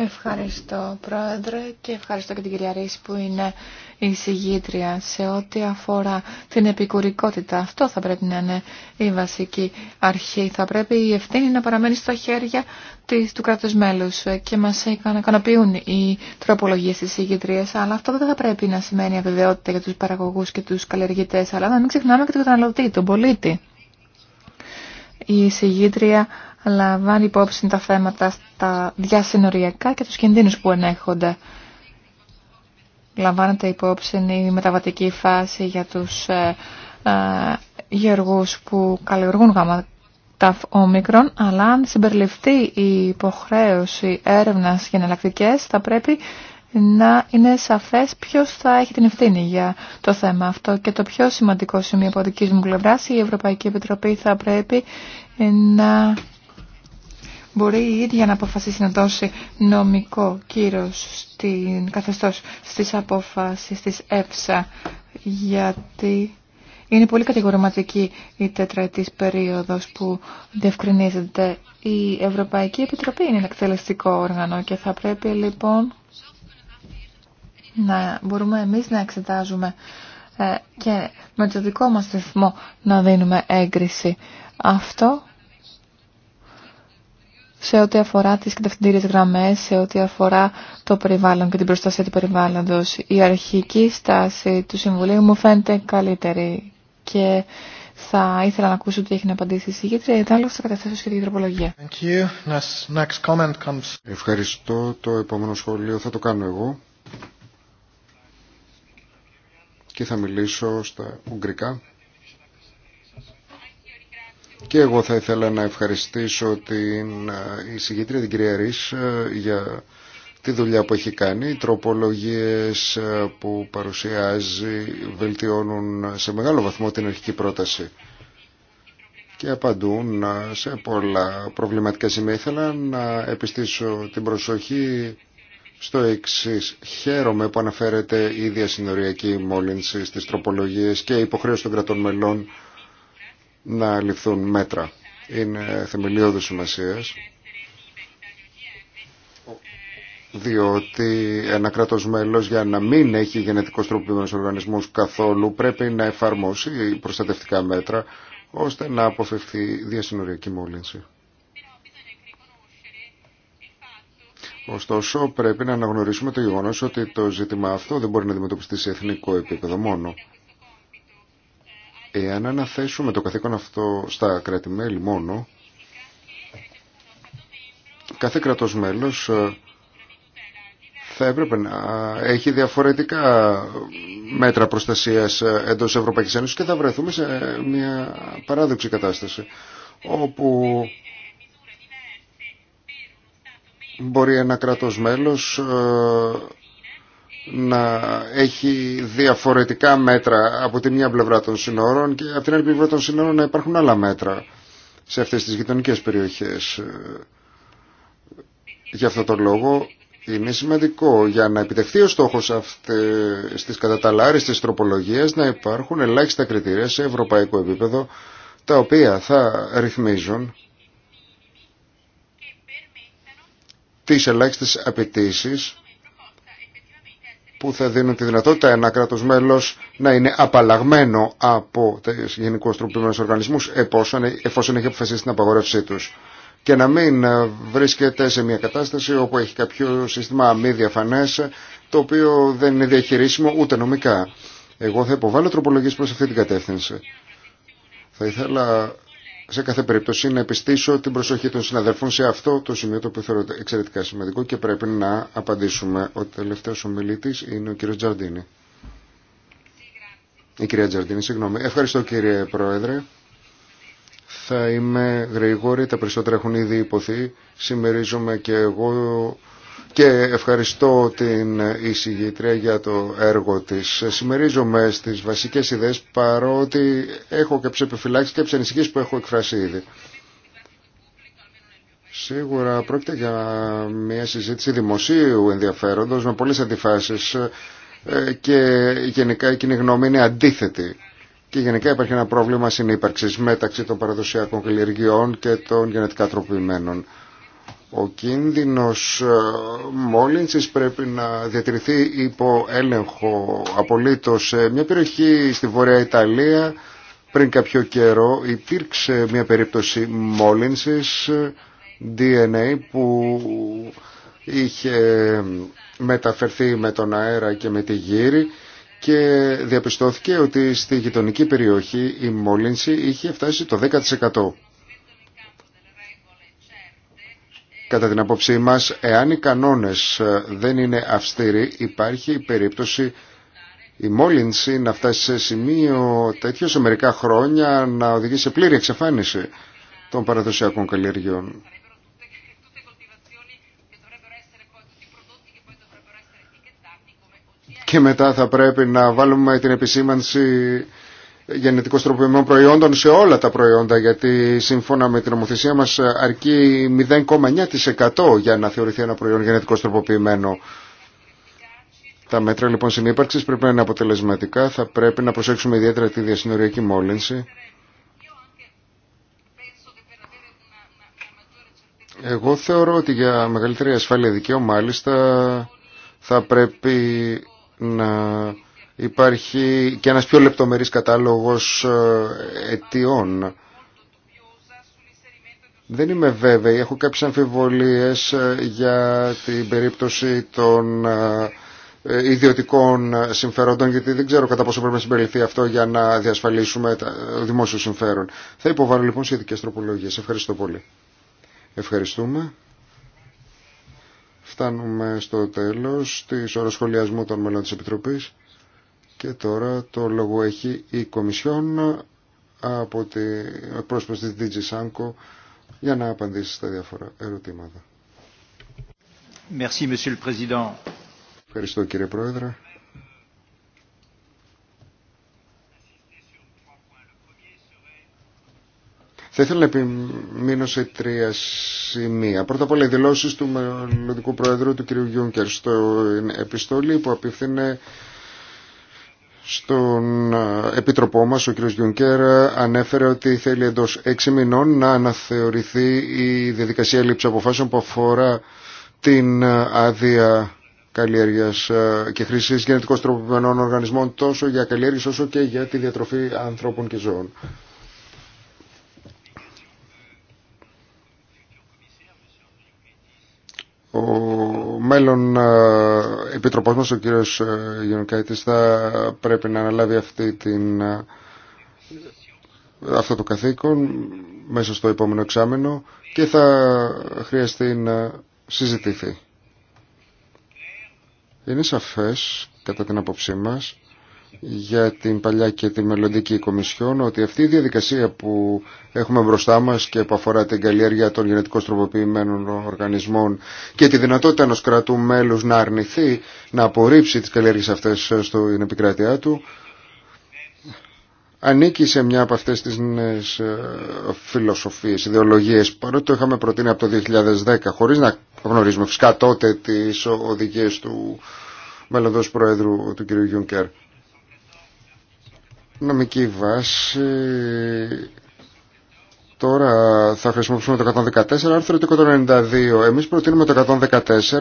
Ευχαριστώ Πρόεδρε και ευχαριστώ και την κυρία Ρίση που είναι η συγγήτρια σε ό,τι αφορά την επικουρικότητα. Αυτό θα πρέπει να είναι η βασική αρχή. Θα πρέπει η ευθύνη να παραμένει στα χέρια της, του κράτους μέλους και μας ικανοποιούν οι τροπολογίες της συγγήτριας. Αλλά αυτό δεν θα πρέπει να σημαίνει αβεβαιότητα για τους παραγωγούς και τους καλλιεργητές. Αλλά να μην ξεχνάμε και τον καταναλωτή, τον πολίτη. Η συγγήτρια λαμβάνει υπόψη τα θέματα στα διασυνοριακά και τους κινδύνους που ενέχονται. Λαμβάνεται υπόψη η μεταβατική φάση για τους ε, ε γεωργούς που καλλιεργούν γάμα τα όμικρον, αλλά αν συμπεριληφθεί η υποχρέωση έρευνας για εναλλακτικέ, θα πρέπει να είναι σαφές ποιος θα έχει την ευθύνη για το θέμα αυτό. Και το πιο σημαντικό σημείο από δική μου πλευρά, η Ευρωπαϊκή Επιτροπή θα πρέπει να μπορεί η ίδια να αποφασίσει να δώσει νομικό κύρος στην καθεστώς στις απόφασεις της ΕΦΣΑ γιατί είναι πολύ κατηγορηματική η τετραετής περίοδος που διευκρινίζεται. Η Ευρωπαϊκή Επιτροπή είναι ένα εκτελεστικό όργανο και θα πρέπει λοιπόν να μπορούμε εμείς να εξετάζουμε ε, και με το δικό μας ρυθμό να δίνουμε έγκριση. Αυτό σε ό,τι αφορά τις κατευθυντήριες γραμμές, σε ό,τι αφορά το περιβάλλον και την προστασία του περιβάλλοντος. Η αρχική στάση του Συμβουλίου μου φαίνεται καλύτερη και θα ήθελα να ακούσω τι έχει να απαντήσει η ή άλλο θα καταθέσω σχετική τροπολογία. Ευχαριστώ. Το επόμενο σχόλιο θα το κάνω εγώ και θα μιλήσω στα ουγγρικά. Και εγώ θα ήθελα να ευχαριστήσω την εισηγήτρια την κυρία Ρης ε, για τη δουλειά που έχει κάνει. Οι τροπολογίες ε, που παρουσιάζει βελτιώνουν σε μεγάλο βαθμό την αρχική πρόταση και απαντούν ε, σε πολλά προβληματικά σημεία. Ήθελα να επιστήσω την προσοχή στο εξή. Χαίρομαι που αναφέρεται η διασυνοριακή μόλυνση στις τροπολογίες και η υποχρέωση των κρατών μελών να ληφθούν μέτρα. Είναι θεμελιώδης σημασία διότι ένα κράτος μέλος για να μην έχει γενετικό τροποποιημένου οργανισμούς καθόλου πρέπει να εφαρμόσει προστατευτικά μέτρα ώστε να αποφευθεί διασυνοριακή μόλυνση. Ωστόσο, πρέπει να αναγνωρίσουμε το γεγονό ότι το ζήτημα αυτό δεν μπορεί να αντιμετωπιστεί σε εθνικό επίπεδο μόνο. Εάν αναθέσουμε το καθήκον αυτό στα κράτη-μέλη μόνο, κάθε κρατός μέλος ε, θα έπρεπε να έχει διαφορετικά μέτρα προστασίας ε, εντός Ευρωπαϊκής Ένωσης και θα βρεθούμε σε μια παράδοξη κατάσταση όπου μπορεί ένα κράτος ε, να έχει διαφορετικά μέτρα από τη μία πλευρά των συνόρων και από την άλλη πλευρά των συνόρων να υπάρχουν άλλα μέτρα σε αυτές τις γειτονικέ περιοχές. Γι' αυτό το λόγο είναι σημαντικό για να επιτευχθεί ο στόχος αυτής της καταταλάριστες τροπολογίες, να υπάρχουν ελάχιστα κριτήρια σε ευρωπαϊκό επίπεδο τα οποία θα ρυθμίζουν τις ελάχιστες απαιτήσει που θα δίνουν τη δυνατότητα ένα κράτος μέλος να είναι απαλλαγμένο από τους γενικούς οργανισμού οργανισμούς εφόσον έχει αποφασίσει την απαγορεύσή τους και να μην ε, βρίσκεται σε μια κατάσταση όπου έχει κάποιο σύστημα μη διαφανές το οποίο δεν είναι διαχειρίσιμο ούτε νομικά. Εγώ θα υποβάλω τροπολογίες προς αυτή την κατεύθυνση. Θα ήθελα σε κάθε περίπτωση να επιστήσω την προσοχή των συναδελφών σε αυτό το σημείο το οποίο θεωρώ εξαιρετικά σημαντικό και πρέπει να απαντήσουμε. Ο τελευταίος ομιλητή είναι ο κύριο Τζαρντίνη. Η κυρία Τζαρντίνη, συγγνώμη. Ευχαριστώ κύριε Πρόεδρε. Θα είμαι γρήγορη, τα περισσότερα έχουν ήδη υποθεί. Συμμερίζομαι και εγώ και ευχαριστώ την εισηγήτρια για το έργο της. Συμμερίζομαι στις βασικές ιδέες παρότι έχω και ψεπιφυλάξεις επιφυλάξεις και τις που έχω εκφράσει ήδη. Σίγουρα πρόκειται για μια συζήτηση δημοσίου ενδιαφέροντος με πολλές αντιφάσεις ε, και γενικά η κοινή γνώμη είναι αντίθετη. Και γενικά υπάρχει ένα πρόβλημα συνύπαρξης μεταξύ των παραδοσιακών καλλιεργειών και των γενετικά τροποιημένων. Ο κίνδυνος ε, μόλυνσης πρέπει να διατηρηθεί υπό έλεγχο απολύτως. μια περιοχή στη Βορεια Ιταλία πριν κάποιο καιρό υπήρξε μια περίπτωση μόλυνσης DNA που είχε μεταφερθεί με τον αέρα και με τη γύρι και διαπιστώθηκε ότι στη γειτονική περιοχή η μόλυνση είχε φτάσει το 10%. Κατά την απόψή μας, εάν οι κανόνες ε, δεν είναι αυστηροί, υπάρχει η περίπτωση η μόλυνση να φτάσει σε σημείο τέτοιο σε μερικά χρόνια να οδηγεί σε πλήρη εξαφάνιση των παραδοσιακών καλλιεργειών. Και μετά θα πρέπει να βάλουμε την επισήμανση Γενετικός τροποποιημένων προϊόντων σε όλα τα προϊόντα γιατί σύμφωνα με την νομοθεσία μας αρκεί 0,9% για να θεωρηθεί ένα προϊόν γενετικώς τροποποιημένο. Τα μέτρα λοιπόν συνύπαρξης πρέπει να είναι αποτελεσματικά, θα πρέπει να προσέξουμε ιδιαίτερα τη διασυνοριακή μόλυνση. Εγώ θεωρώ ότι για μεγαλύτερη ασφάλεια δικαίου μάλιστα θα πρέπει να Υπάρχει και ένας πιο λεπτομερής κατάλογος ε, αιτιών. Δεν είμαι βέβαιη, έχω κάποιες αμφιβολίες ε, για την περίπτωση των ε, ιδιωτικών συμφερόντων, γιατί δεν ξέρω κατά πόσο πρέπει να συμπεριληφθεί αυτό για να διασφαλίσουμε το δημόσιο συμφέρον. Θα υποβάλω λοιπόν σχετικέ τροπολογίες. Ευχαριστώ πολύ. Ευχαριστούμε. Φτάνουμε στο τέλος της οροσχολιασμού των μελών της Επιτροπής. Και τώρα το λόγο έχει η Κομισιόν από την πρόσφατη της DG Sanko για να απαντήσει στα διάφορα ερωτήματα. Merci, le Ευχαριστώ κύριε Πρόεδρε. Θα ήθελα να επιμείνω σε τρία σημεία. Πρώτα απ' όλα, οι δηλώσει του μελλοντικού Προέδρου, του κ. Γιούνκερ, στο επιστολή που απευθύνεται στον ε, επίτροπό μας ο κ. Γιουνκέρ ε, ανέφερε ότι θέλει εντός έξι μηνών να αναθεωρηθεί η διαδικασία λήψη αποφάσεων που αφορά την ε, άδεια καλλιέργειας και χρήσης γενετικώς τροποποιημένων οργανισμών τόσο για καλλιέργειες όσο και για τη διατροφή ανθρώπων και ζώων. Ο μέλλον ε, επιτροπός μας, ο κύριος ε, Γιονικαίτης, θα πρέπει να αναλάβει αυτή την, ε, αυτό το καθήκον μέσα στο επόμενο εξάμενο και θα χρειαστεί να συζητηθεί. Είναι σαφές, κατά την απόψή μας, για την παλιά και τη μελλοντική Κομισιόν ότι αυτή η διαδικασία που έχουμε μπροστά μας και που αφορά την καλλιέργεια των γενετικώς τροποποιημένων οργανισμών και τη δυνατότητα ενός κρατού μέλους να αρνηθεί, να απορρίψει τις καλλιέργειες αυτές στην επικράτειά του ανήκει σε μια από αυτές τις νέες ε, φιλοσοφίες, ιδεολογίες παρότι το είχαμε προτείνει από το 2010 χωρίς να γνωρίζουμε φυσικά τότε τις οδηγίες του μέλλοντος Προέδρου του κ. Γιούνκερ νομική βάση Τώρα θα χρησιμοποιήσουμε το 114 άρθρο το 192. Εμείς προτείνουμε το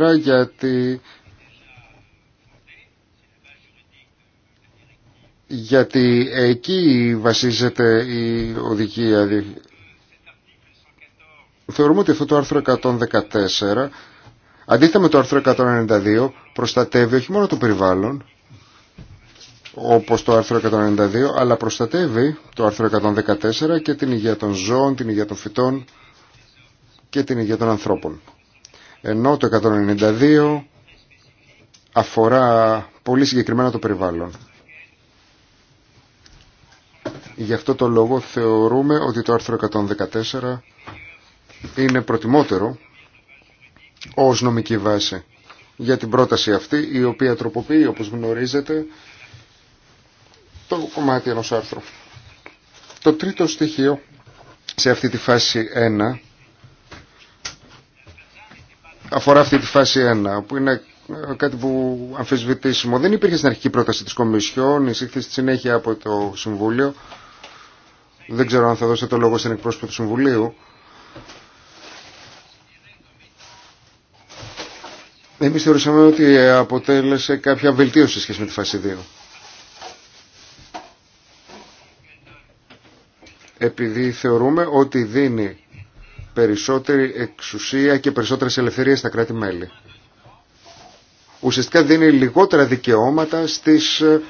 114 γιατί... γιατί εκεί βασίζεται η οδηγία. Θεωρούμε ότι αυτό το άρθρο 114, αντίθετα με το άρθρο 192, προστατεύει όχι μόνο το περιβάλλον, όπως το άρθρο 192, αλλά προστατεύει το άρθρο 114 και την υγεία των ζώων, την υγεία των φυτών και την υγεία των ανθρώπων. Ενώ το 192 αφορά πολύ συγκεκριμένα το περιβάλλον. Γι' αυτό το λόγο θεωρούμε ότι το άρθρο 114 είναι προτιμότερο ως νομική βάση για την πρόταση αυτή η οποία τροποποιεί όπως γνωρίζετε το κομμάτι ενός άρθρου. Το τρίτο στοιχείο σε αυτή τη φάση 1 αφορά αυτή τη φάση 1 που είναι ε, κάτι που αμφισβητήσιμο. Δεν υπήρχε στην αρχική πρόταση της Κομισιόν, εισήχθη στη συνέχεια από το Συμβούλιο. Δεν ξέρω αν θα δώσετε το λόγο στην εκπρόσωπο του Συμβουλίου. Εμείς θεωρήσαμε ότι αποτέλεσε κάποια βελτίωση σχέση με τη φάση 2. επειδή θεωρούμε ότι δίνει περισσότερη εξουσία και περισσότερες ελευθερίες στα κράτη-μέλη. Ουσιαστικά δίνει λιγότερα δικαιώματα στις ε,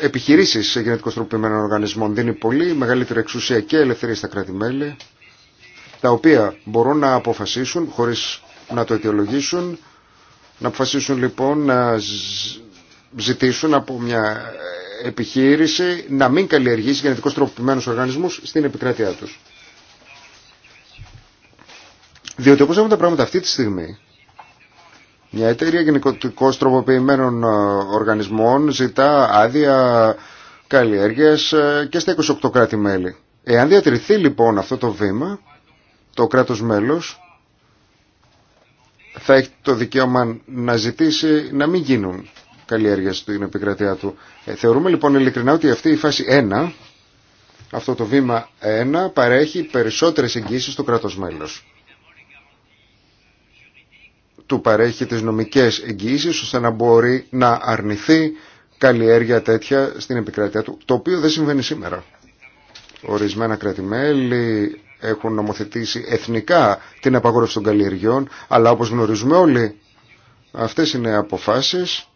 επιχειρήσεις γενετικώς τροποποιημένων οργανισμών. Δίνει πολύ μεγαλύτερη εξουσία και ελευθερία στα κράτη-μέλη, τα οποία μπορούν να αποφασίσουν, χωρίς να το αιτιολογήσουν, να αποφασίσουν λοιπόν να ζητήσουν από μια επιχείρηση να μην καλλιεργήσει γενετικώς τροποποιημένους οργανισμούς στην επικράτειά τους. Διότι όπω έχουν τα πράγματα αυτή τη στιγμή, μια εταιρεία γενετικώ τροποποιημένων ε, οργανισμών ζητά άδεια καλλιέργεια ε, και στα 28 κράτη-μέλη. Εάν διατηρηθεί λοιπόν αυτό το βήμα, το κράτος μέλος θα έχει το δικαίωμα να ζητήσει να μην γίνουν καλλιέργεια στην επικρατεία του. Ε, θεωρούμε λοιπόν ειλικρινά ότι αυτή η φάση 1, αυτό το βήμα 1, παρέχει περισσότερες εγγύσεις στο κράτος μέλος. Του παρέχει τις νομικές εγγύσεις ώστε να μπορεί να αρνηθεί καλλιέργεια τέτοια στην επικρατεία του, το οποίο δεν συμβαίνει σήμερα. Ορισμένα κρατημέλη έχουν νομοθετήσει εθνικά την απαγόρευση των καλλιεργειών, αλλά όπως γνωρίζουμε όλοι, αυτές είναι αποφάσεις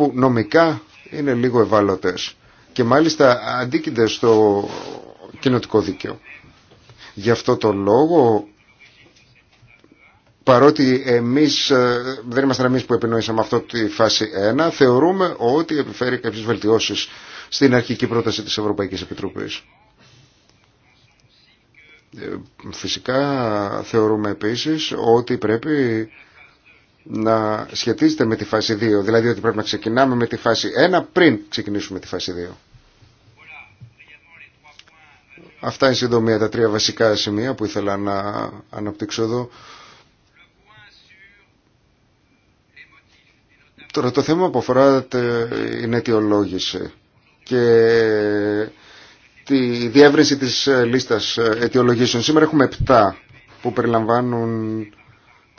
που νομικά είναι λίγο ευάλωτες και μάλιστα αντίκεινται στο κοινοτικό δίκαιο. Γι' αυτό το λόγο, παρότι εμείς, ε, δεν ήμασταν εμείς που επινοήσαμε αυτό τη φάση 1, θεωρούμε ότι επιφέρει κάποιες βελτιώσεις στην αρχική πρόταση της Ευρωπαϊκής Επιτροπής. Ε, φυσικά θεωρούμε επίσης ότι πρέπει να σχετίζεται με τη φάση 2, δηλαδή ότι πρέπει να ξεκινάμε με τη φάση 1 πριν ξεκινήσουμε τη φάση 2. Αυτά είναι συντομία τα τρία βασικά σημεία που ήθελα να αναπτύξω εδώ. Τώρα το θέμα που αφορά την αιτιολόγηση και τη διεύρυνση της ε, λίστας ε, αιτιολογήσεων. Σήμερα έχουμε 7 που περιλαμβάνουν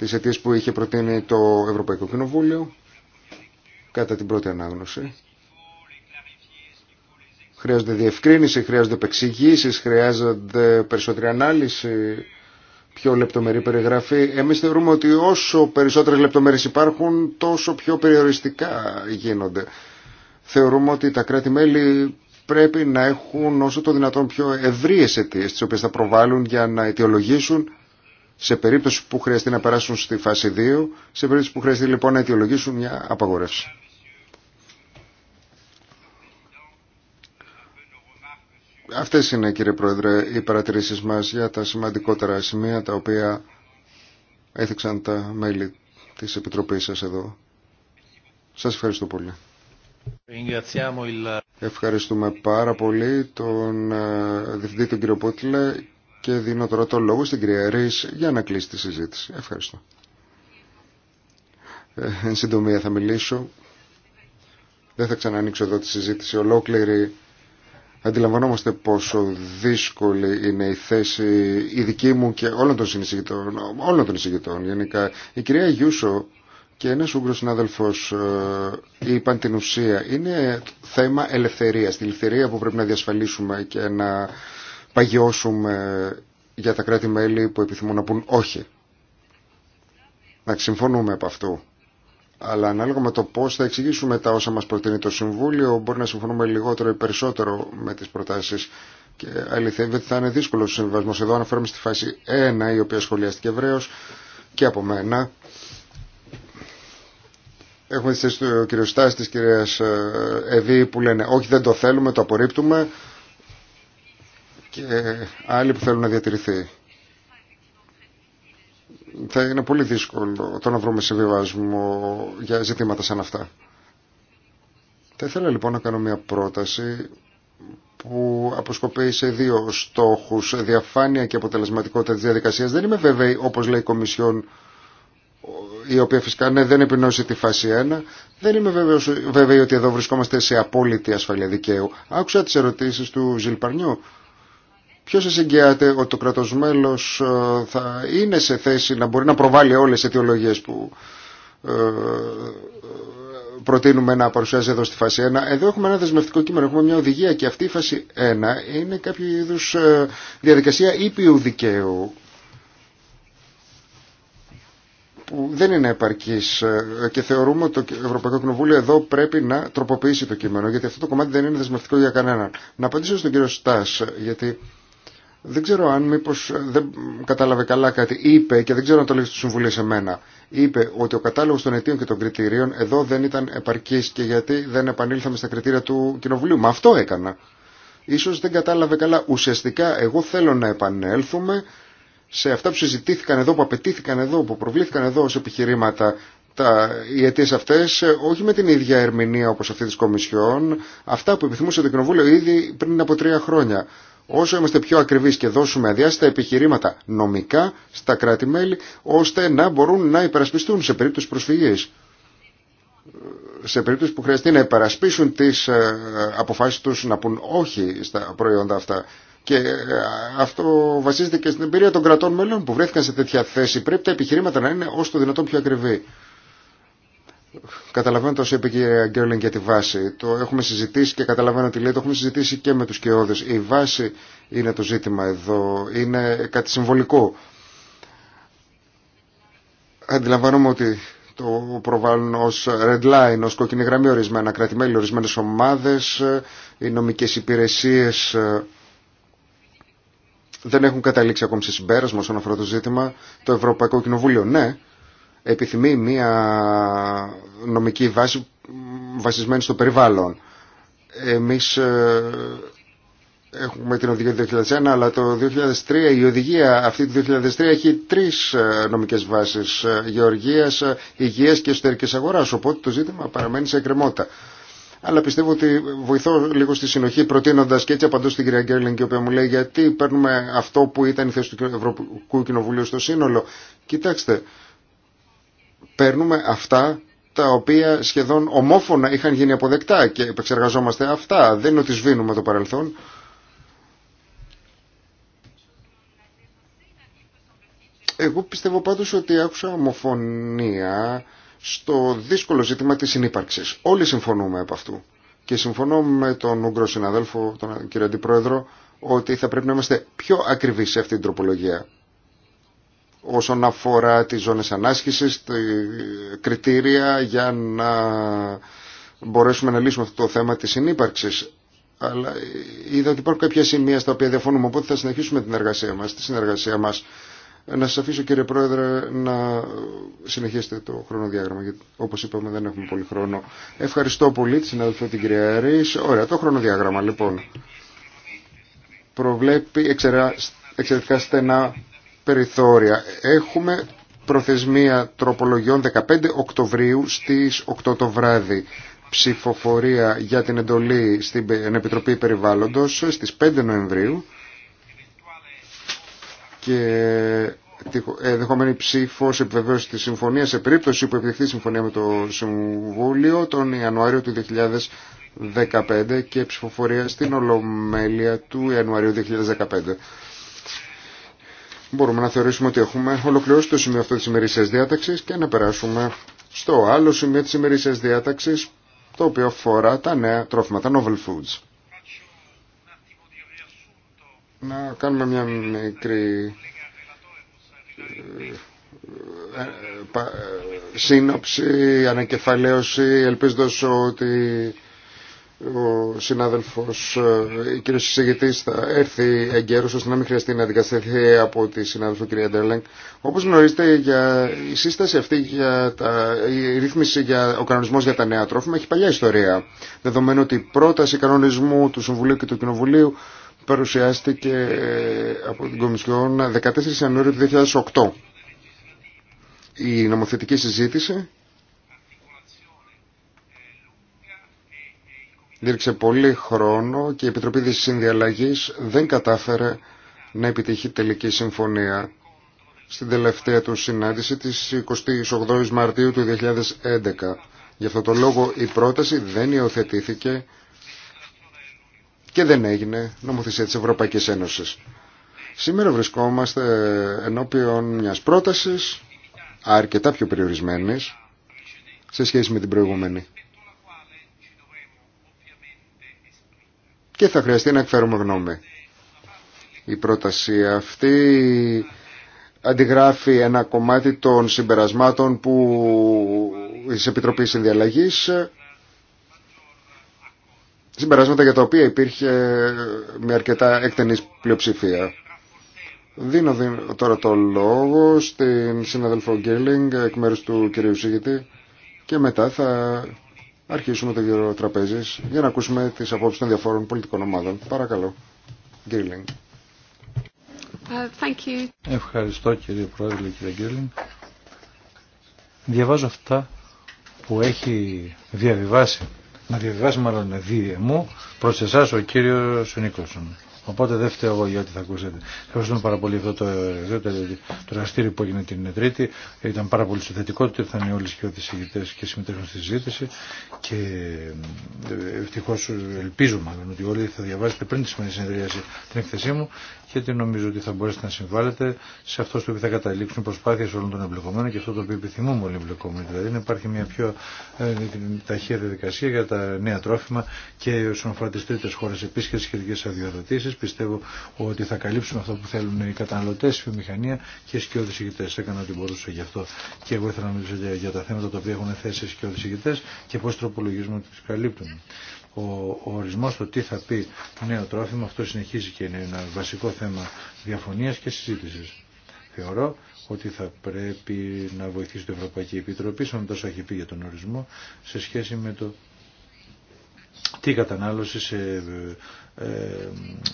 τις αιτίες που είχε προτείνει το Ευρωπαϊκό Κοινοβούλιο κατά την πρώτη ανάγνωση. Χρειάζονται διευκρίνηση, χρειάζονται επεξηγήσει, χρειάζονται περισσότερη ανάλυση, πιο λεπτομερή περιγραφή. Εμείς θεωρούμε ότι όσο περισσότερες λεπτομέρειες υπάρχουν, τόσο πιο περιοριστικά γίνονται. Θεωρούμε ότι τα κράτη-μέλη πρέπει να έχουν όσο το δυνατόν πιο ευρείες αιτίες, τις οποίες θα προβάλλουν για να αιτιολογήσουν σε περίπτωση που χρειαστεί να περάσουν στη φάση 2, σε περίπτωση που χρειαστεί λοιπόν να αιτιολογήσουν μια απαγορεύση. Αυτές είναι κύριε Πρόεδρε οι παρατηρήσεις μας για τα σημαντικότερα σημεία τα οποία έθιξαν τα μέλη της Επιτροπής σας εδώ. Σας ευχαριστώ πολύ. Ευχαριστούμε πάρα πολύ τον ε, Διευθυντή τον κύριο Πότλε και δίνω τώρα το λόγο στην κυρία Ρης για να κλείσει τη συζήτηση. Ευχαριστώ. Ε, εν συντομία θα μιλήσω. Δεν θα ξανανοίξω εδώ τη συζήτηση ολόκληρη. Αντιλαμβανόμαστε πόσο δύσκολη είναι η θέση η δική μου και όλων των συνεισηγητών, όλων των συνεισηγητών γενικά. Η κυρία Γιούσο και ένας ούγκρος συνάδελφος ε, είπαν την ουσία. Είναι θέμα ελευθερίας, την ελευθερία που πρέπει να διασφαλίσουμε και να παγιώσουμε για τα κράτη-μέλη που επιθυμούν να πούν όχι. Να συμφωνούμε από αυτού. Αλλά ανάλογα με το πώ θα εξηγήσουμε τα όσα μα προτείνει το Συμβούλιο, μπορεί να συμφωνούμε λιγότερο ή περισσότερο με τι προτάσει. Και αληθεύει ότι θα είναι δύσκολο ο συμβιβασμό. Εδώ αναφέρομαι στη φάση 1, η οποία σχολιάστηκε ευρέω και από μένα. Έχουμε τη θέση του κ. Στάση, τη κυρία Εβή, που λένε Όχι, δεν το θέλουμε, το απορρίπτουμε και άλλοι που θέλουν να διατηρηθεί. Θα είναι πολύ δύσκολο το να βρούμε συμβιβασμό για ζητήματα σαν αυτά. Θα ήθελα λοιπόν να κάνω μια πρόταση που αποσκοπεί σε δύο στόχους, διαφάνεια και αποτελεσματικότητα της διαδικασίας. Δεν είμαι βέβαιη, όπως λέει η Κομισιόν, η οποία φυσικά ναι, δεν επινόησε τη φάση 1. Δεν είμαι βέβαιος, βέβαιη ότι εδώ βρισκόμαστε σε απόλυτη ασφαλεία δικαίου. Άκουσα τις ερωτήσεις του Ζιλπαρνιού Ποιο σα εγγυάται ότι το κρατό ε, θα είναι σε θέση να μπορεί να προβάλλει όλε τι αιτιολογίε που ε, προτείνουμε να παρουσιάζει εδώ στη φάση 1. Εδώ έχουμε ένα δεσμευτικό κείμενο, έχουμε μια οδηγία και αυτή η φάση 1 είναι κάποιο είδου ε, διαδικασία ήπιου δικαίου που δεν είναι επαρκής και θεωρούμε ότι το Ευρωπαϊκό Κοινοβούλιο εδώ πρέπει να τροποποιήσει το κείμενο γιατί αυτό το κομμάτι δεν είναι δεσμευτικό για κανέναν. Να απαντήσω στον κύριο Στάς γιατί δεν ξέρω αν μήπω ε, δεν κατάλαβε καλά κάτι. Είπε, και δεν ξέρω αν το λέει στο Συμβουλίο σε μένα, είπε ότι ο κατάλογος των αιτίων και των κριτηρίων εδώ δεν ήταν επαρκή και γιατί δεν επανήλθαμε στα κριτήρια του Κοινοβουλίου. Μα αυτό έκανα. Ίσως δεν κατάλαβε καλά. Ουσιαστικά εγώ θέλω να επανέλθουμε σε αυτά που συζητήθηκαν εδώ, που απαιτήθηκαν εδώ, που προβλήθηκαν εδώ ως επιχειρήματα τα, οι αιτίε αυτέ, ε, όχι με την ίδια ερμηνεία όπω αυτή τη Κομισιόν, αυτά που επιθυμούσε το Κοινοβούλιο ήδη πριν από τρία χρόνια. Όσο είμαστε πιο ακριβείς και δώσουμε αδιάστατα επιχειρήματα νομικά στα κράτη-μέλη, ώστε να μπορούν να υπερασπιστούν σε περίπτωση προσφυγής. Σε περίπτωση που χρειαστεί να υπερασπίσουν τις ε, αποφάσεις τους να πούν όχι στα προϊόντα αυτά. Και ε, αυτό βασίζεται και στην εμπειρία των κρατών μελών που βρέθηκαν σε τέτοια θέση. Πρέπει τα επιχειρήματα να είναι όσο το δυνατόν πιο ακριβή. Καταλαβαίνω τόσο είπε και η Γκέρλινγκ για τη βάση. Το έχουμε συζητήσει και καταλαβαίνω ότι λέει. Το έχουμε συζητήσει και με τους κοιόδες. Η βάση είναι το ζήτημα εδώ. Είναι κάτι συμβολικό. Αντιλαμβάνομαι ότι το προβάλλουν ως red line, ως κόκκινη γραμμή ορισμένα κρατημέλη, ορισμένες ομάδες, οι νομικές υπηρεσίες ε, δεν έχουν καταλήξει ακόμη σε συμπέρασμα όσον αφορά το ζήτημα. Το Ευρωπαϊκό Κοινοβούλιο ναι, επιθυμεί μια νομική βάση βασισμένη στο περιβάλλον. Εμείς ε, έχουμε την οδηγία του 2001, αλλά το 2003 η οδηγία αυτή του 2003 έχει τρεις ε, νομικές βάσεις, ε, γεωργίας, υγείας και εσωτερικής αγοράς, οπότε το ζήτημα παραμένει σε εκκρεμότητα. Αλλά πιστεύω ότι βοηθώ λίγο στη συνοχή προτείνοντα και έτσι απαντώ στην κυρία Γκέρλινγκ, η οποία μου λέει γιατί παίρνουμε αυτό που ήταν η θέση του Ευρωπαϊκού Κοινοβουλίου στο σύνολο. Κοιτάξτε, παίρνουμε αυτά τα οποία σχεδόν ομόφωνα είχαν γίνει αποδεκτά και επεξεργαζόμαστε αυτά. Δεν είναι ότι σβήνουμε το παρελθόν. Εγώ πιστεύω πάντως ότι άκουσα ομοφωνία στο δύσκολο ζήτημα της συνύπαρξης. Όλοι συμφωνούμε από αυτού. Και συμφωνώ με τον Ούγκρο συναδέλφο, τον κύριο Αντιπρόεδρο, ότι θα πρέπει να είμαστε πιο ακριβείς σε αυτή την τροπολογία όσον αφορά τις ζώνες ανάσχησης, τη κριτήρια για να μπορέσουμε να λύσουμε αυτό το θέμα της συνύπαρξης. Αλλά είδα ότι υπάρχουν κάποια σημεία στα οποία διαφωνούμε, οπότε θα συνεχίσουμε την εργασία μας, τη συνεργασία μας. Να σας αφήσω κύριε Πρόεδρε να συνεχίσετε το χρονοδιάγραμμα, γιατί όπως είπαμε δεν έχουμε πολύ χρόνο. Ευχαριστώ πολύ τη συναδελφό την κυρία Ωραία, το χρονοδιάγραμμα λοιπόν προβλέπει εξαιρετικά στενά περιθώρια. Έχουμε προθεσμία τροπολογιών 15 Οκτωβρίου στις 8 το βράδυ. Ψηφοφορία για την εντολή στην Επιτροπή Περιβάλλοντος στις 5 Νοεμβρίου και ε, δεχόμενη ψήφο επιβεβαίωση τη συμφωνία σε περίπτωση που επιτευχθεί συμφωνία με το Συμβούλιο τον Ιανουάριο του 2015 και ψηφοφορία στην Ολομέλεια του Ιανουαρίου 2015 μπορούμε να θεωρήσουμε ότι έχουμε ολοκληρώσει το σημείο αυτό της ημερήσιας διάταξης και να περάσουμε στο άλλο σημείο της ημερήσιας διάταξης το οποίο αφορά τα νέα τρόφιμα, τα novel foods. Να κάνουμε μια μικρή σύνοψη, ανακεφαλαίωση, ελπίζοντας ότι ο συνάδελφος, ο ε, κύριος συζητητής θα έρθει εγκαίρω ώστε να μην χρειαστεί να δικαστηθεί από τη συνάδελφο κυρία Ντέρλεγκ. Όπως γνωρίζετε για η σύσταση αυτή, για τα, η ρύθμιση για ο κανονισμός για τα νέα τρόφιμα έχει παλιά ιστορία. Δεδομένου ότι η πρόταση κανονισμού του Συμβουλίου και του Κοινοβουλίου παρουσιάστηκε ε, από την Κομισιόν 14 Ιανουαρίου 2008. Η νομοθετική συζήτηση Δήρξε πολύ χρόνο και η Επιτροπή της Συνδιαλλαγής δεν κατάφερε να επιτυχεί τελική συμφωνία στην τελευταία του συνάντηση της 28 Μαρτίου του 2011. Γι' αυτό το λόγο η πρόταση δεν υιοθετήθηκε και δεν έγινε νομοθεσία της Ευρωπαϊκής Ένωσης. Σήμερα βρισκόμαστε ενώπιον μιας πρότασης αρκετά πιο περιορισμένης σε σχέση με την προηγούμενη. και θα χρειαστεί να εκφέρουμε γνώμη. Η πρόταση αυτή αντιγράφει ένα κομμάτι των συμπερασμάτων που της Επιτροπής Συνδιαλλαγής συμπεράσματα για τα οποία υπήρχε μια αρκετά εκτενής πλειοψηφία. Δίνω, τώρα το λόγο στην συναδελφό Γκέρλινγκ εκ μέρους του κυρίου Σίγητη και μετά θα αρχίσουμε το γύρο τραπέζι για να ακούσουμε τι απόψει των διαφόρων πολιτικών ομάδων. Παρακαλώ, κύριε Λίνγκ. Ε, Ευχαριστώ κύριε Πρόεδρε, κύριε Γκέρλινγκ. Διαβάζω αυτά που έχει διαβιβάσει, να διαβιβάσει μάλλον δύο μου προς εσάς ο κύριος Νίκολσον. Οπότε δεν φταίω εγώ για ό,τι θα ακούσετε. Ευχαριστούμε πάρα πολύ αυτό το, το, το, εργαστήριο που έγινε την Τρίτη. Ήταν πάρα πολύ συνθετικό ότι ήρθαν όλοι και οι ηγητέ και συμμετέχουν στη συζήτηση. Και ε, ευτυχώ ελπίζω μάλλον ότι όλοι θα διαβάσετε πριν τη σημερινή συνεδρίαση την έκθεσή μου και τι νομίζω ότι θα μπορέσετε να συμβάλλετε σε αυτό στο οποίο θα καταλήξουν προσπάθειε όλων των εμπλεκομένων και αυτό το οποίο επιθυμούμε όλοι οι εμπλεκόμενοι. Δηλαδή να υπάρχει μια πιο ε, ταχεία διαδικασία για τα νέα τρόφιμα και όσον αφορά τι τρίτε χώρε επίση και τι σχετικέ αδειοδοτήσει. Πιστεύω ότι θα καλύψουμε αυτό που θέλουν οι καταναλωτέ, η βιομηχανία και οι σκιώδει ηγητέ. Έκανα ό,τι μπορούσα γι' αυτό και εγώ ήθελα να μιλήσω για, για τα θέματα τα οποία έχουν θέσει οι σκιώδει ηγητέ και πώ τροπολογίζουμε ότι καλύπτουν ο, ο ορισμός του τι θα πει νέο τρόφιμο, αυτό συνεχίζει και είναι ένα βασικό θέμα διαφωνίας και συζήτησης. Θεωρώ ότι θα πρέπει να βοηθήσει την Ευρωπαϊκή Επιτροπή, σαν τόσο έχει πει για τον ορισμό, σε σχέση με το τι κατανάλωση σε, ε, ε,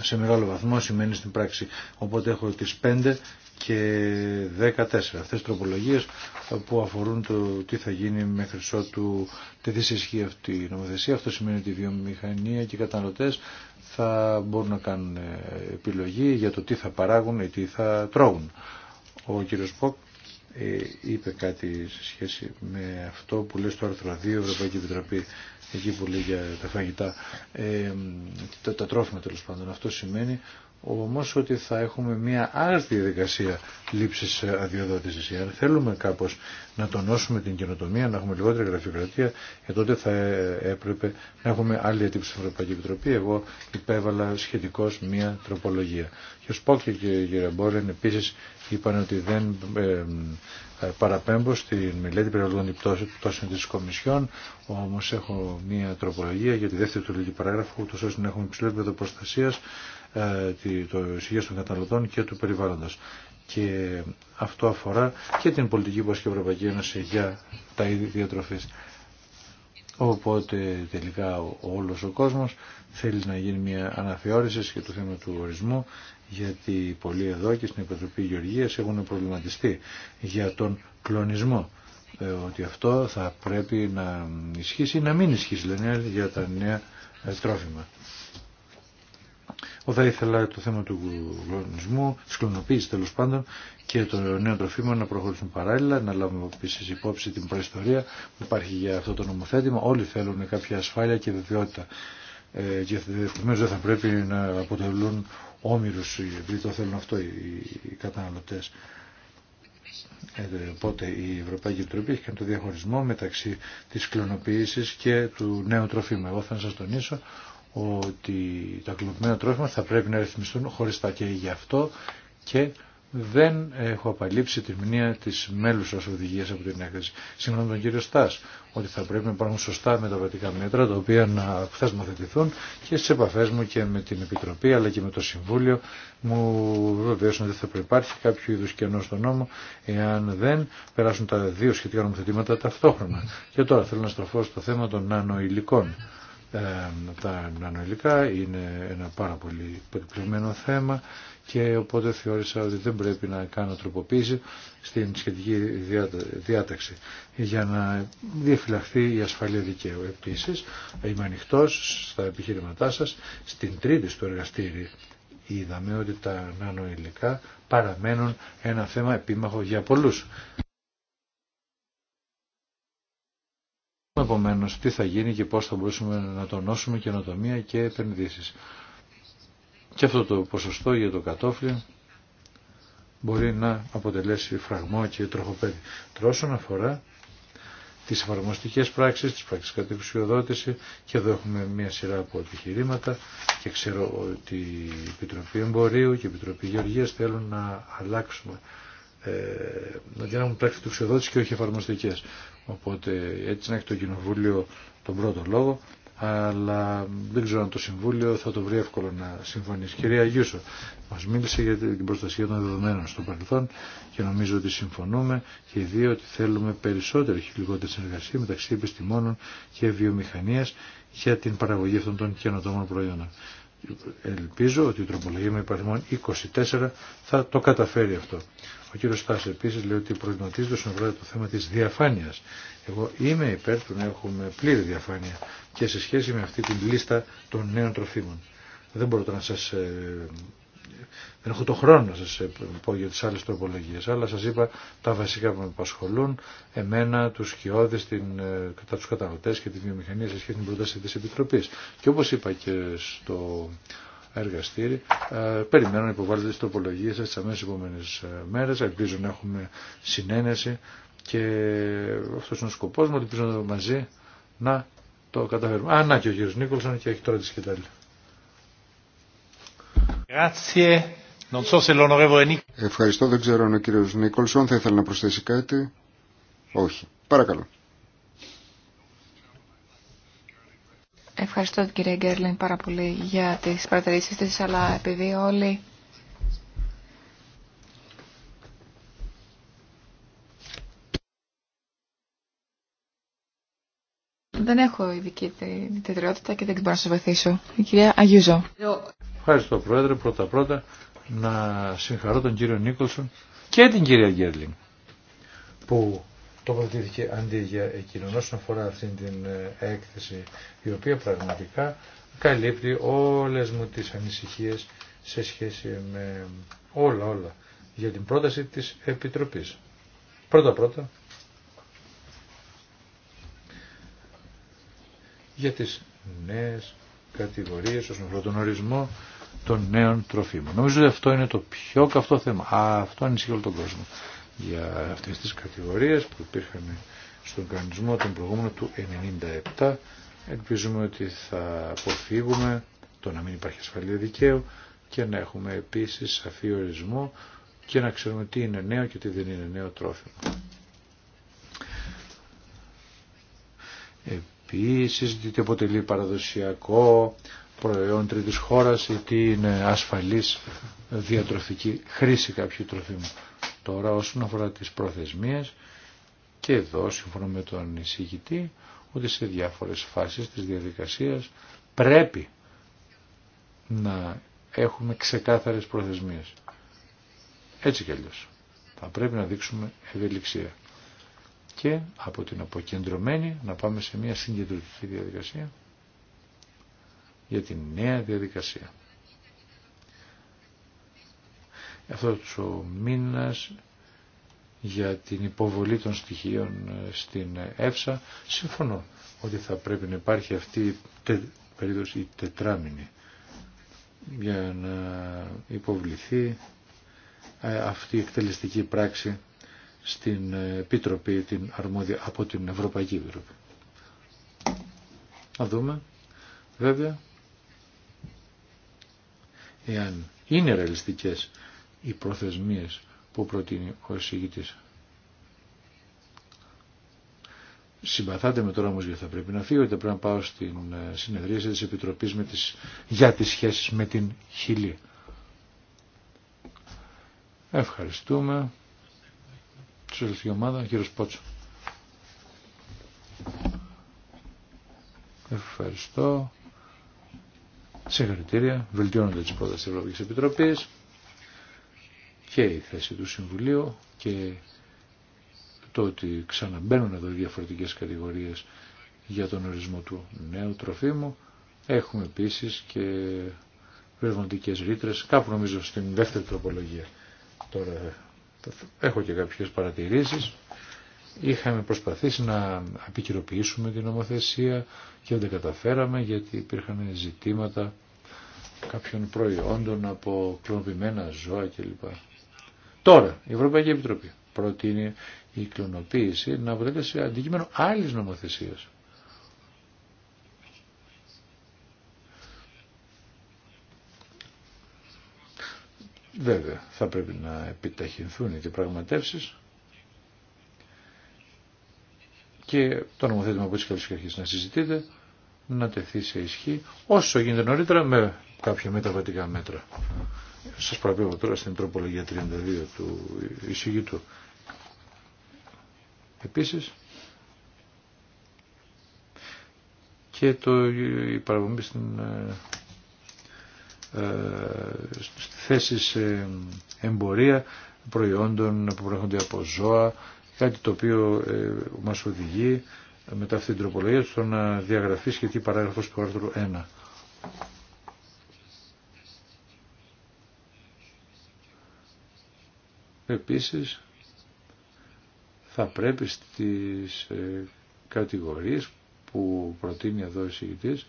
σε μεγάλο βαθμό σημαίνει στην πράξη. Οπότε έχω τις πέντε και 14. Αυτές οι τροπολογίες που αφορούν το τι θα γίνει μέχρι ότου τεθεί σε ισχύ αυτή η νομοθεσία. Αυτό σημαίνει ότι η βιομηχανία και οι καταναλωτές θα μπορούν να κάνουν ε, επιλογή για το τι θα παράγουν ή τι θα τρώγουν Ο κύριος Ποκ ε, είπε κάτι σε σχέση με αυτό που λέει στο άρθρο 2 Ευρωπαϊκή Επιτροπή εκεί που λέει για τα φαγητά ε, τα, τα τρόφιμα τέλο πάντων. Αυτό σημαίνει όμως ότι θα έχουμε μια άλλη διαδικασία λήψης ε, αδειοδότησης. Αν θέλουμε κάπως να τονώσουμε την καινοτομία, να έχουμε λιγότερη γραφειοκρατία, και ε, τότε θα ε, έπρεπε να έχουμε άλλη αιτήψη στην Ευρωπαϊκή Επιτροπή. Εγώ υπέβαλα σχετικώς μια τροπολογία. Και ο Σπόκ και η κυρία Μπόρεν επίσης είπαν ότι δεν παραπέμπω στη μελέτη περιοδών πτώσεων της Κομισιόν, όμως έχω μια τροπολογία για τη δεύτερη του λίγη παράγραφου, ούτω ώστε να έχουμε υψηλό επίπεδο προστασίας ε, το υγεία των καταναλωτών και του περιβάλλοντος. Και αυτό αφορά και την πολιτική που ασκεί η Ευρωπαϊκή Ένωση για τα είδη διατροφής. Οπότε τελικά ο, όλος ο κόσμος θέλει να γίνει μια αναθεώρηση και του θέμα του ορισμού γιατί πολλοί εδώ και στην Επιτροπή Γεωργίας έχουν προβληματιστεί για τον κλονισμό ε, ότι αυτό θα πρέπει να ισχύσει ή να μην ισχύσει λένε για τα νέα ε, τρόφιμα θα ήθελα το θέμα του κλονισμού, τη κλωνοποίηση τέλο πάντων και των νέων τροφίμων να προχωρήσουν παράλληλα, να λάβουμε επίση υπόψη την προϊστορία που υπάρχει για αυτό το νομοθέτημα. Όλοι θέλουν κάποια ασφάλεια και βεβαιότητα. Ε, και επομένω δεν θα πρέπει να αποτελούν όμοιρου, επειδή το θέλουν αυτό οι, οι καταναλωτέ. Ε, οπότε η Ευρωπαϊκή Επιτροπή έχει κάνει το διαχωρισμό μεταξύ τη κλωνοποίηση και του νέου τροφίμου. Εγώ θα σα τονίσω ότι τα κλοπημένα τρόφιμα θα πρέπει να ρυθμιστούν χωριστά και γι' αυτό και δεν έχω απαλείψει τη μνήμα τη μέλου σα οδηγία από την έκθεση. Σύμφωνα με τον κύριο Στά, ότι θα πρέπει να υπάρχουν σωστά μεταβατικά μέτρα τα οποία να θεσμοθετηθούν και στι επαφέ μου και με την Επιτροπή αλλά και με το Συμβούλιο μου βεβαίωσαν ότι θα υπάρχει κάποιο είδου κενό στον νόμο εάν δεν περάσουν τα δύο σχετικά νομοθετήματα ταυτόχρονα. Και τώρα θέλω να στραφώ στο θέμα των νανοηλικών. Ε, τα νανοηλικά είναι ένα πάρα πολύ περιπλημμένο θέμα και οπότε θεώρησα ότι δεν πρέπει να κάνω τροποποίηση στην σχετική διάταξη για να διαφυλαχθεί η ασφαλεία δικαίου. Επίσης είμαι ανοιχτό στα επιχείρηματά σας. Στην τρίτη στο εργαστήρι είδαμε ότι τα νανοηλικά παραμένουν ένα θέμα επίμαχο για πολλούς. Επομένως, τι θα γίνει και πώς θα μπορούσαμε να τονώσουμε καινοτομία και επενδύσεις. Και αυτό το ποσοστό για το κατόφλι μπορεί να αποτελέσει φραγμό και τροχοπέδι. Τρόσον αφορά τις εφαρμοστικές πράξεις, τις πράξεις κατευθυνσιοδότηση. και εδώ έχουμε μια σειρά από επιχειρήματα και ξέρω ότι η Επιτροπή Εμπορίου και η Επιτροπή Γεωργίας θέλουν να αλλάξουμε ε, να γίνουν πράξη του ξεδότης και όχι εφαρμοστικέ. Οπότε έτσι να έχει το Κοινοβούλιο τον πρώτο λόγο, αλλά δεν ξέρω αν το Συμβούλιο θα το βρει εύκολο να συμφωνήσει. Κυρία Γιούσο, μας μίλησε για την προστασία των δεδομένων στο παρελθόν και νομίζω ότι συμφωνούμε και δύο ότι θέλουμε περισσότερη και λιγότερη συνεργασία μεταξύ επιστημόνων και βιομηχανία για την παραγωγή αυτών των καινοτόμων προϊόντων. Ελπίζω ότι η τροπολογία με υπαριθμών 24 θα το καταφέρει αυτό. Ο κύριο Στάς επίσης λέει ότι προβληματίζεται στον το θέμα της διαφάνειας. Εγώ είμαι υπέρ του να έχουμε πλήρη διαφάνεια και σε σχέση με αυτή την λίστα των νέων τροφίμων. Δεν μπορώ να σας... Ε, δεν έχω το χρόνο να σας ε, πω για τις άλλες τροπολογίες, αλλά σας είπα τα βασικά που με απασχολούν, εμένα, τους σκιώδες, την, κατά ε, τους καταναλωτές και τη βιομηχανία σε σχέση με την προτάσταση της Επιτροπής. Και όπως είπα και στο εργαστήρι. Ε, περιμένω να υποβάλλετε τις τροπολογίες σας τις αμέσως επόμενες ε, μέρες. Ελπίζω να έχουμε συνένεση και αυτός είναι ο σκοπός μου, ελπίζω να μαζί να το καταφέρουμε. Α, να και ο κύριος Νίκολσον και έχει τώρα τη σκητάλη. Ευχαριστώ, δεν ξέρω αν ο κύριος Νίκολσον θα ήθελε να προσθέσει κάτι. Όχι. Παρακαλώ. Ευχαριστώ την κυρία Γκέρλιν πάρα πολύ για τις παρατηρήσεις της, αλλά επειδή όλοι Δεν έχω ειδική τετριότητα και δεν μπορώ να σας βοηθήσω. Η κυρία Αγιούζο. Ευχαριστώ Πρόεδρε. Πρώτα πρώτα να συγχαρώ τον κύριο Νίκολσον και την κυρία Γκέρλινγκ που τοποθετήθηκε αντί για εκείνον όσον αφορά αυτήν την ε, έκθεση η οποία πραγματικά καλύπτει όλες μου τις ανησυχίες σε σχέση με όλα όλα για την πρόταση της Επιτροπής. Πρώτα πρώτα για τις νέες κατηγορίες όσον αφορά τον ορισμό των νέων τροφίμων. Νομίζω ότι αυτό είναι το πιο καυτό θέμα. Α, αυτό ανησυχεί όλο τον κόσμο για αυτές τις κατηγορίες που υπήρχαν στον κανονισμό τον προηγούμενο του 1997 Ελπίζουμε ότι θα αποφύγουμε το να μην υπάρχει ασφαλεία δικαίου και να έχουμε επίσης σαφή ορισμό και να ξέρουμε τι είναι νέο και τι δεν είναι νέο τρόφιμο. Επίσης, τι αποτελεί παραδοσιακό προϊόν τρίτης χώρας ή τι είναι ασφαλής διατροφική χρήση κάποιου τροφίμου. Τώρα όσον αφορά τις προθεσμίες και εδώ σύμφωνα με τον εισηγητή ότι σε διάφορες φάσεις της διαδικασίας πρέπει να έχουμε ξεκάθαρες προθεσμίες. Έτσι κι αλλιώς. Θα πρέπει να δείξουμε ευελιξία. Και από την αποκεντρωμένη να πάμε σε μια συγκεντρωτική διαδικασία για την νέα διαδικασία αυτός ο μήνας για την υποβολή των στοιχείων ε, στην ΕΦΣΑ. Συμφωνώ ότι θα πρέπει να υπάρχει αυτή η τε, η τετράμινη για να υποβληθεί ε, αυτή η εκτελεστική πράξη στην ε, Επιτροπή, την αρμόδια από την Ευρωπαϊκή Επιτροπή. Να δούμε. Βέβαια, εάν είναι ρεαλιστικές οι προθεσμίες που προτείνει ο εισηγητής. Συμπαθάτε με τώρα όμως γιατί θα πρέπει να φύγω, γιατί πρέπει να πάω στην ε, συνεδρία της Επιτροπής με τις, για τις σχέσεις με την Χιλή. Ευχαριστούμε. Σωστή ομάδα, κύριο Πότσο. Ευχαριστώ. Συγχαρητήρια. Βελτιώνονται τις πρότασεις της Ευρωπαϊκής Επιτροπής και η θέση του Συμβουλίου και το ότι ξαναμπαίνουν εδώ διαφορετικές κατηγορίες για τον ορισμό του νέου τροφίμου. Έχουμε επίσης και πνευματικές ρήτρες, κάπου νομίζω στην δεύτερη τροπολογία. Τώρα έχω και κάποιες παρατηρήσεις. Είχαμε προσπαθήσει να επικυροποιήσουμε την νομοθεσία και δεν καταφέραμε γιατί υπήρχαν ζητήματα κάποιων προϊόντων από κλωνοποιημένα ζώα κλπ. Τώρα, η Ευρωπαϊκή Επιτροπή προτείνει η κλωνοποίηση να αποτελέσει αντικείμενο άλλης νομοθεσίας. Βέβαια, θα πρέπει να επιταχυνθούν οι διαπραγματεύσει και το νομοθέτημα που έτσι καλώς αρχίσει να συζητείτε να τεθεί σε ισχύ όσο γίνεται νωρίτερα με κάποια μεταβατικά μέτρα. Σας παραπέμπω τώρα στην τροπολογία 32 του εισηγητού. Επίσης, και το, η παραπομπή στην ε, ε θέση εμπορία προϊόντων που προέρχονται από ζώα, κάτι το οποίο ε, μας οδηγεί μετά αυτή την τροπολογία στο να διαγραφεί σχετική παράγραφος του άρθρου 1. Επίσης θα πρέπει στις ε, κατηγορίες που προτείνει εδώ η συγητής,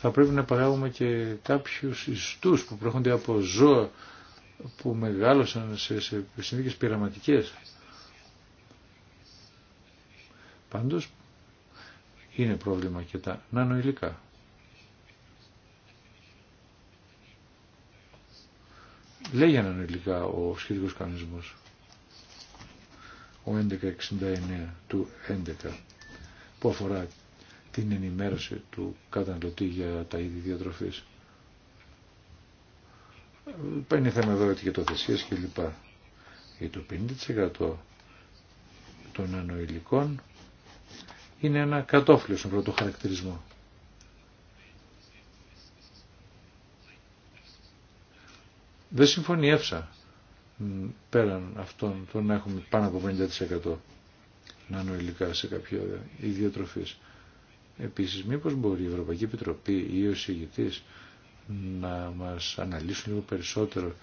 θα πρέπει να παράγουμε και κάποιους ιστούς που προέρχονται από ζώα που μεγάλωσαν σε, σε πειραματικές. Πάντως είναι πρόβλημα και τα νανοηλικά. Λέει αναλυτικά ο σχετικός κανονισμός. Ο 1169 του 11 που αφορά την ενημέρωση του καταναλωτή για τα είδη διατροφής. Παίρνει θέμα εδώ για το θεσίες και λοιπά. Για το 50% των ανοηλικών είναι ένα κατόφλιο στον πρώτο χαρακτηρισμό. Δεν συμφωνεί εύσα πέραν αυτών των να έχουμε πάνω από 50% να νανοηλικά σε κάποια ιδιοτροφή. Επίση, μήπω μπορεί η Ευρωπαϊκή Επιτροπή ή ο εισηγητή να μα αναλύσουν λίγο περισσότερο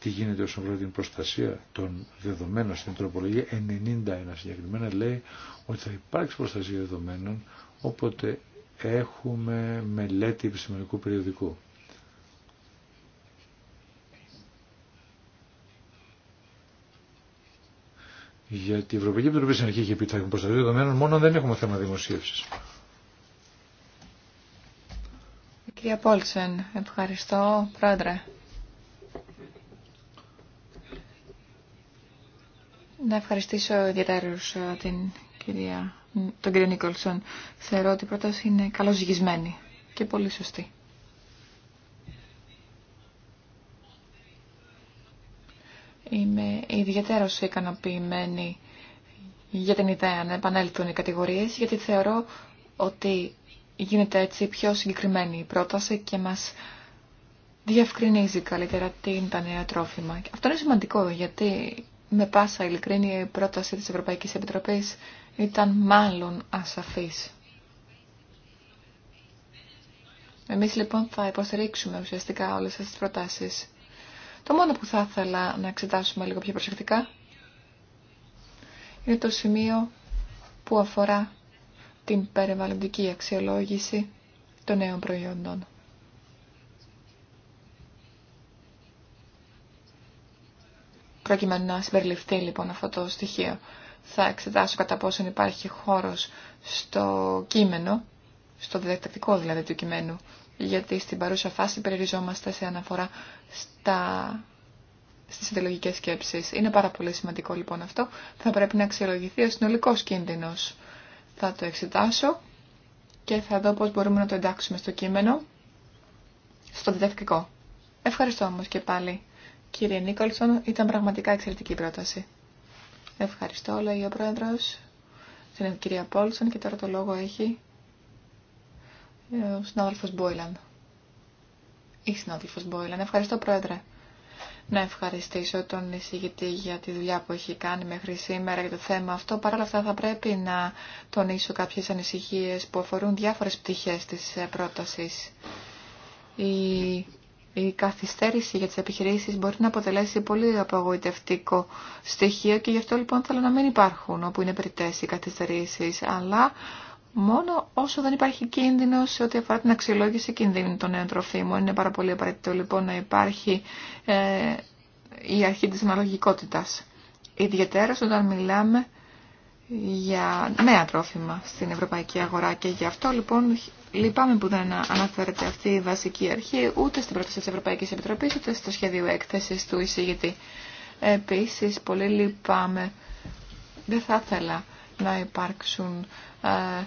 τι γίνεται όσον αφορά την προστασία των δεδομένων στην τροπολογία 91 συγκεκριμένα λέει ότι θα υπάρξει προστασία δεδομένων όποτε έχουμε μελέτη επιστημονικού περιοδικού. Γιατί η Ευρωπαϊκή Επιτροπή στην αρχή είχε πει ότι θα έχουμε προστασία δεδομένων μόνο δεν έχουμε θέμα δημοσίευση. Κυρία Πόλσεν, ευχαριστώ, πρόεδρε. Να ευχαριστήσω ιδιαίτερα ε, την κυρία, τον κύριο Νίκολσον. Θεωρώ ότι η πρόταση είναι καλώς και πολύ σωστή. Είμαι ιδιαίτερο ικανοποιημένη για την ιδέα να επανέλθουν οι κατηγορίες, γιατί θεωρώ ότι γίνεται έτσι πιο συγκεκριμένη η πρόταση και μας διευκρινίζει καλύτερα τι είναι τα νέα τρόφιμα. Αυτό είναι σημαντικό, γιατί με πάσα ειλικρίνη η πρόταση της Ευρωπαϊκής Επιτροπής ήταν μάλλον ασαφής. Εμείς λοιπόν θα υποστηρίξουμε ουσιαστικά όλες αυτές τις προτάσεις. Το μόνο που θα ήθελα να εξετάσουμε λίγο πιο προσεκτικά είναι το σημείο που αφορά την περιβαλλοντική αξιολόγηση των νέων προϊόντων. Προκειμένου να συμπεριληφθεί λοιπόν αυτό το στοιχείο, θα εξετάσω κατά πόσον υπάρχει χώρος στο κείμενο, στο διδακτικό δηλαδή του κειμένου, γιατί στην παρούσα φάση περιοριζόμαστε σε αναφορά στα... στις σκέψει. σκέψεις. Είναι πάρα πολύ σημαντικό λοιπόν αυτό. Θα πρέπει να αξιολογηθεί ο συνολικός κίνδυνος. Θα το εξετάσω και θα δω πώς μπορούμε να το εντάξουμε στο κείμενο, στο διδακτικό. Ευχαριστώ όμως και πάλι. Κύριε Νίκολσον, ήταν πραγματικά εξαιρετική πρόταση. Ευχαριστώ, λέει ο Πρόεδρος, την κυρία Πόλσον και τώρα το λόγο έχει ε, ο συνάδελφος Μπόιλαν. Η συνάδελφος Μπόιλαν. Ευχαριστώ πρόεδρε. Να ευχαριστήσω τον εισηγητή για τη δουλειά που έχει κάνει μέχρι σήμερα για το θέμα αυτό. Παρ' όλα αυτά θα πρέπει να τονίσω κάποιες ανησυχίες που αφορούν διάφορες πτυχές της ε, πρότασης. Η, η καθυστέρηση για τις επιχειρήσεις μπορεί να αποτελέσει πολύ απογοητευτικό στοιχείο και γι' αυτό λοιπόν θέλω να μην υπάρχουν όπου είναι περιττές οι καθυστερήσεις. Αλλά μόνο όσο δεν υπάρχει κίνδυνο σε ό,τι αφορά την αξιολόγηση κινδύνου των νέων τροφίμων. Είναι πάρα πολύ απαραίτητο λοιπόν να υπάρχει ε, η αρχή της αναλογικότητας. Ιδιαίτερα όταν μιλάμε για νέα τρόφιμα στην ευρωπαϊκή αγορά και γι' αυτό λοιπόν λυπάμαι που δεν αναφέρεται αυτή η βασική αρχή ούτε στην πρόταση της Ευρωπαϊκής Επιτροπής ούτε στο σχέδιο έκθεσης του εισηγητή. Επίσης πολύ λυπάμαι. Δεν θα ήθελα να υπάρξουν ε,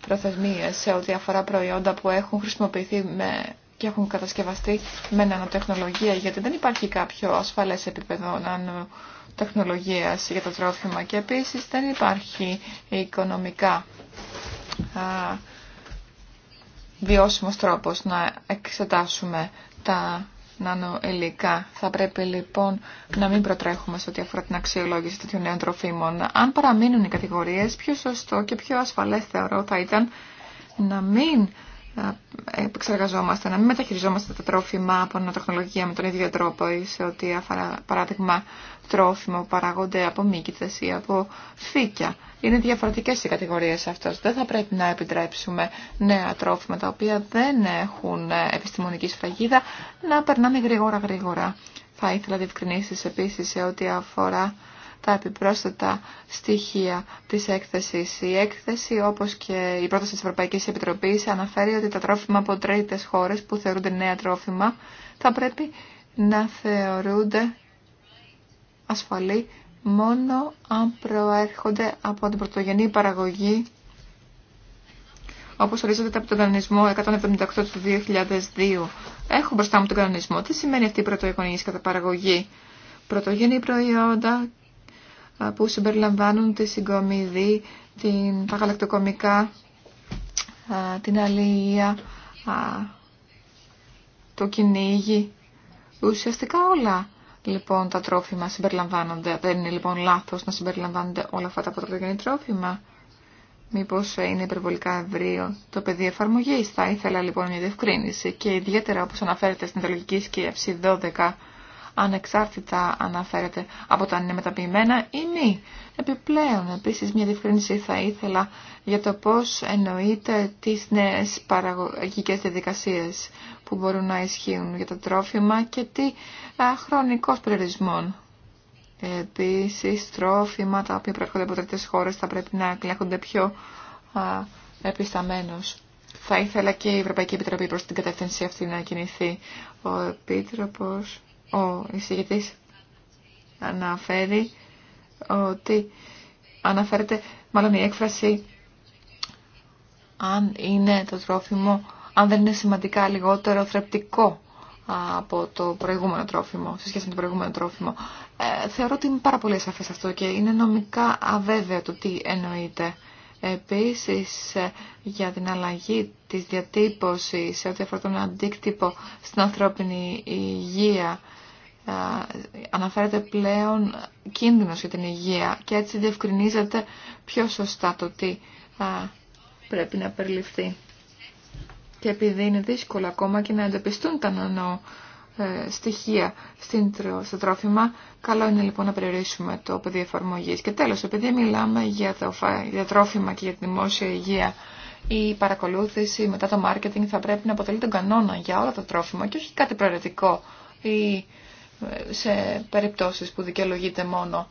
προθεσμίες σε ό,τι αφορά προϊόντα που έχουν χρησιμοποιηθεί με και έχουν κατασκευαστεί με νανοτεχνολογία, γιατί δεν υπάρχει κάποιο ασφαλές επίπεδο νανοτεχνολογίας για το τρόφιμα και επίσης δεν υπάρχει οικονομικά βιώσιμος τρόπος να εξετάσουμε τα νανοελικά. Θα πρέπει λοιπόν να μην προτρέχουμε σε ό,τι αφορά την αξιολόγηση τέτοιων νέων τροφίμων. Αν παραμείνουν οι κατηγορίες, πιο σωστό και πιο ασφαλές θεωρώ θα ήταν να μην επεξεργαζόμαστε, να μην μεταχειριζόμαστε τα τρόφιμα από τεχνολογία με τον ίδιο τρόπο ή σε ό,τι αφορά παράδειγμα τρόφιμα που παράγονται από μύκητες ή από φύκια. Είναι διαφορετικές οι κατηγορίες αυτές. Δεν θα πρέπει να επιτρέψουμε νέα τρόφιμα τα οποία δεν έχουν επιστημονική σφραγίδα να περνάνε γρήγορα γρήγορα. Θα ήθελα διευκρινήσεις επίσης σε ό,τι αφορά τα επιπρόσθετα στοιχεία της έκθεσης. Η έκθεση, όπως και η πρόταση της Ευρωπαϊκής Επιτροπής, αναφέρει ότι τα τρόφιμα από τρίτες χώρες που θεωρούνται νέα τρόφιμα θα πρέπει να θεωρούνται ασφαλή μόνο αν προέρχονται από την πρωτογενή παραγωγή όπως ορίζεται από τον κανονισμό 178 του 2002. Έχω μπροστά μου τον κανονισμό. Τι σημαίνει αυτή η πρωτογενή καταπαραγωγή. Πρωτογενή προϊόντα που συμπεριλαμβάνουν τη συγκομιδή, την, τα γαλακτοκομικά, την αλληλεία, το κυνήγι. Ουσιαστικά όλα λοιπόν τα τρόφιμα συμπεριλαμβάνονται. Δεν είναι λοιπόν λάθος να συμπεριλαμβάνονται όλα αυτά τα πρωτογενή τρόφιμα. Μήπως είναι υπερβολικά ευρύο το πεδίο εφαρμογής. Θα ήθελα λοιπόν μια διευκρίνηση και ιδιαίτερα όπως αναφέρεται στην ιδεολογική σκέψη 12 ανεξάρτητα αναφέρεται από τα αν είναι μεταποιημένα ή μη. Επιπλέον, επίσης, μια διευκρίνηση θα ήθελα για το πώς εννοείται τις νέες παραγωγικές διαδικασίες που μπορούν να ισχύουν για το τρόφιμα και τι χρονικό περιορισμών. Επίσης, τρόφιμα τα οποία προέρχονται από τέτοιες χώρε θα πρέπει να εκλέχονται πιο επισταμένος. Θα ήθελα και η Ευρωπαϊκή Επιτροπή προς την κατεύθυνση αυτή να κινηθεί. Ο Επίτροπος ο εισηγητής αναφέρει ότι αναφέρεται μάλλον η έκφραση αν είναι το τρόφιμο, αν δεν είναι σημαντικά λιγότερο θρεπτικό από το προηγούμενο τρόφιμο, σε σχέση με το προηγούμενο τρόφιμο. Ε, θεωρώ ότι είναι πάρα πολύ σαφές αυτό και είναι νομικά αβέβαιο το τι εννοείται. Επίσης ε, για την αλλαγή της διατύπωσης σε ό,τι αφορά τον αντίκτυπο στην ανθρώπινη υγεία ε, αναφέρεται πλέον κίνδυνος για την υγεία και έτσι διευκρινίζεται πιο σωστά το τι ε, πρέπει να περιληφθεί. Και επειδή είναι δύσκολο ακόμα και να εντοπιστούν τα νονό ε, στοιχεία στο τρόφιμα. Καλό είναι λοιπόν να περιορίσουμε το πεδίο εφαρμογή. Και τέλο, επειδή μιλάμε για, το, τρόφιμα και για τη δημόσια υγεία, η παρακολούθηση μετά το μάρκετινγκ θα πρέπει να αποτελεί τον κανόνα για όλα τα τρόφιμα και όχι κάτι προαιρετικό ή ε, σε περιπτώσεις που δικαιολογείται μόνο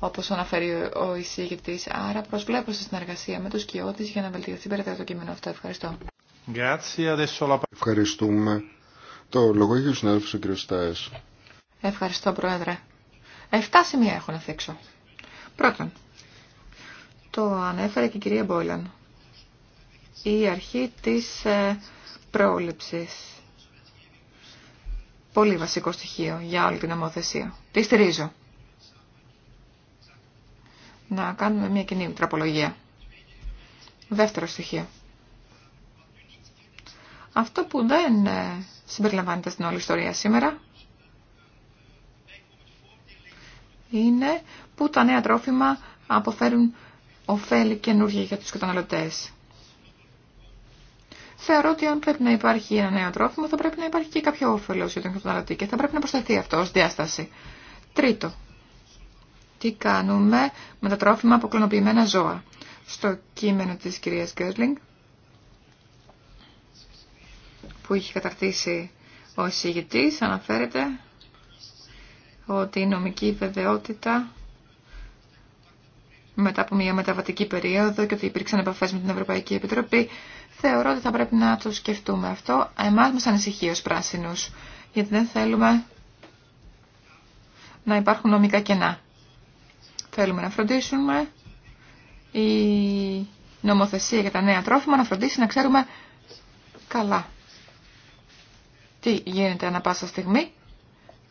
όπως αναφέρει ο εισηγητής. Άρα προσβλέπω στη συνεργασία με τους κοιότης για να βελτιωθεί περαιτέρω το κείμενο αυτό. Ευχαριστώ. Ευχαριστούμε. Το λόγο έχει ο συνάδελφος ο κ. Στάες. Ευχαριστώ Πρόεδρε. Εφτά σημεία έχω να θέξω. Πρώτον, το ανέφερε και η κυρία Μπόιλαν. Η αρχή της ε, πρόληψης. Πολύ βασικό στοιχείο για όλη την ομοθεσία. Τη στηρίζω. Να κάνουμε μια κοινή τραπολογία. Δεύτερο στοιχείο. Αυτό που δεν ε, συμπεριλαμβάνεται στην όλη ιστορία σήμερα είναι που τα νέα τρόφιμα αποφέρουν ωφέλη καινούργια για τους καταναλωτές. Θεωρώ ότι αν πρέπει να υπάρχει ένα νέο τρόφιμο θα πρέπει να υπάρχει και κάποιο όφελος για τον καταναλωτή και θα πρέπει να προσταθεί αυτό ως διάσταση. Τρίτο, τι κάνουμε με τα τρόφιμα από ζώα. Στο κείμενο της κυρίας Γκέρλινγκ που είχε κατακτήσει ο εισηγητής αναφέρεται ότι η νομική βεβαιότητα μετά από μια μεταβατική περίοδο και ότι υπήρξαν επαφές με την Ευρωπαϊκή Επιτροπή, θεωρώ ότι θα πρέπει να το σκεφτούμε αυτό. Εμάς μας ανησυχεί ως πράσινους, γιατί δεν θέλουμε να υπάρχουν νομικά κενά. Θέλουμε να φροντίσουμε η νομοθεσία για τα νέα τρόφιμα να φροντίσει να ξέρουμε καλά τι γίνεται ανα πάσα στιγμή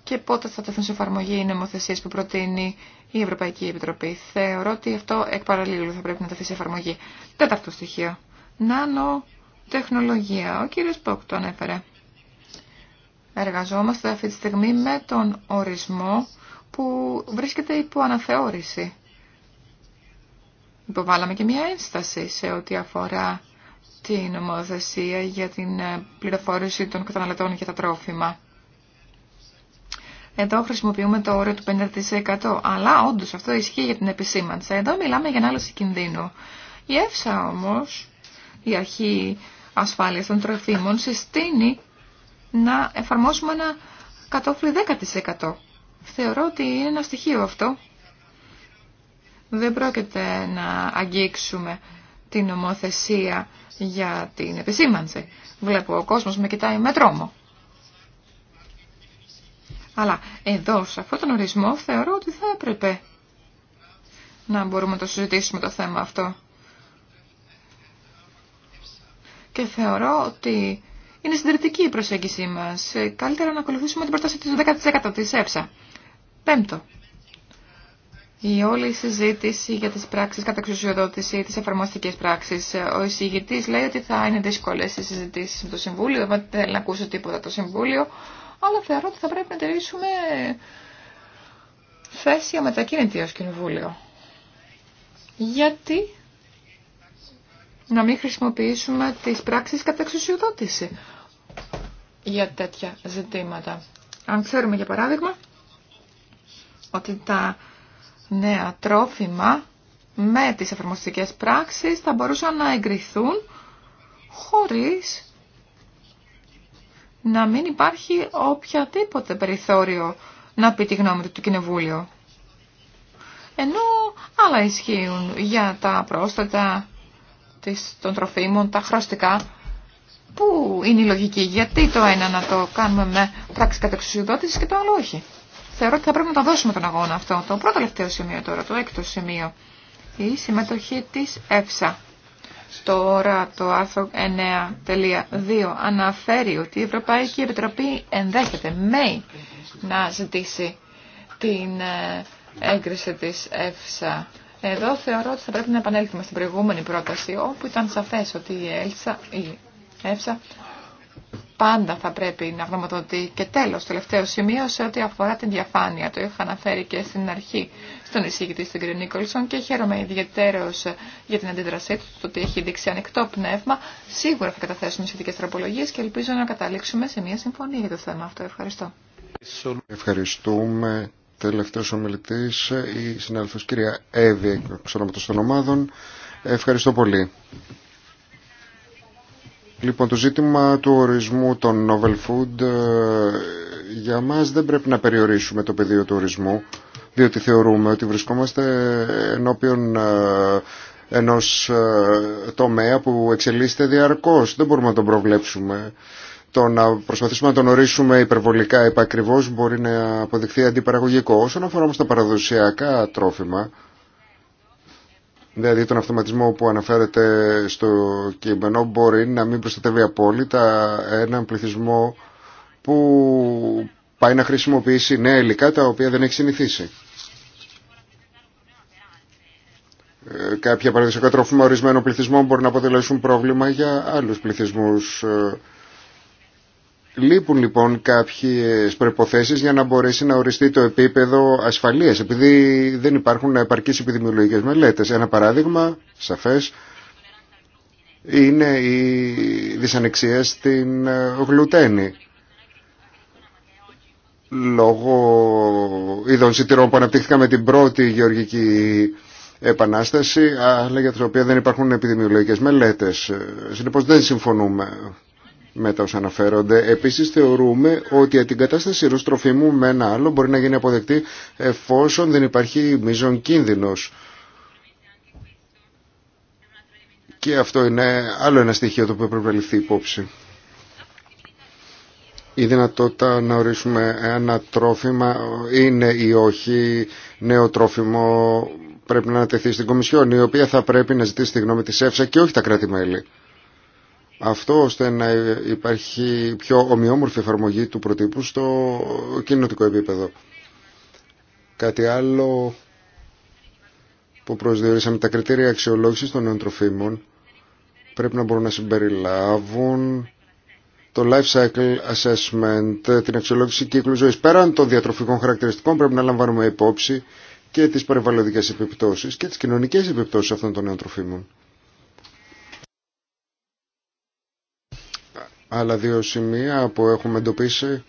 και πότε θα τεθούν σε εφαρμογή οι νομοθεσίε που προτείνει η Ευρωπαϊκή Επιτροπή. Θεωρώ ότι αυτό εκ παραλίλου θα πρέπει να τεθεί σε εφαρμογή. Τέταρτο στοιχείο. Νάνο τεχνολογία. Ο κύριο Πόκ το ανέφερε. Εργαζόμαστε αυτή τη στιγμή με τον ορισμό που βρίσκεται υπό αναθεώρηση. Υποβάλαμε και μια ένσταση σε ό,τι αφορά την νομοθεσία για την ε, πληροφόρηση των καταναλωτών για τα τρόφιμα. Εδώ χρησιμοποιούμε το όριο του 50%, αλλά όντως αυτό ισχύει για την επισήμανση. Εδώ μιλάμε για άλλο κινδύνου. Η ΕΦΣΑ όμως, η αρχή ασφάλειας των τροφίμων, συστήνει να εφαρμόσουμε ένα κατόφλι 10%. Θεωρώ ότι είναι ένα στοιχείο αυτό. Δεν πρόκειται να αγγίξουμε την νομοθεσία για την επισήμανση. Βλέπω ο κόσμος με κοιτάει με τρόμο. Αλλά εδώ, σε αυτόν τον ορισμό, θεωρώ ότι θα έπρεπε να μπορούμε να το συζητήσουμε το θέμα αυτό. Και θεωρώ ότι είναι συντηρητική η προσέγγιση μας. Ε, καλύτερα να ακολουθήσουμε την πρόταση του 10% της ΕΨΑ. Πέμπτο. Η όλη συζήτηση για τις πράξεις κατά εξουσιοδότηση, τις εφαρμοστικές πράξεις, ο εισηγητής λέει ότι θα είναι δύσκολες οι συζητήσεις με το Συμβούλιο, δεν θέλει να ακούσει τίποτα το Συμβούλιο, αλλά θεωρώ ότι θα πρέπει να τηρήσουμε θέση αμετακίνητη ως Κοινοβούλιο. Γιατί να μην χρησιμοποιήσουμε τις πράξεις κατά εξουσιοδότηση για τέτοια ζητήματα. Αν ξέρουμε για παράδειγμα ότι τα νέα τρόφιμα με τις εφαρμοστικές πράξεις θα μπορούσαν να εγκριθούν χωρίς να μην υπάρχει οποιαδήποτε περιθώριο να πει τη γνώμη του το Κοινοβούλιο. Ενώ άλλα ισχύουν για τα πρόσθετα των τροφίμων, τα χρωστικά, που είναι η λογική. Γιατί το ένα να το κάνουμε με πράξη κατεξουσιοδότησης και το άλλο όχι θεωρώ ότι θα πρέπει να τα δώσουμε τον αγώνα αυτό. Το πρώτο τελευταίο σημείο τώρα, το έκτο σημείο, η συμμετοχή της ΕΦΣΑ. Τώρα το άρθρο 9.2 αναφέρει ότι η Ευρωπαϊκή Επιτροπή ενδέχεται, may, να ζητήσει την ε, έγκριση της ΕΦΣΑ. Εδώ θεωρώ ότι θα πρέπει να επανέλθουμε στην προηγούμενη πρόταση, όπου ήταν σαφές ότι η ΕΦΣΑ πάντα θα πρέπει να γνωμοδοτεί. Και τέλος, τελευταίο σημείο σε ό,τι αφορά την διαφάνεια. Το είχα αναφέρει και στην αρχή στον εισηγητή, στον κ. Νίκολσον και χαίρομαι ιδιαιτέρως για την αντίδρασή του, το ότι έχει δείξει ανοιχτό πνεύμα. Σίγουρα θα καταθέσουμε σχετικέ τροπολογίες και ελπίζω να καταλήξουμε σε μια συμφωνία για το θέμα αυτό. Ευχαριστώ. Ευχαριστούμε. Τελευταίος ομιλητής, η συνάδελφος κυρία Εύη, εξ των ομάδων. Ευχαριστώ πολύ. Λοιπόν, το ζήτημα του ορισμού των novel food ε, για μας δεν πρέπει να περιορίσουμε το πεδίο του ορισμού, διότι θεωρούμε ότι βρισκόμαστε ενώπιον ε, ενός ε, τομέα που εξελίσσεται διαρκώς. Δεν μπορούμε να τον προβλέψουμε. Το να προσπαθήσουμε να τον ορίσουμε υπερβολικά επακριβώς μπορεί να αποδειχθεί αντιπαραγωγικό. Όσον αφορά όμω τα παραδοσιακά τρόφιμα, Δηλαδή τον αυτοματισμό που αναφέρεται στο κείμενο μπορεί να μην προστατεύει απόλυτα έναν πληθυσμό που πάει να χρησιμοποιήσει νέα υλικά τα οποία δεν έχει συνηθίσει. Ε, κάποια παραδοσιακά τρόφιμα ορισμένων πληθυσμών μπορεί να αποτελέσουν πρόβλημα για άλλους πληθυσμούς. Ε, Λείπουν λοιπόν κάποιες προϋποθέσεις για να μπορέσει να οριστεί το επίπεδο ασφαλείας επειδή δεν υπάρχουν επαρκείς επιδημιολογικές μελέτες. Ένα παράδειγμα, σαφές, είναι η δυσανεξία στην ε, γλουτένη λόγω ειδών σιτηρών που αναπτύχθηκαν με την πρώτη γεωργική επανάσταση αλλά για την οποία δεν υπάρχουν επιδημιολογικές μελέτες. Ε, συνεπώς δεν συμφωνούμε με τα όσα αναφέρονται. Επίσης θεωρούμε ότι την κατάσταση ρουστροφίμου με ένα άλλο μπορεί να γίνει αποδεκτή εφόσον δεν υπάρχει μείζον κίνδυνο. Και αυτό είναι άλλο ένα στοιχείο το οποίο πρέπει να ληφθεί υπόψη. Η δυνατότητα να ορίσουμε ένα τρόφιμα είναι ή όχι νέο τρόφιμο πρέπει να ανατεθεί στην Κομισιόν, η οποία θα πρέπει να ζητήσει τη γνώμη της ΕΦΣΑ και όχι τα κράτη-μέλη αυτό ώστε να υπάρχει πιο ομοιόμορφη εφαρμογή του προτύπου στο κοινωτικό επίπεδο. Κάτι άλλο που προσδιορίσαμε τα κριτήρια αξιολόγησης των νέων τροφίμων πρέπει να μπορούν να συμπεριλάβουν το life cycle assessment, την αξιολόγηση κύκλου ζωής. Πέραν των διατροφικών χαρακτηριστικών πρέπει να λαμβάνουμε υπόψη και τις περιβαλλοντικές επιπτώσεις και τις κοινωνικές επιπτώσεις αυτών των νέων τροφίμων. άλλα δύο σημεία που έχουμε εντοπίσει.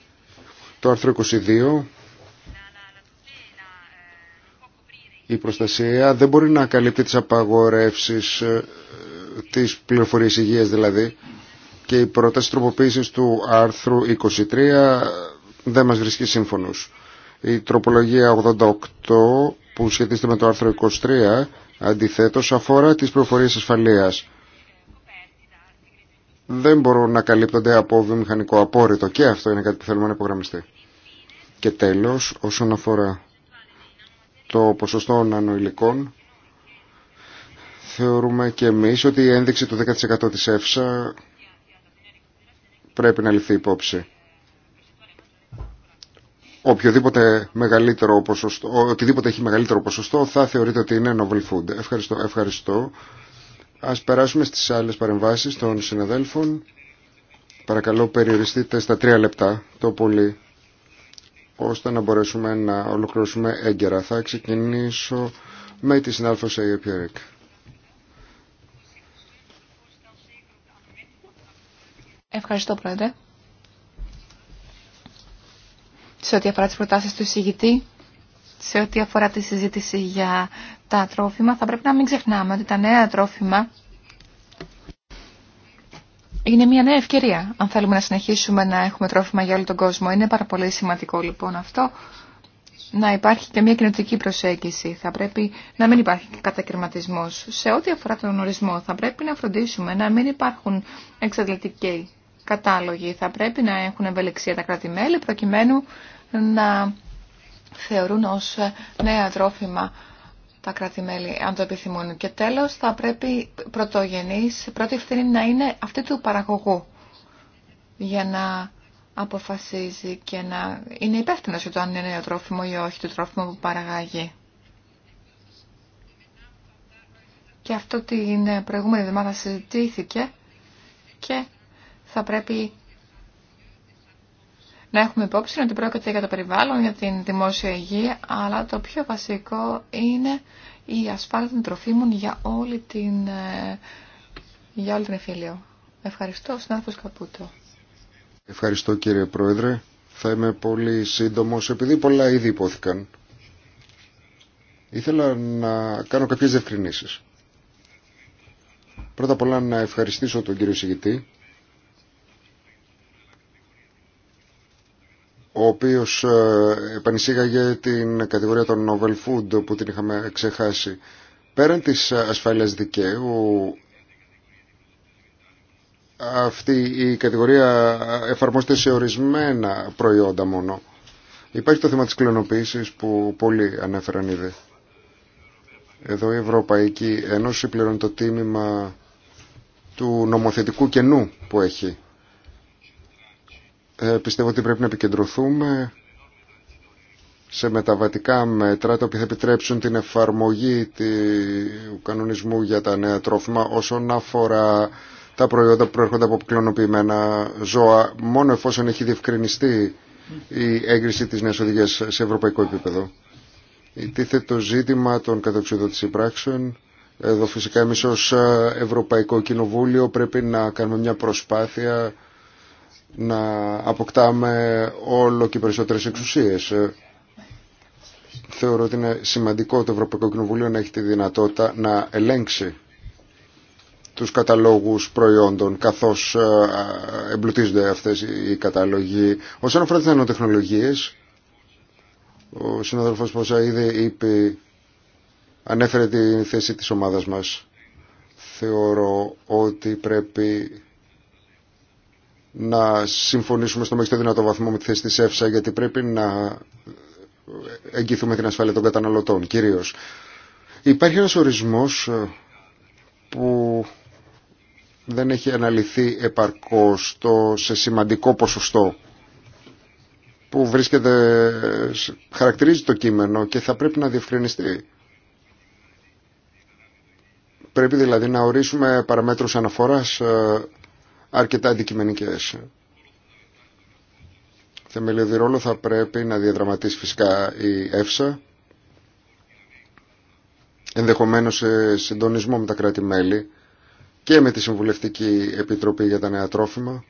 Το άρθρο 22. Η προστασία δεν μπορεί να καλύπτει τις απαγορεύσεις ε, της πληροφορίας υγείας δηλαδή και η πρόταση τροποποίησης του άρθρου 23 ε, δεν μας βρίσκει σύμφωνος. Η τροπολογία 88 που σχετίζεται με το άρθρο 23 αντιθέτως αφορά τις πληροφορίες ασφαλείας δεν μπορούν να καλύπτονται από βιομηχανικό απόρριτο και αυτό είναι κάτι που θέλουμε να υπογραμμιστεί. Και τέλος, όσον αφορά το ποσοστό νανοηλικών, θεωρούμε και εμείς ότι η ένδειξη του 10% της ΕΦΣΑ πρέπει να ληφθεί υπόψη. Οποιοδήποτε μεγαλύτερο ποσοστό, οτιδήποτε έχει μεγαλύτερο ποσοστό θα θεωρείται ότι είναι novel food. Ευχαριστώ. ευχαριστώ. Ας περάσουμε στις άλλες παρεμβάσεις των συναδέλφων. Παρακαλώ περιοριστείτε στα τρία λεπτά το πολύ, ώστε να μπορέσουμε να ολοκληρώσουμε έγκαιρα. Θα ξεκινήσω με τη συνάδελφο Σέγια Ευχαριστώ, Πρόεδρε. Σε ό,τι αφορά τις προτάσεις του εισηγητή, σε ό,τι αφορά τη συζήτηση για τα τρόφιμα, θα πρέπει να μην ξεχνάμε ότι τα νέα τρόφιμα είναι μια νέα ευκαιρία, αν θέλουμε να συνεχίσουμε να έχουμε τρόφιμα για όλο τον κόσμο. Είναι πάρα πολύ σημαντικό λοιπόν αυτό να υπάρχει και μια κοινωτική προσέγγιση. Θα πρέπει να μην υπάρχει κατακαιρματισμό. Σε ό,τι αφορά τον ορισμό, θα πρέπει να φροντίσουμε να μην υπάρχουν εξαντλητικοί κατάλογοι. Θα πρέπει να έχουν ευελιξία τα κράτη-μέλη προκειμένου να θεωρούν ως ε, νέα τρόφιμα τα κράτη-μέλη, αν το επιθυμούν. Και τέλος, θα πρέπει πρωτογενής, πρώτη ευθύνη να είναι αυτή του παραγωγού, για να αποφασίζει και να είναι υπεύθυνος για το αν είναι νέο τρόφιμο ή όχι, το τρόφιμο που παραγάγει. Και αυτό την προηγούμενη εβδομάδα συζητήθηκε και θα πρέπει να έχουμε υπόψη ότι πρόκειται για το περιβάλλον, για την δημόσια υγεία, αλλά το πιο βασικό είναι η ασφάλεια των τροφίμων για όλη την, ε, για όλη εφήλιο. Ευχαριστώ, συνάδελφος Καπούτο. Ευχαριστώ κύριε Πρόεδρε. Θα είμαι πολύ σύντομος, επειδή πολλά ήδη υπόθηκαν. Ήθελα να κάνω κάποιες διευκρινήσεις. Πρώτα απ' όλα να ευχαριστήσω τον κύριο Σιγητή ο οποίος ε, επανησύγαγε την κατηγορία των novel food που την είχαμε ξεχάσει. Πέραν της ασφάλειας δικαίου, αυτή η κατηγορία εφαρμόζεται σε ορισμένα προϊόντα μόνο. Υπάρχει το θέμα της κλωνοποίησης που πολλοί ανέφεραν ήδη. Εδώ η Ευρωπαϊκή Ένωση πληρώνει το τίμημα του νομοθετικού κενού που έχει ε, πιστεύω ότι πρέπει να επικεντρωθούμε σε μεταβατικά μέτρα τα οποία θα επιτρέψουν την εφαρμογή του κανονισμού για τα νέα τρόφιμα όσον αφορά τα προϊόντα που προέρχονται από κλωνοποιημένα ζώα μόνο εφόσον έχει διευκρινιστεί η έγκριση της νέας οδηγίας σε ευρωπαϊκό επίπεδο. Η το ζήτημα των κατεξοδότηση πράξεων. Εδώ φυσικά εμείς ως Ευρωπαϊκό Κοινοβούλιο πρέπει να κάνουμε μια προσπάθεια να αποκτάμε όλο και περισσότερες εξουσίες. Ε, θεωρώ ότι είναι σημαντικό το Ευρωπαϊκό Κοινοβούλιο να έχει τη δυνατότητα να ελέγξει τους καταλόγους προϊόντων καθώς ε, εμπλουτίζονται αυτές οι καταλογοί. Όσον αφορά τις νανοτεχνολογίες, ο συνάδελφος Πόσα ήδη είπε, ανέφερε τη θέση της ομάδας μας. Θεωρώ ότι πρέπει να συμφωνήσουμε στο μέγιστο δυνατό βαθμό με τη θέση της ΕΦΣΑ γιατί πρέπει να εγγυηθούμε την ασφάλεια των καταναλωτών κυρίως. Υπάρχει ένας ορισμός ε, που δεν έχει αναλυθεί επαρκώς σε σημαντικό ποσοστό που βρίσκεται, χαρακτηρίζει το κείμενο και θα πρέπει να διευκρινιστεί. Πρέπει δηλαδή να ορίσουμε παραμέτρους αναφοράς ε, αρκετά αντικειμενικές. Θεμελιώδη ρόλο θα πρέπει να διαδραματίσει φυσικά η ΕΦΣΑ, ενδεχομένως σε συντονισμό με τα κράτη-μέλη και με τη Συμβουλευτική Επιτροπή για τα Νέα Τρόφιμα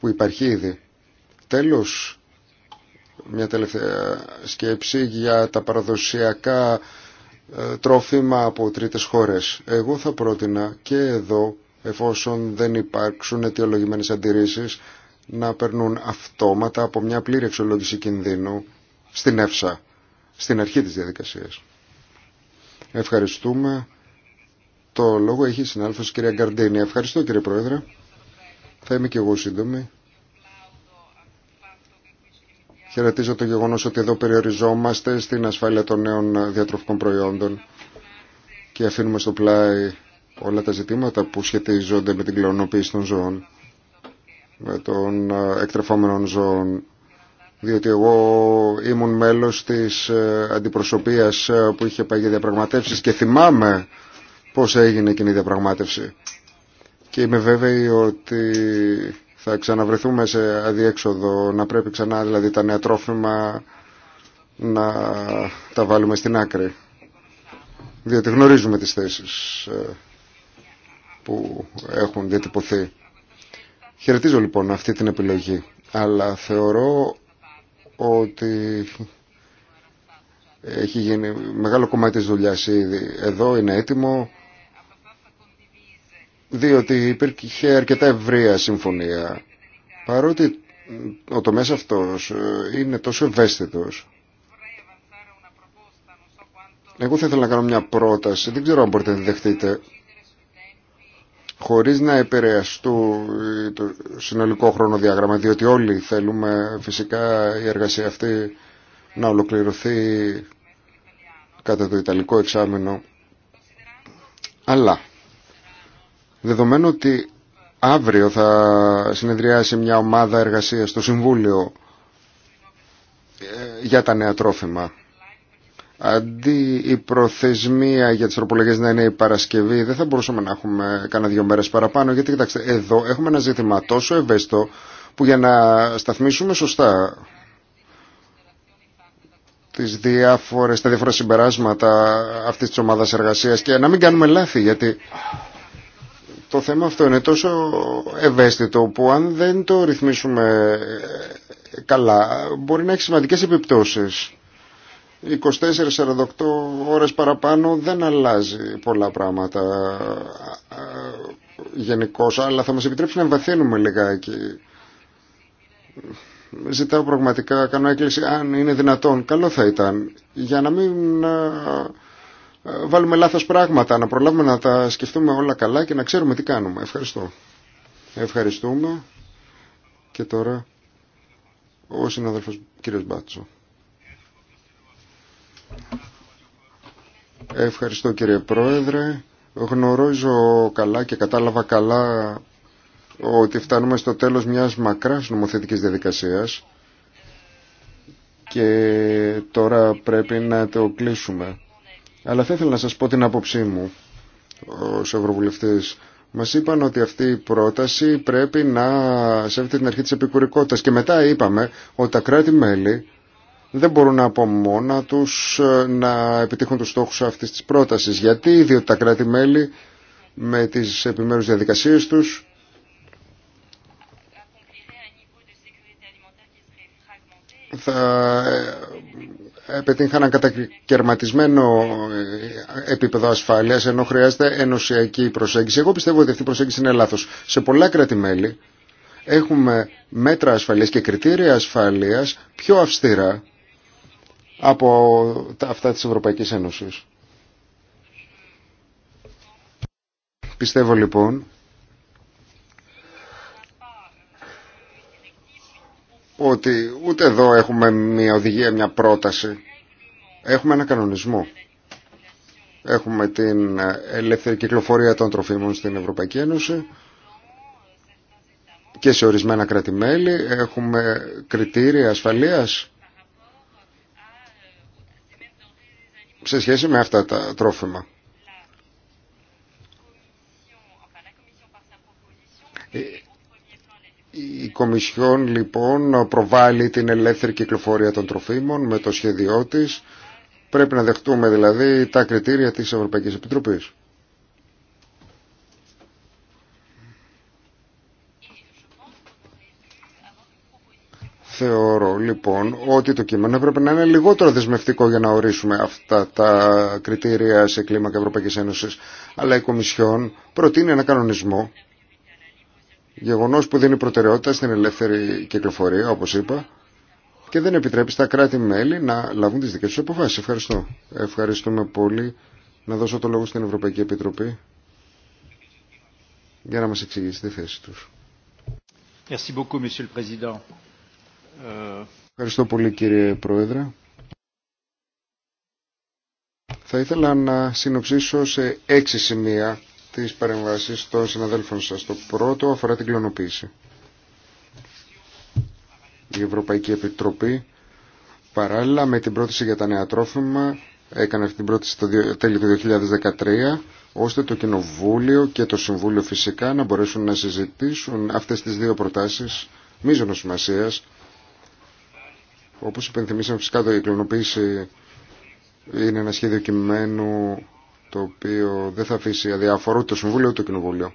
που υπάρχει ήδη. Τέλος, μια τελευταία σκέψη για τα παραδοσιακά ε, τρόφιμα από τρίτες χώρες. Εγώ θα πρότεινα και εδώ εφόσον δεν υπάρξουν αιτιολογημένες αντιρρήσεις, να περνούν αυτόματα από μια πλήρη αξιολόγηση κινδύνου στην ΕΦΣΑ, στην αρχή της διαδικασίας. Ευχαριστούμε. Το λόγο έχει η συνάλφωση κυρία Γκαρντίνη. Ευχαριστώ κύριε Πρόεδρε. Θα είμαι και εγώ σύντομη. Χαιρετίζω το γεγονός ότι εδώ περιοριζόμαστε στην ασφάλεια των νέων διατροφικών προϊόντων και αφήνουμε στο πλάι όλα τα ζητήματα που σχετίζονται με την κλεονοποίηση των ζώων, με των ε, εκτρεφόμενων ζώων, διότι εγώ ήμουν μέλος της ε, αντιπροσωπείας ε, που είχε πάει για διαπραγματεύσεις και θυμάμαι πώς έγινε εκείνη η διαπραγμάτευση. Και είμαι βέβαιη ότι θα ξαναβρεθούμε σε αδιέξοδο, να πρέπει ξανά δηλαδή τα νέα τρόφιμα να τα βάλουμε στην άκρη. Διότι γνωρίζουμε τις θέσεις που έχουν διατυπωθεί. Χαιρετίζω λοιπόν αυτή την επιλογή, αλλά θεωρώ ότι έχει γίνει μεγάλο κομμάτι της δουλειάς ήδη. Εδώ είναι έτοιμο, διότι υπήρχε αρκετά ευρεία συμφωνία. Παρότι ο τομέας αυτός είναι τόσο ευαίσθητος, εγώ θα ήθελα να κάνω μια πρόταση, δεν ξέρω αν μπορείτε να δεχτείτε χωρίς να επηρεαστούν το συνολικό χρονοδιάγραμμα, διότι όλοι θέλουμε φυσικά η εργασία αυτή να ολοκληρωθεί κατά το Ιταλικό εξάμεινο. Αλλά, δεδομένου ότι αύριο θα συνεδριάσει μια ομάδα εργασίας στο Συμβούλιο ε, για τα νέα τρόφιμα Αντί η προθεσμία για τις τροπολογίες να είναι η Παρασκευή, δεν θα μπορούσαμε να έχουμε κάνα δύο μέρες παραπάνω, γιατί κοιτάξτε, εδώ έχουμε ένα ζήτημα τόσο ευαίσθητο που για να σταθμίσουμε σωστά τις διάφορες, τα διάφορα συμπεράσματα αυτής της ομάδας εργασίας και να μην κάνουμε λάθη, γιατί το θέμα αυτό είναι τόσο ευαίσθητο που αν δεν το ρυθμίσουμε καλά μπορεί να έχει σημαντικές επιπτώσεις 24-48 ώρες παραπάνω δεν αλλάζει πολλά πράγματα ε, ε, γενικώ, αλλά θα μας επιτρέψει να εμβαθύνουμε λιγάκι. Ζητάω πραγματικά, κάνω έκκληση, αν είναι δυνατόν, καλό θα ήταν, για να μην ε, βάλουμε λάθος πράγματα, να προλάβουμε να τα σκεφτούμε όλα καλά και να ξέρουμε τι κάνουμε. Ευχαριστώ. Ευχαριστούμε. Και τώρα ο συνάδελφος κύριος Μπάτσο. Ευχαριστώ κύριε Πρόεδρε. Γνωρίζω καλά και κατάλαβα καλά ότι φτάνουμε στο τέλος μιας μακράς νομοθετικής διαδικασίας και τώρα πρέπει να το κλείσουμε. Αλλά θα ήθελα να σας πω την άποψή μου ως Ευρωβουλευτής. Μας είπαν ότι αυτή η πρόταση πρέπει να σέβεται την αρχή της επικουρικότητας και μετά είπαμε ότι τα κράτη-μέλη δεν μπορούν από μόνα τους ε, να επιτύχουν τους στόχους αυτής της πρότασης. Γιατί, διότι τα κράτη-μέλη με τις επιμέρους διαδικασίες τους θα ε, επιτύχαν ένα κατακαιρματισμένο ε, επίπεδο ασφάλειας ενώ χρειάζεται ενωσιακή προσέγγιση. Εγώ πιστεύω ότι αυτή η προσέγγιση είναι λάθος. Σε πολλά κράτη-μέλη έχουμε μέτρα ασφαλείας και κριτήρια ασφαλείας πιο αυστηρά από αυτά της Ευρωπαϊκής Ένωσης. Πιστεύω λοιπόν ότι ούτε εδώ έχουμε μια οδηγία, μια πρόταση. Έχουμε ένα κανονισμό. Έχουμε την ελεύθερη κυκλοφορία των τροφίμων στην Ευρωπαϊκή Ένωση και σε ορισμένα κράτη-μέλη. Έχουμε κριτήρια ασφαλείας σε σχέση με αυτά τα τρόφιμα. Ε, η Κομισιόν λοιπόν προβάλλει την ελεύθερη κυκλοφορία των τροφίμων με το σχέδιό της. Πρέπει να δεχτούμε δηλαδή τα κριτήρια της Ευρωπαϊκής Επιτροπής. Θεωρώ λοιπόν ότι το κείμενο έπρεπε να είναι λιγότερο δεσμευτικό για να ορίσουμε αυτά τα κριτήρια σε κλίμακα Ευρωπαϊκή Ένωση, Αλλά η Κομισιόν προτείνει ένα κανονισμό, γεγονός που δίνει προτεραιότητα στην ελεύθερη κυκλοφορία, όπως είπα, και δεν επιτρέπει στα κράτη-μέλη να λάβουν τις δικές τους αποφάσεις. Ευχαριστώ. Ευχαριστούμε πολύ. Να δώσω το λόγο στην Ευρωπαϊκή Επιτροπή για να μας εξηγήσει τη θέση τους. Merci beaucoup, Monsieur le Ευχαριστώ πολύ κύριε Πρόεδρε. Θα ήθελα να συνοψίσω σε έξι σημεία τις παρεμβάσεις των συναδέλφων σας. Το πρώτο αφορά την κλωνοποίηση. Η Ευρωπαϊκή Επιτροπή παράλληλα με την πρόταση για τα νέα τρόφιμα έκανε αυτή την πρόταση το τέλη του 2013 ώστε το Κοινοβούλιο και το Συμβούλιο φυσικά να μπορέσουν να συζητήσουν αυτές τις δύο προτάσεις μείζωνος σημασίας όπως υπενθυμίσαμε φυσικά το εκλογοποίηση είναι ένα σχέδιο κειμένου το οποίο δεν θα αφήσει αδιαφορό το Συμβούλιο ούτε το Κοινοβούλιο.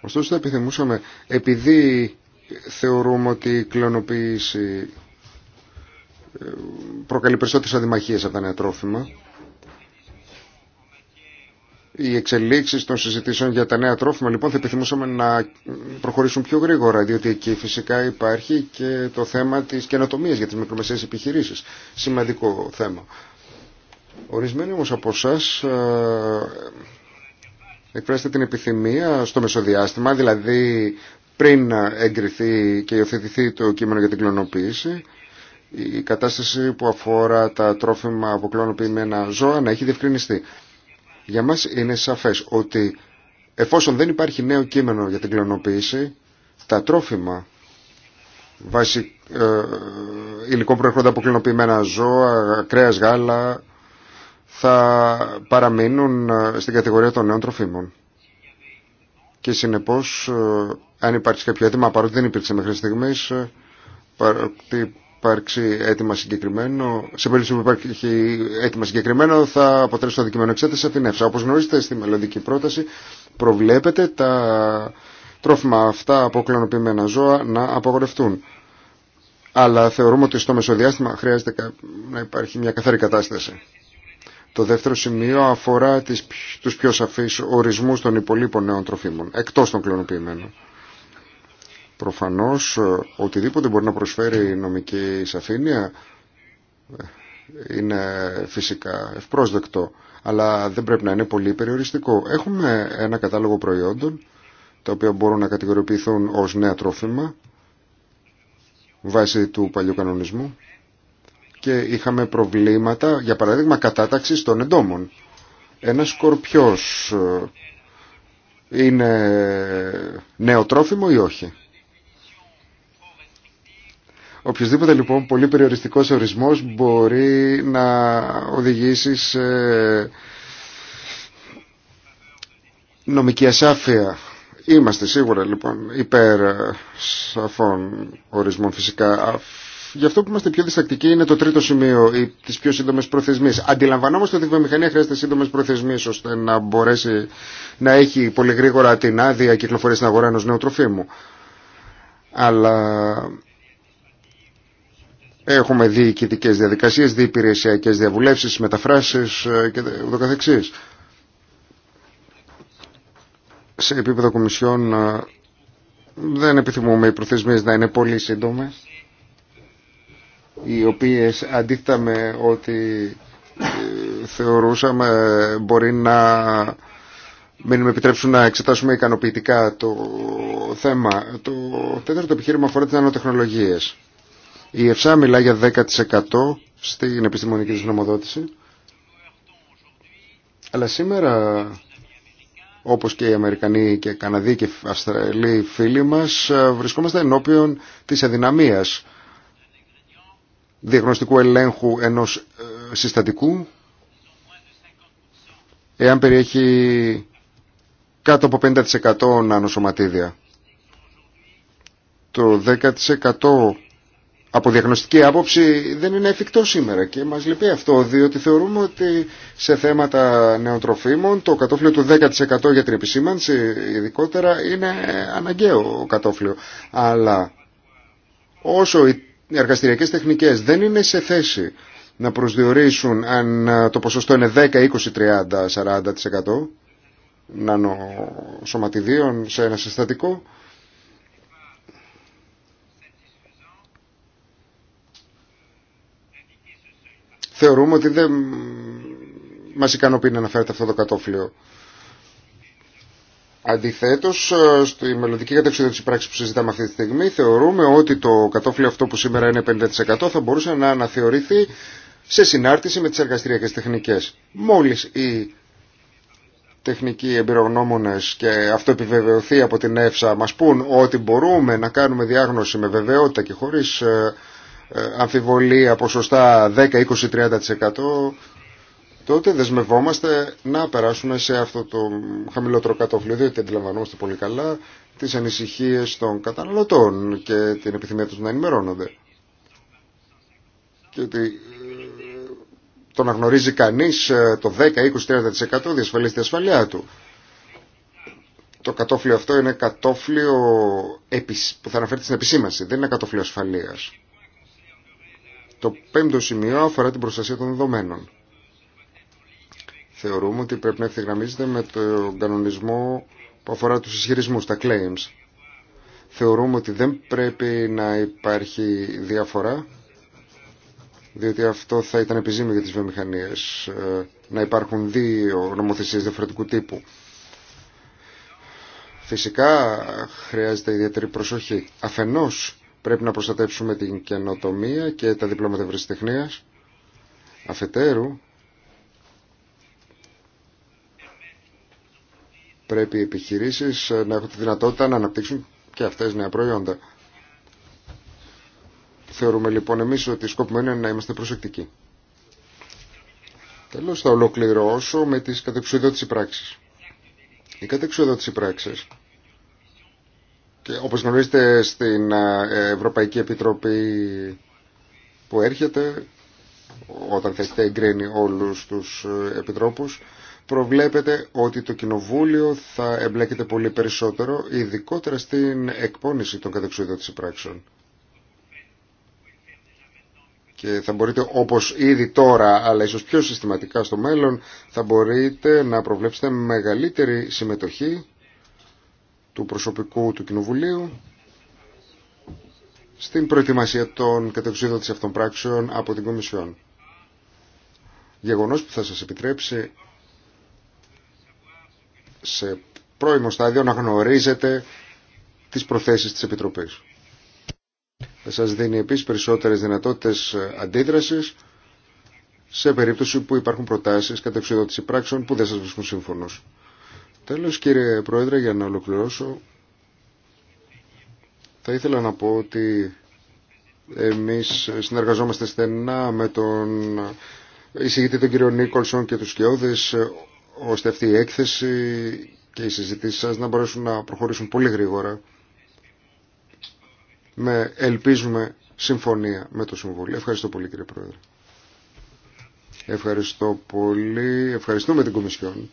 Ωστόσο θα επιθυμούσαμε, επειδή θεωρούμε ότι η κλωνοποίηση ε, προκαλεί περισσότερες αντιμαχιες από τα νέα τρόφιμα, οι εξελίξει των συζητήσεων για τα νέα τρόφιμα λοιπόν θα επιθυμούσαμε να προχωρήσουν πιο γρήγορα διότι εκεί φυσικά υπάρχει και το θέμα τη καινοτομία για τι μικρομεσαίε επιχειρήσει. Σημαντικό θέμα. Ορισμένοι όμω από εσά ε, εκφράσετε την επιθυμία στο μεσοδιάστημα, δηλαδή πριν εγκριθεί και υιοθετηθεί το κείμενο για την κλωνοποίηση, η κατάσταση που αφορά τα τρόφιμα αποκλωνοποιημένα ζώα να έχει διευκρινιστεί. Για μας είναι σαφές ότι εφόσον δεν υπάρχει νέο κείμενο για την κλωνοποίηση, τα τρόφιμα βάσει ε, υλικών προερχόντων από κλωνοποιημένα ζώα, κρέας, γάλα, θα παραμείνουν ε, στην κατηγορία των νέων τροφίμων. Και συνεπώς, ε, αν υπάρχει κάποιο έτοιμα, παρότι δεν υπήρξε μέχρι στιγμής, ε, παρότι υπάρξει έτοιμα συγκεκριμένο, σε περίπτωση που υπάρχει έτοιμα συγκεκριμένο, θα αποτρέψει το αντικείμενο εξέταση από την ΕΦΣΑ. Όπω γνωρίζετε, στη μελλοντική πρόταση προβλέπεται τα τρόφιμα αυτά από κλωνοποιημένα ζώα να απογορευτούν. Αλλά θεωρούμε ότι στο μεσοδιάστημα χρειάζεται να υπάρχει μια καθαρή κατάσταση. Το δεύτερο σημείο αφορά τις, τους πιο σαφείς ορισμούς των υπολείπων νέων τροφίμων, εκτός των κλωνοποιημένων. Προφανώς ε, οτιδήποτε μπορεί να προσφέρει η νομική σαφήνεια ε, είναι φυσικά ευπρόσδεκτο, αλλά δεν πρέπει να είναι πολύ περιοριστικό. Έχουμε ένα κατάλογο προϊόντων, τα οποία μπορούν να κατηγοριοποιηθούν ως νέα τρόφιμα, βάσει του παλιού κανονισμού, και είχαμε προβλήματα, για παράδειγμα, κατάταξης των εντόμων. Ένα σκορπιός ε, είναι νέο τρόφιμο ή όχι. Οποιοςδήποτε λοιπόν πολύ περιοριστικός ορισμός μπορεί να οδηγήσει σε νομική ασάφεια. Είμαστε σίγουρα λοιπόν υπέρ σαφών ορισμών φυσικά. Γι' αυτό που είμαστε πιο διστακτικοί είναι το τρίτο σημείο, τη πιο σύντομε προθεσμίε. Αντιλαμβανόμαστε ότι η βιομηχανία χρειάζεται σύντομε προθεσμίε ώστε να μπορέσει να έχει πολύ γρήγορα την άδεια κυκλοφορία στην αγορά ενό νέου τροφίμου. Αλλά Έχουμε διοικητικέ διαδικασίε, διυπηρεσιακέ διαβουλεύσει, μεταφράσει ε, και ούτω καθεξής. Σε επίπεδο κομισιών ε, δεν επιθυμούμε οι προθεσμίες να είναι πολύ σύντομε, οι οποίες αντίθετα με ότι ε, θεωρούσαμε μπορεί να μην με επιτρέψουν να εξετάσουμε ικανοποιητικά το θέμα. Το τέταρτο επιχείρημα αφορά τις νανοτεχνολογίες. Η ΕΦΣΑ μιλά για 10% στην επιστημονική της νομοδότηση. Αλλά σήμερα, όπως και οι Αμερικανοί και οι Καναδοί και οι Αυστραλοί φίλοι μας, βρισκόμαστε ενώπιον της αδυναμίας διαγνωστικού ελέγχου ενός ε, συστατικού, εάν περιέχει κάτω από 50% νανοσωματίδια. Το 10% από διαγνωστική άποψη δεν είναι εφικτό σήμερα και μας λυπεί αυτό διότι θεωρούμε ότι σε θέματα νεοτροφίμων το κατόφλιο του 10% για την επισήμανση ειδικότερα είναι αναγκαίο κατόφλιο αλλά όσο οι εργαστηριακές τεχνικές δεν είναι σε θέση να προσδιορίσουν αν ε, το ποσοστό είναι 10, 20, 30, 40% νανοσωματιδίων σε ένα συστατικό θεωρούμε ότι δεν μας ικανοποιεί να αναφέρεται αυτό το κατόφλιο. Αντιθέτω, ε, στη μελλοντική κατεξοδότηση πράξη που συζητάμε αυτή τη στιγμή, θεωρούμε ότι το κατόφλιο αυτό που σήμερα είναι 50% θα μπορούσε να αναθεωρηθεί σε συνάρτηση με τις εργαστηριακές τεχνικές. Μόλις οι τεχνικοί εμπειρογνώμονες και αυτό επιβεβαιωθεί από την ΕΦΣΑ μας πούν ότι μπορούμε να κάνουμε διάγνωση με βεβαιότητα και χωρίς ε, ε, αμφιβολία ποσοστά 10, 20, 30% τότε δεσμευόμαστε να περάσουμε σε αυτό το χαμηλότερο κατόφλιο, διότι αντιλαμβανόμαστε πολύ καλά τις ανησυχίες των καταναλωτών και την επιθυμία τους να ενημερώνονται. Και ότι ε, το να γνωρίζει κανείς ε, το 10, 20, 30% διασφαλίζει τη ασφαλειά του. Το κατόφλιο αυτό είναι κατόφλιο που θα αναφέρεται στην επισήμαση δεν είναι κατόφλιο ασφαλείας. Το πέμπτο σημείο αφορά την προστασία των δεδομένων. Θεωρούμε ότι πρέπει να ευθυγραμμίζεται με τον κανονισμό που αφορά τους ισχυρισμού, τα claims. Θεωρούμε ότι δεν πρέπει να υπάρχει διαφορά, διότι αυτό θα ήταν επιζήμιο για τις βιομηχανίες, ε, να υπάρχουν δύο νομοθεσίες διαφορετικού τύπου. Φυσικά χρειάζεται ιδιαίτερη προσοχή. Αφενός Πρέπει να προστατεύσουμε την καινοτομία και τα διπλώματα ευρεσιτεχνίας. Αφετέρου, πρέπει οι επιχειρήσεις να έχουν τη δυνατότητα να αναπτύξουν και αυτές νέα προϊόντα. Θεωρούμε λοιπόν εμείς ότι σκόπιμο είναι να είμαστε προσεκτικοί. Τέλος θα ολοκληρώσω με τις κατεξουδότηση πράξεις. Οι κατεξουδότηση πράξεις και όπως γνωρίζετε στην ε, Ευρωπαϊκή Επιτροπή που έρχεται, όταν θέσετε εγκρίνει όλους τους ε, επιτρόπους, προβλέπετε ότι το Κοινοβούλιο θα εμπλέκεται πολύ περισσότερο, ειδικότερα στην εκπόνηση των της πράξεων. Και θα μπορείτε, όπως ήδη τώρα, αλλά ίσως πιο συστηματικά στο μέλλον, θα μπορείτε να προβλέψετε μεγαλύτερη συμμετοχή του προσωπικού του Κοινοβουλίου στην προετοιμασία των κατεξίδων αυτών αυτών από την Κομισιόν. Γεγονός που θα σας επιτρέψει σε πρώιμο στάδιο να γνωρίζετε τις προθέσεις της Επιτροπής. Θα σας δίνει επίσης περισσότερες δυνατότητες αντίδρασης σε περίπτωση που υπάρχουν προτάσεις κατεξοδότηση πράξεων που δεν σας βρίσκουν σύμφωνος. Τέλος κύριε Πρόεδρε για να ολοκληρώσω θα ήθελα να πω ότι εμείς συνεργαζόμαστε στενά με τον εισηγητή τον κύριο Νίκολσον και τους Σκιώδης ώστε αυτή η έκθεση και οι συζητήσεις σας να μπορέσουν να προχωρήσουν πολύ γρήγορα με ελπίζουμε συμφωνία με το Συμβούλιο. Ευχαριστώ πολύ κύριε Πρόεδρε. Ευχαριστώ πολύ. Ευχαριστούμε την Κομισιόν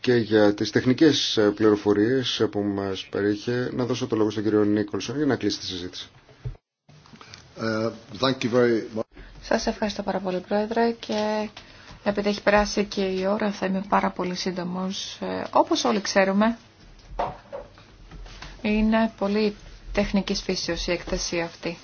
και για τις τεχνικές πληροφορίες που μας παρήχε να δώσω το λόγο στον κύριο Νίκολσον για να κλείσει τη συζήτηση. Ε, thank you very much. Σας ευχαριστώ πάρα πολύ Πρόεδρε και επειδή έχει περάσει και η ώρα θα είμαι πάρα πολύ σύντομος. Ε, όπως όλοι ξέρουμε είναι πολύ τεχνικής φύσεως η εκθεσία αυτή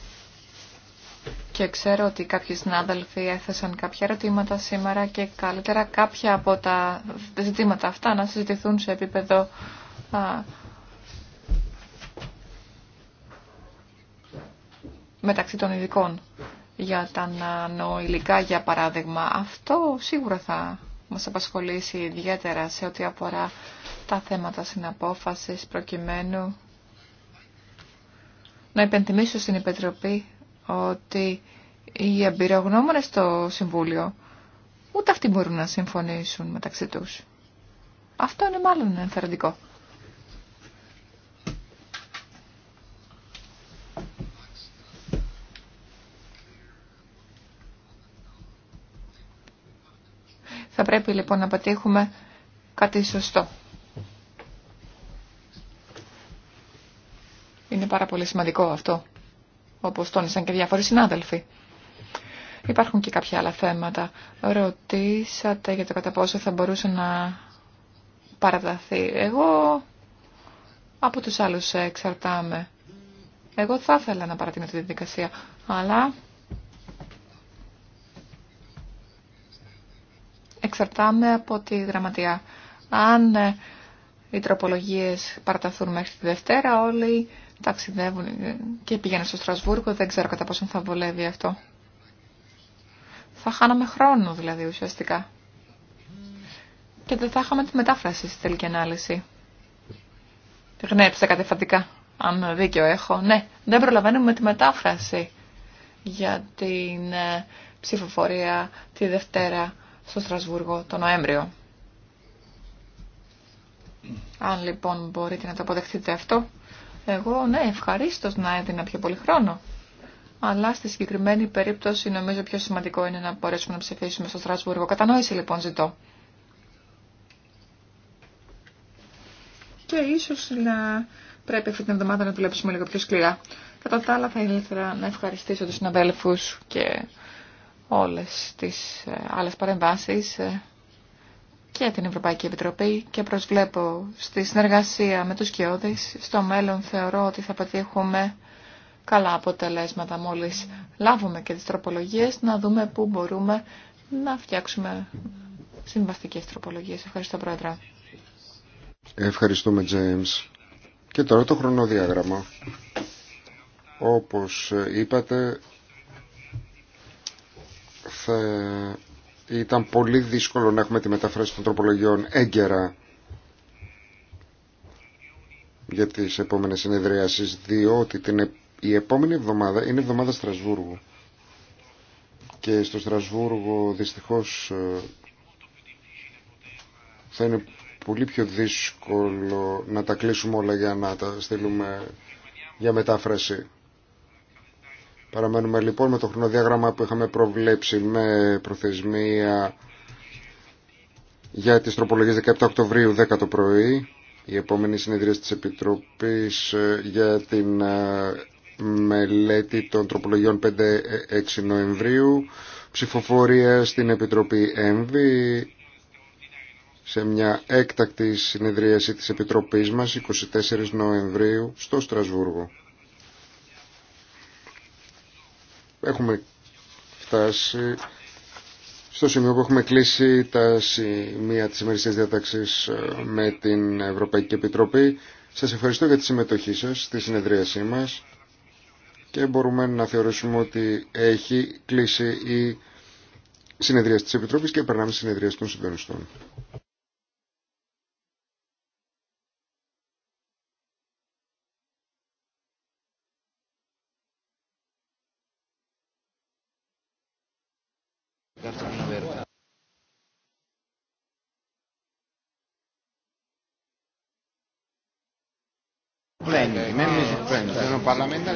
και ξέρω ότι κάποιοι συνάδελφοι έθεσαν κάποια ερωτήματα σήμερα και καλύτερα κάποια από τα ζητήματα αυτά να συζητηθούν σε επίπεδο μεταξύ των ειδικών για τα νοηλικά, για παράδειγμα. Αυτό σίγουρα θα μας απασχολήσει ιδιαίτερα σε ό,τι αφορά τα θέματα συναπόφασης προκειμένου να υπενθυμίσω στην Επιτροπή ότι οι εμπειρογνώμονες στο Συμβούλιο ούτε αυτοί μπορούν να συμφωνήσουν μεταξύ τους. Αυτό είναι μάλλον ενθαρρυντικό. Θα πρέπει λοιπόν να πετύχουμε κάτι σωστό. Είναι πάρα πολύ σημαντικό αυτό όπως τόνισαν και διάφοροι συνάδελφοι. Υπάρχουν και κάποια άλλα θέματα. Ρωτήσατε για το κατά πόσο θα μπορούσε να παραταθεί. Εγώ από τους άλλους εξαρτάμαι. Εγώ θα ήθελα να παρατείνω τη διαδικασία, αλλά εξαρτάμαι από τη γραμματεία. Αν οι τροπολογίες παραταθούν μέχρι τη Δευτέρα, όλοι ταξιδεύουν και πήγαινε στο Στρασβούργο, δεν ξέρω κατά πόσο θα βολεύει αυτό. Θα χάναμε χρόνο δηλαδή ουσιαστικά. Και δεν θα είχαμε τη μετάφραση στη τελική ανάλυση. Γνέψτε κατεφαντικά, αν δίκιο έχω. Ναι, δεν προλαβαίνουμε τη μετάφραση για την ε, ψηφοφορία τη Δευτέρα στο Στρασβούργο το Νοέμβριο. Αν λοιπόν μπορείτε να το αποδεχτείτε αυτό, εγώ ναι, ευχαρίστω να έδινα πιο πολύ χρόνο. Αλλά στη συγκεκριμένη περίπτωση νομίζω πιο σημαντικό είναι να μπορέσουμε να ψηφίσουμε στο Στρασβούργο. Κατανόηση λοιπόν ζητώ. Και ίσω να πρέπει αυτή την εβδομάδα να δουλέψουμε λίγο πιο σκληρά. Κατά τα άλλα θα ήθελα να ευχαριστήσω τους συναδέλφου και όλε τις ε, άλλε παρεμβάσει. Ε, και την Ευρωπαϊκή Επιτροπή και προσβλέπω στη συνεργασία με τους Κιώδης. Στο μέλλον θεωρώ ότι θα πετύχουμε καλά αποτελέσματα μόλις λάβουμε και τις τροπολογίες να δούμε πού μπορούμε να φτιάξουμε συμβαστικές τροπολογίες. Ευχαριστώ Πρόεδρα. Ευχαριστούμε James. Και τώρα το χρονοδιάγραμμα. Όπως είπατε θα ήταν πολύ δύσκολο να έχουμε τη μεταφράση των τροπολογιών έγκαιρα για τις επόμενες συνεδριάσεις, διότι την, η επόμενη εβδομάδα είναι εβδομάδα Στρασβούργου. Και στο Στρασβούργο δυστυχώς ε, θα είναι πολύ πιο δύσκολο να τα κλείσουμε όλα για να τα στείλουμε για μετάφραση. Παραμένουμε λοιπόν με το χρονοδιάγραμμα που είχαμε προβλέψει με προθεσμία για τις τροπολογίες 17 Οκτωβρίου 10 το πρωί. Η επόμενη συνεδρία της Επιτροπής ε, για την ε, μελέτη των τροπολογιών 5-6 ε, Νοεμβρίου. Ψηφοφορία στην Επιτροπή ΕΜΒΗ σε μια έκτακτη συνεδρίαση της Επιτροπής μας 24 Νοεμβρίου στο Στρασβούργο. έχουμε φτάσει στο σημείο που έχουμε κλείσει τα σημεία της ημερησίας διάταξης ε, με την Ευρωπαϊκή Επιτροπή. Σας ευχαριστώ για τη συμμετοχή σας στη συνεδρίασή μας και μπορούμε να θεωρήσουμε ότι έχει κλείσει η συνεδρίαση της Επιτροπής και περνάμε στη συνεδρία των συντονιστών. Parlamentar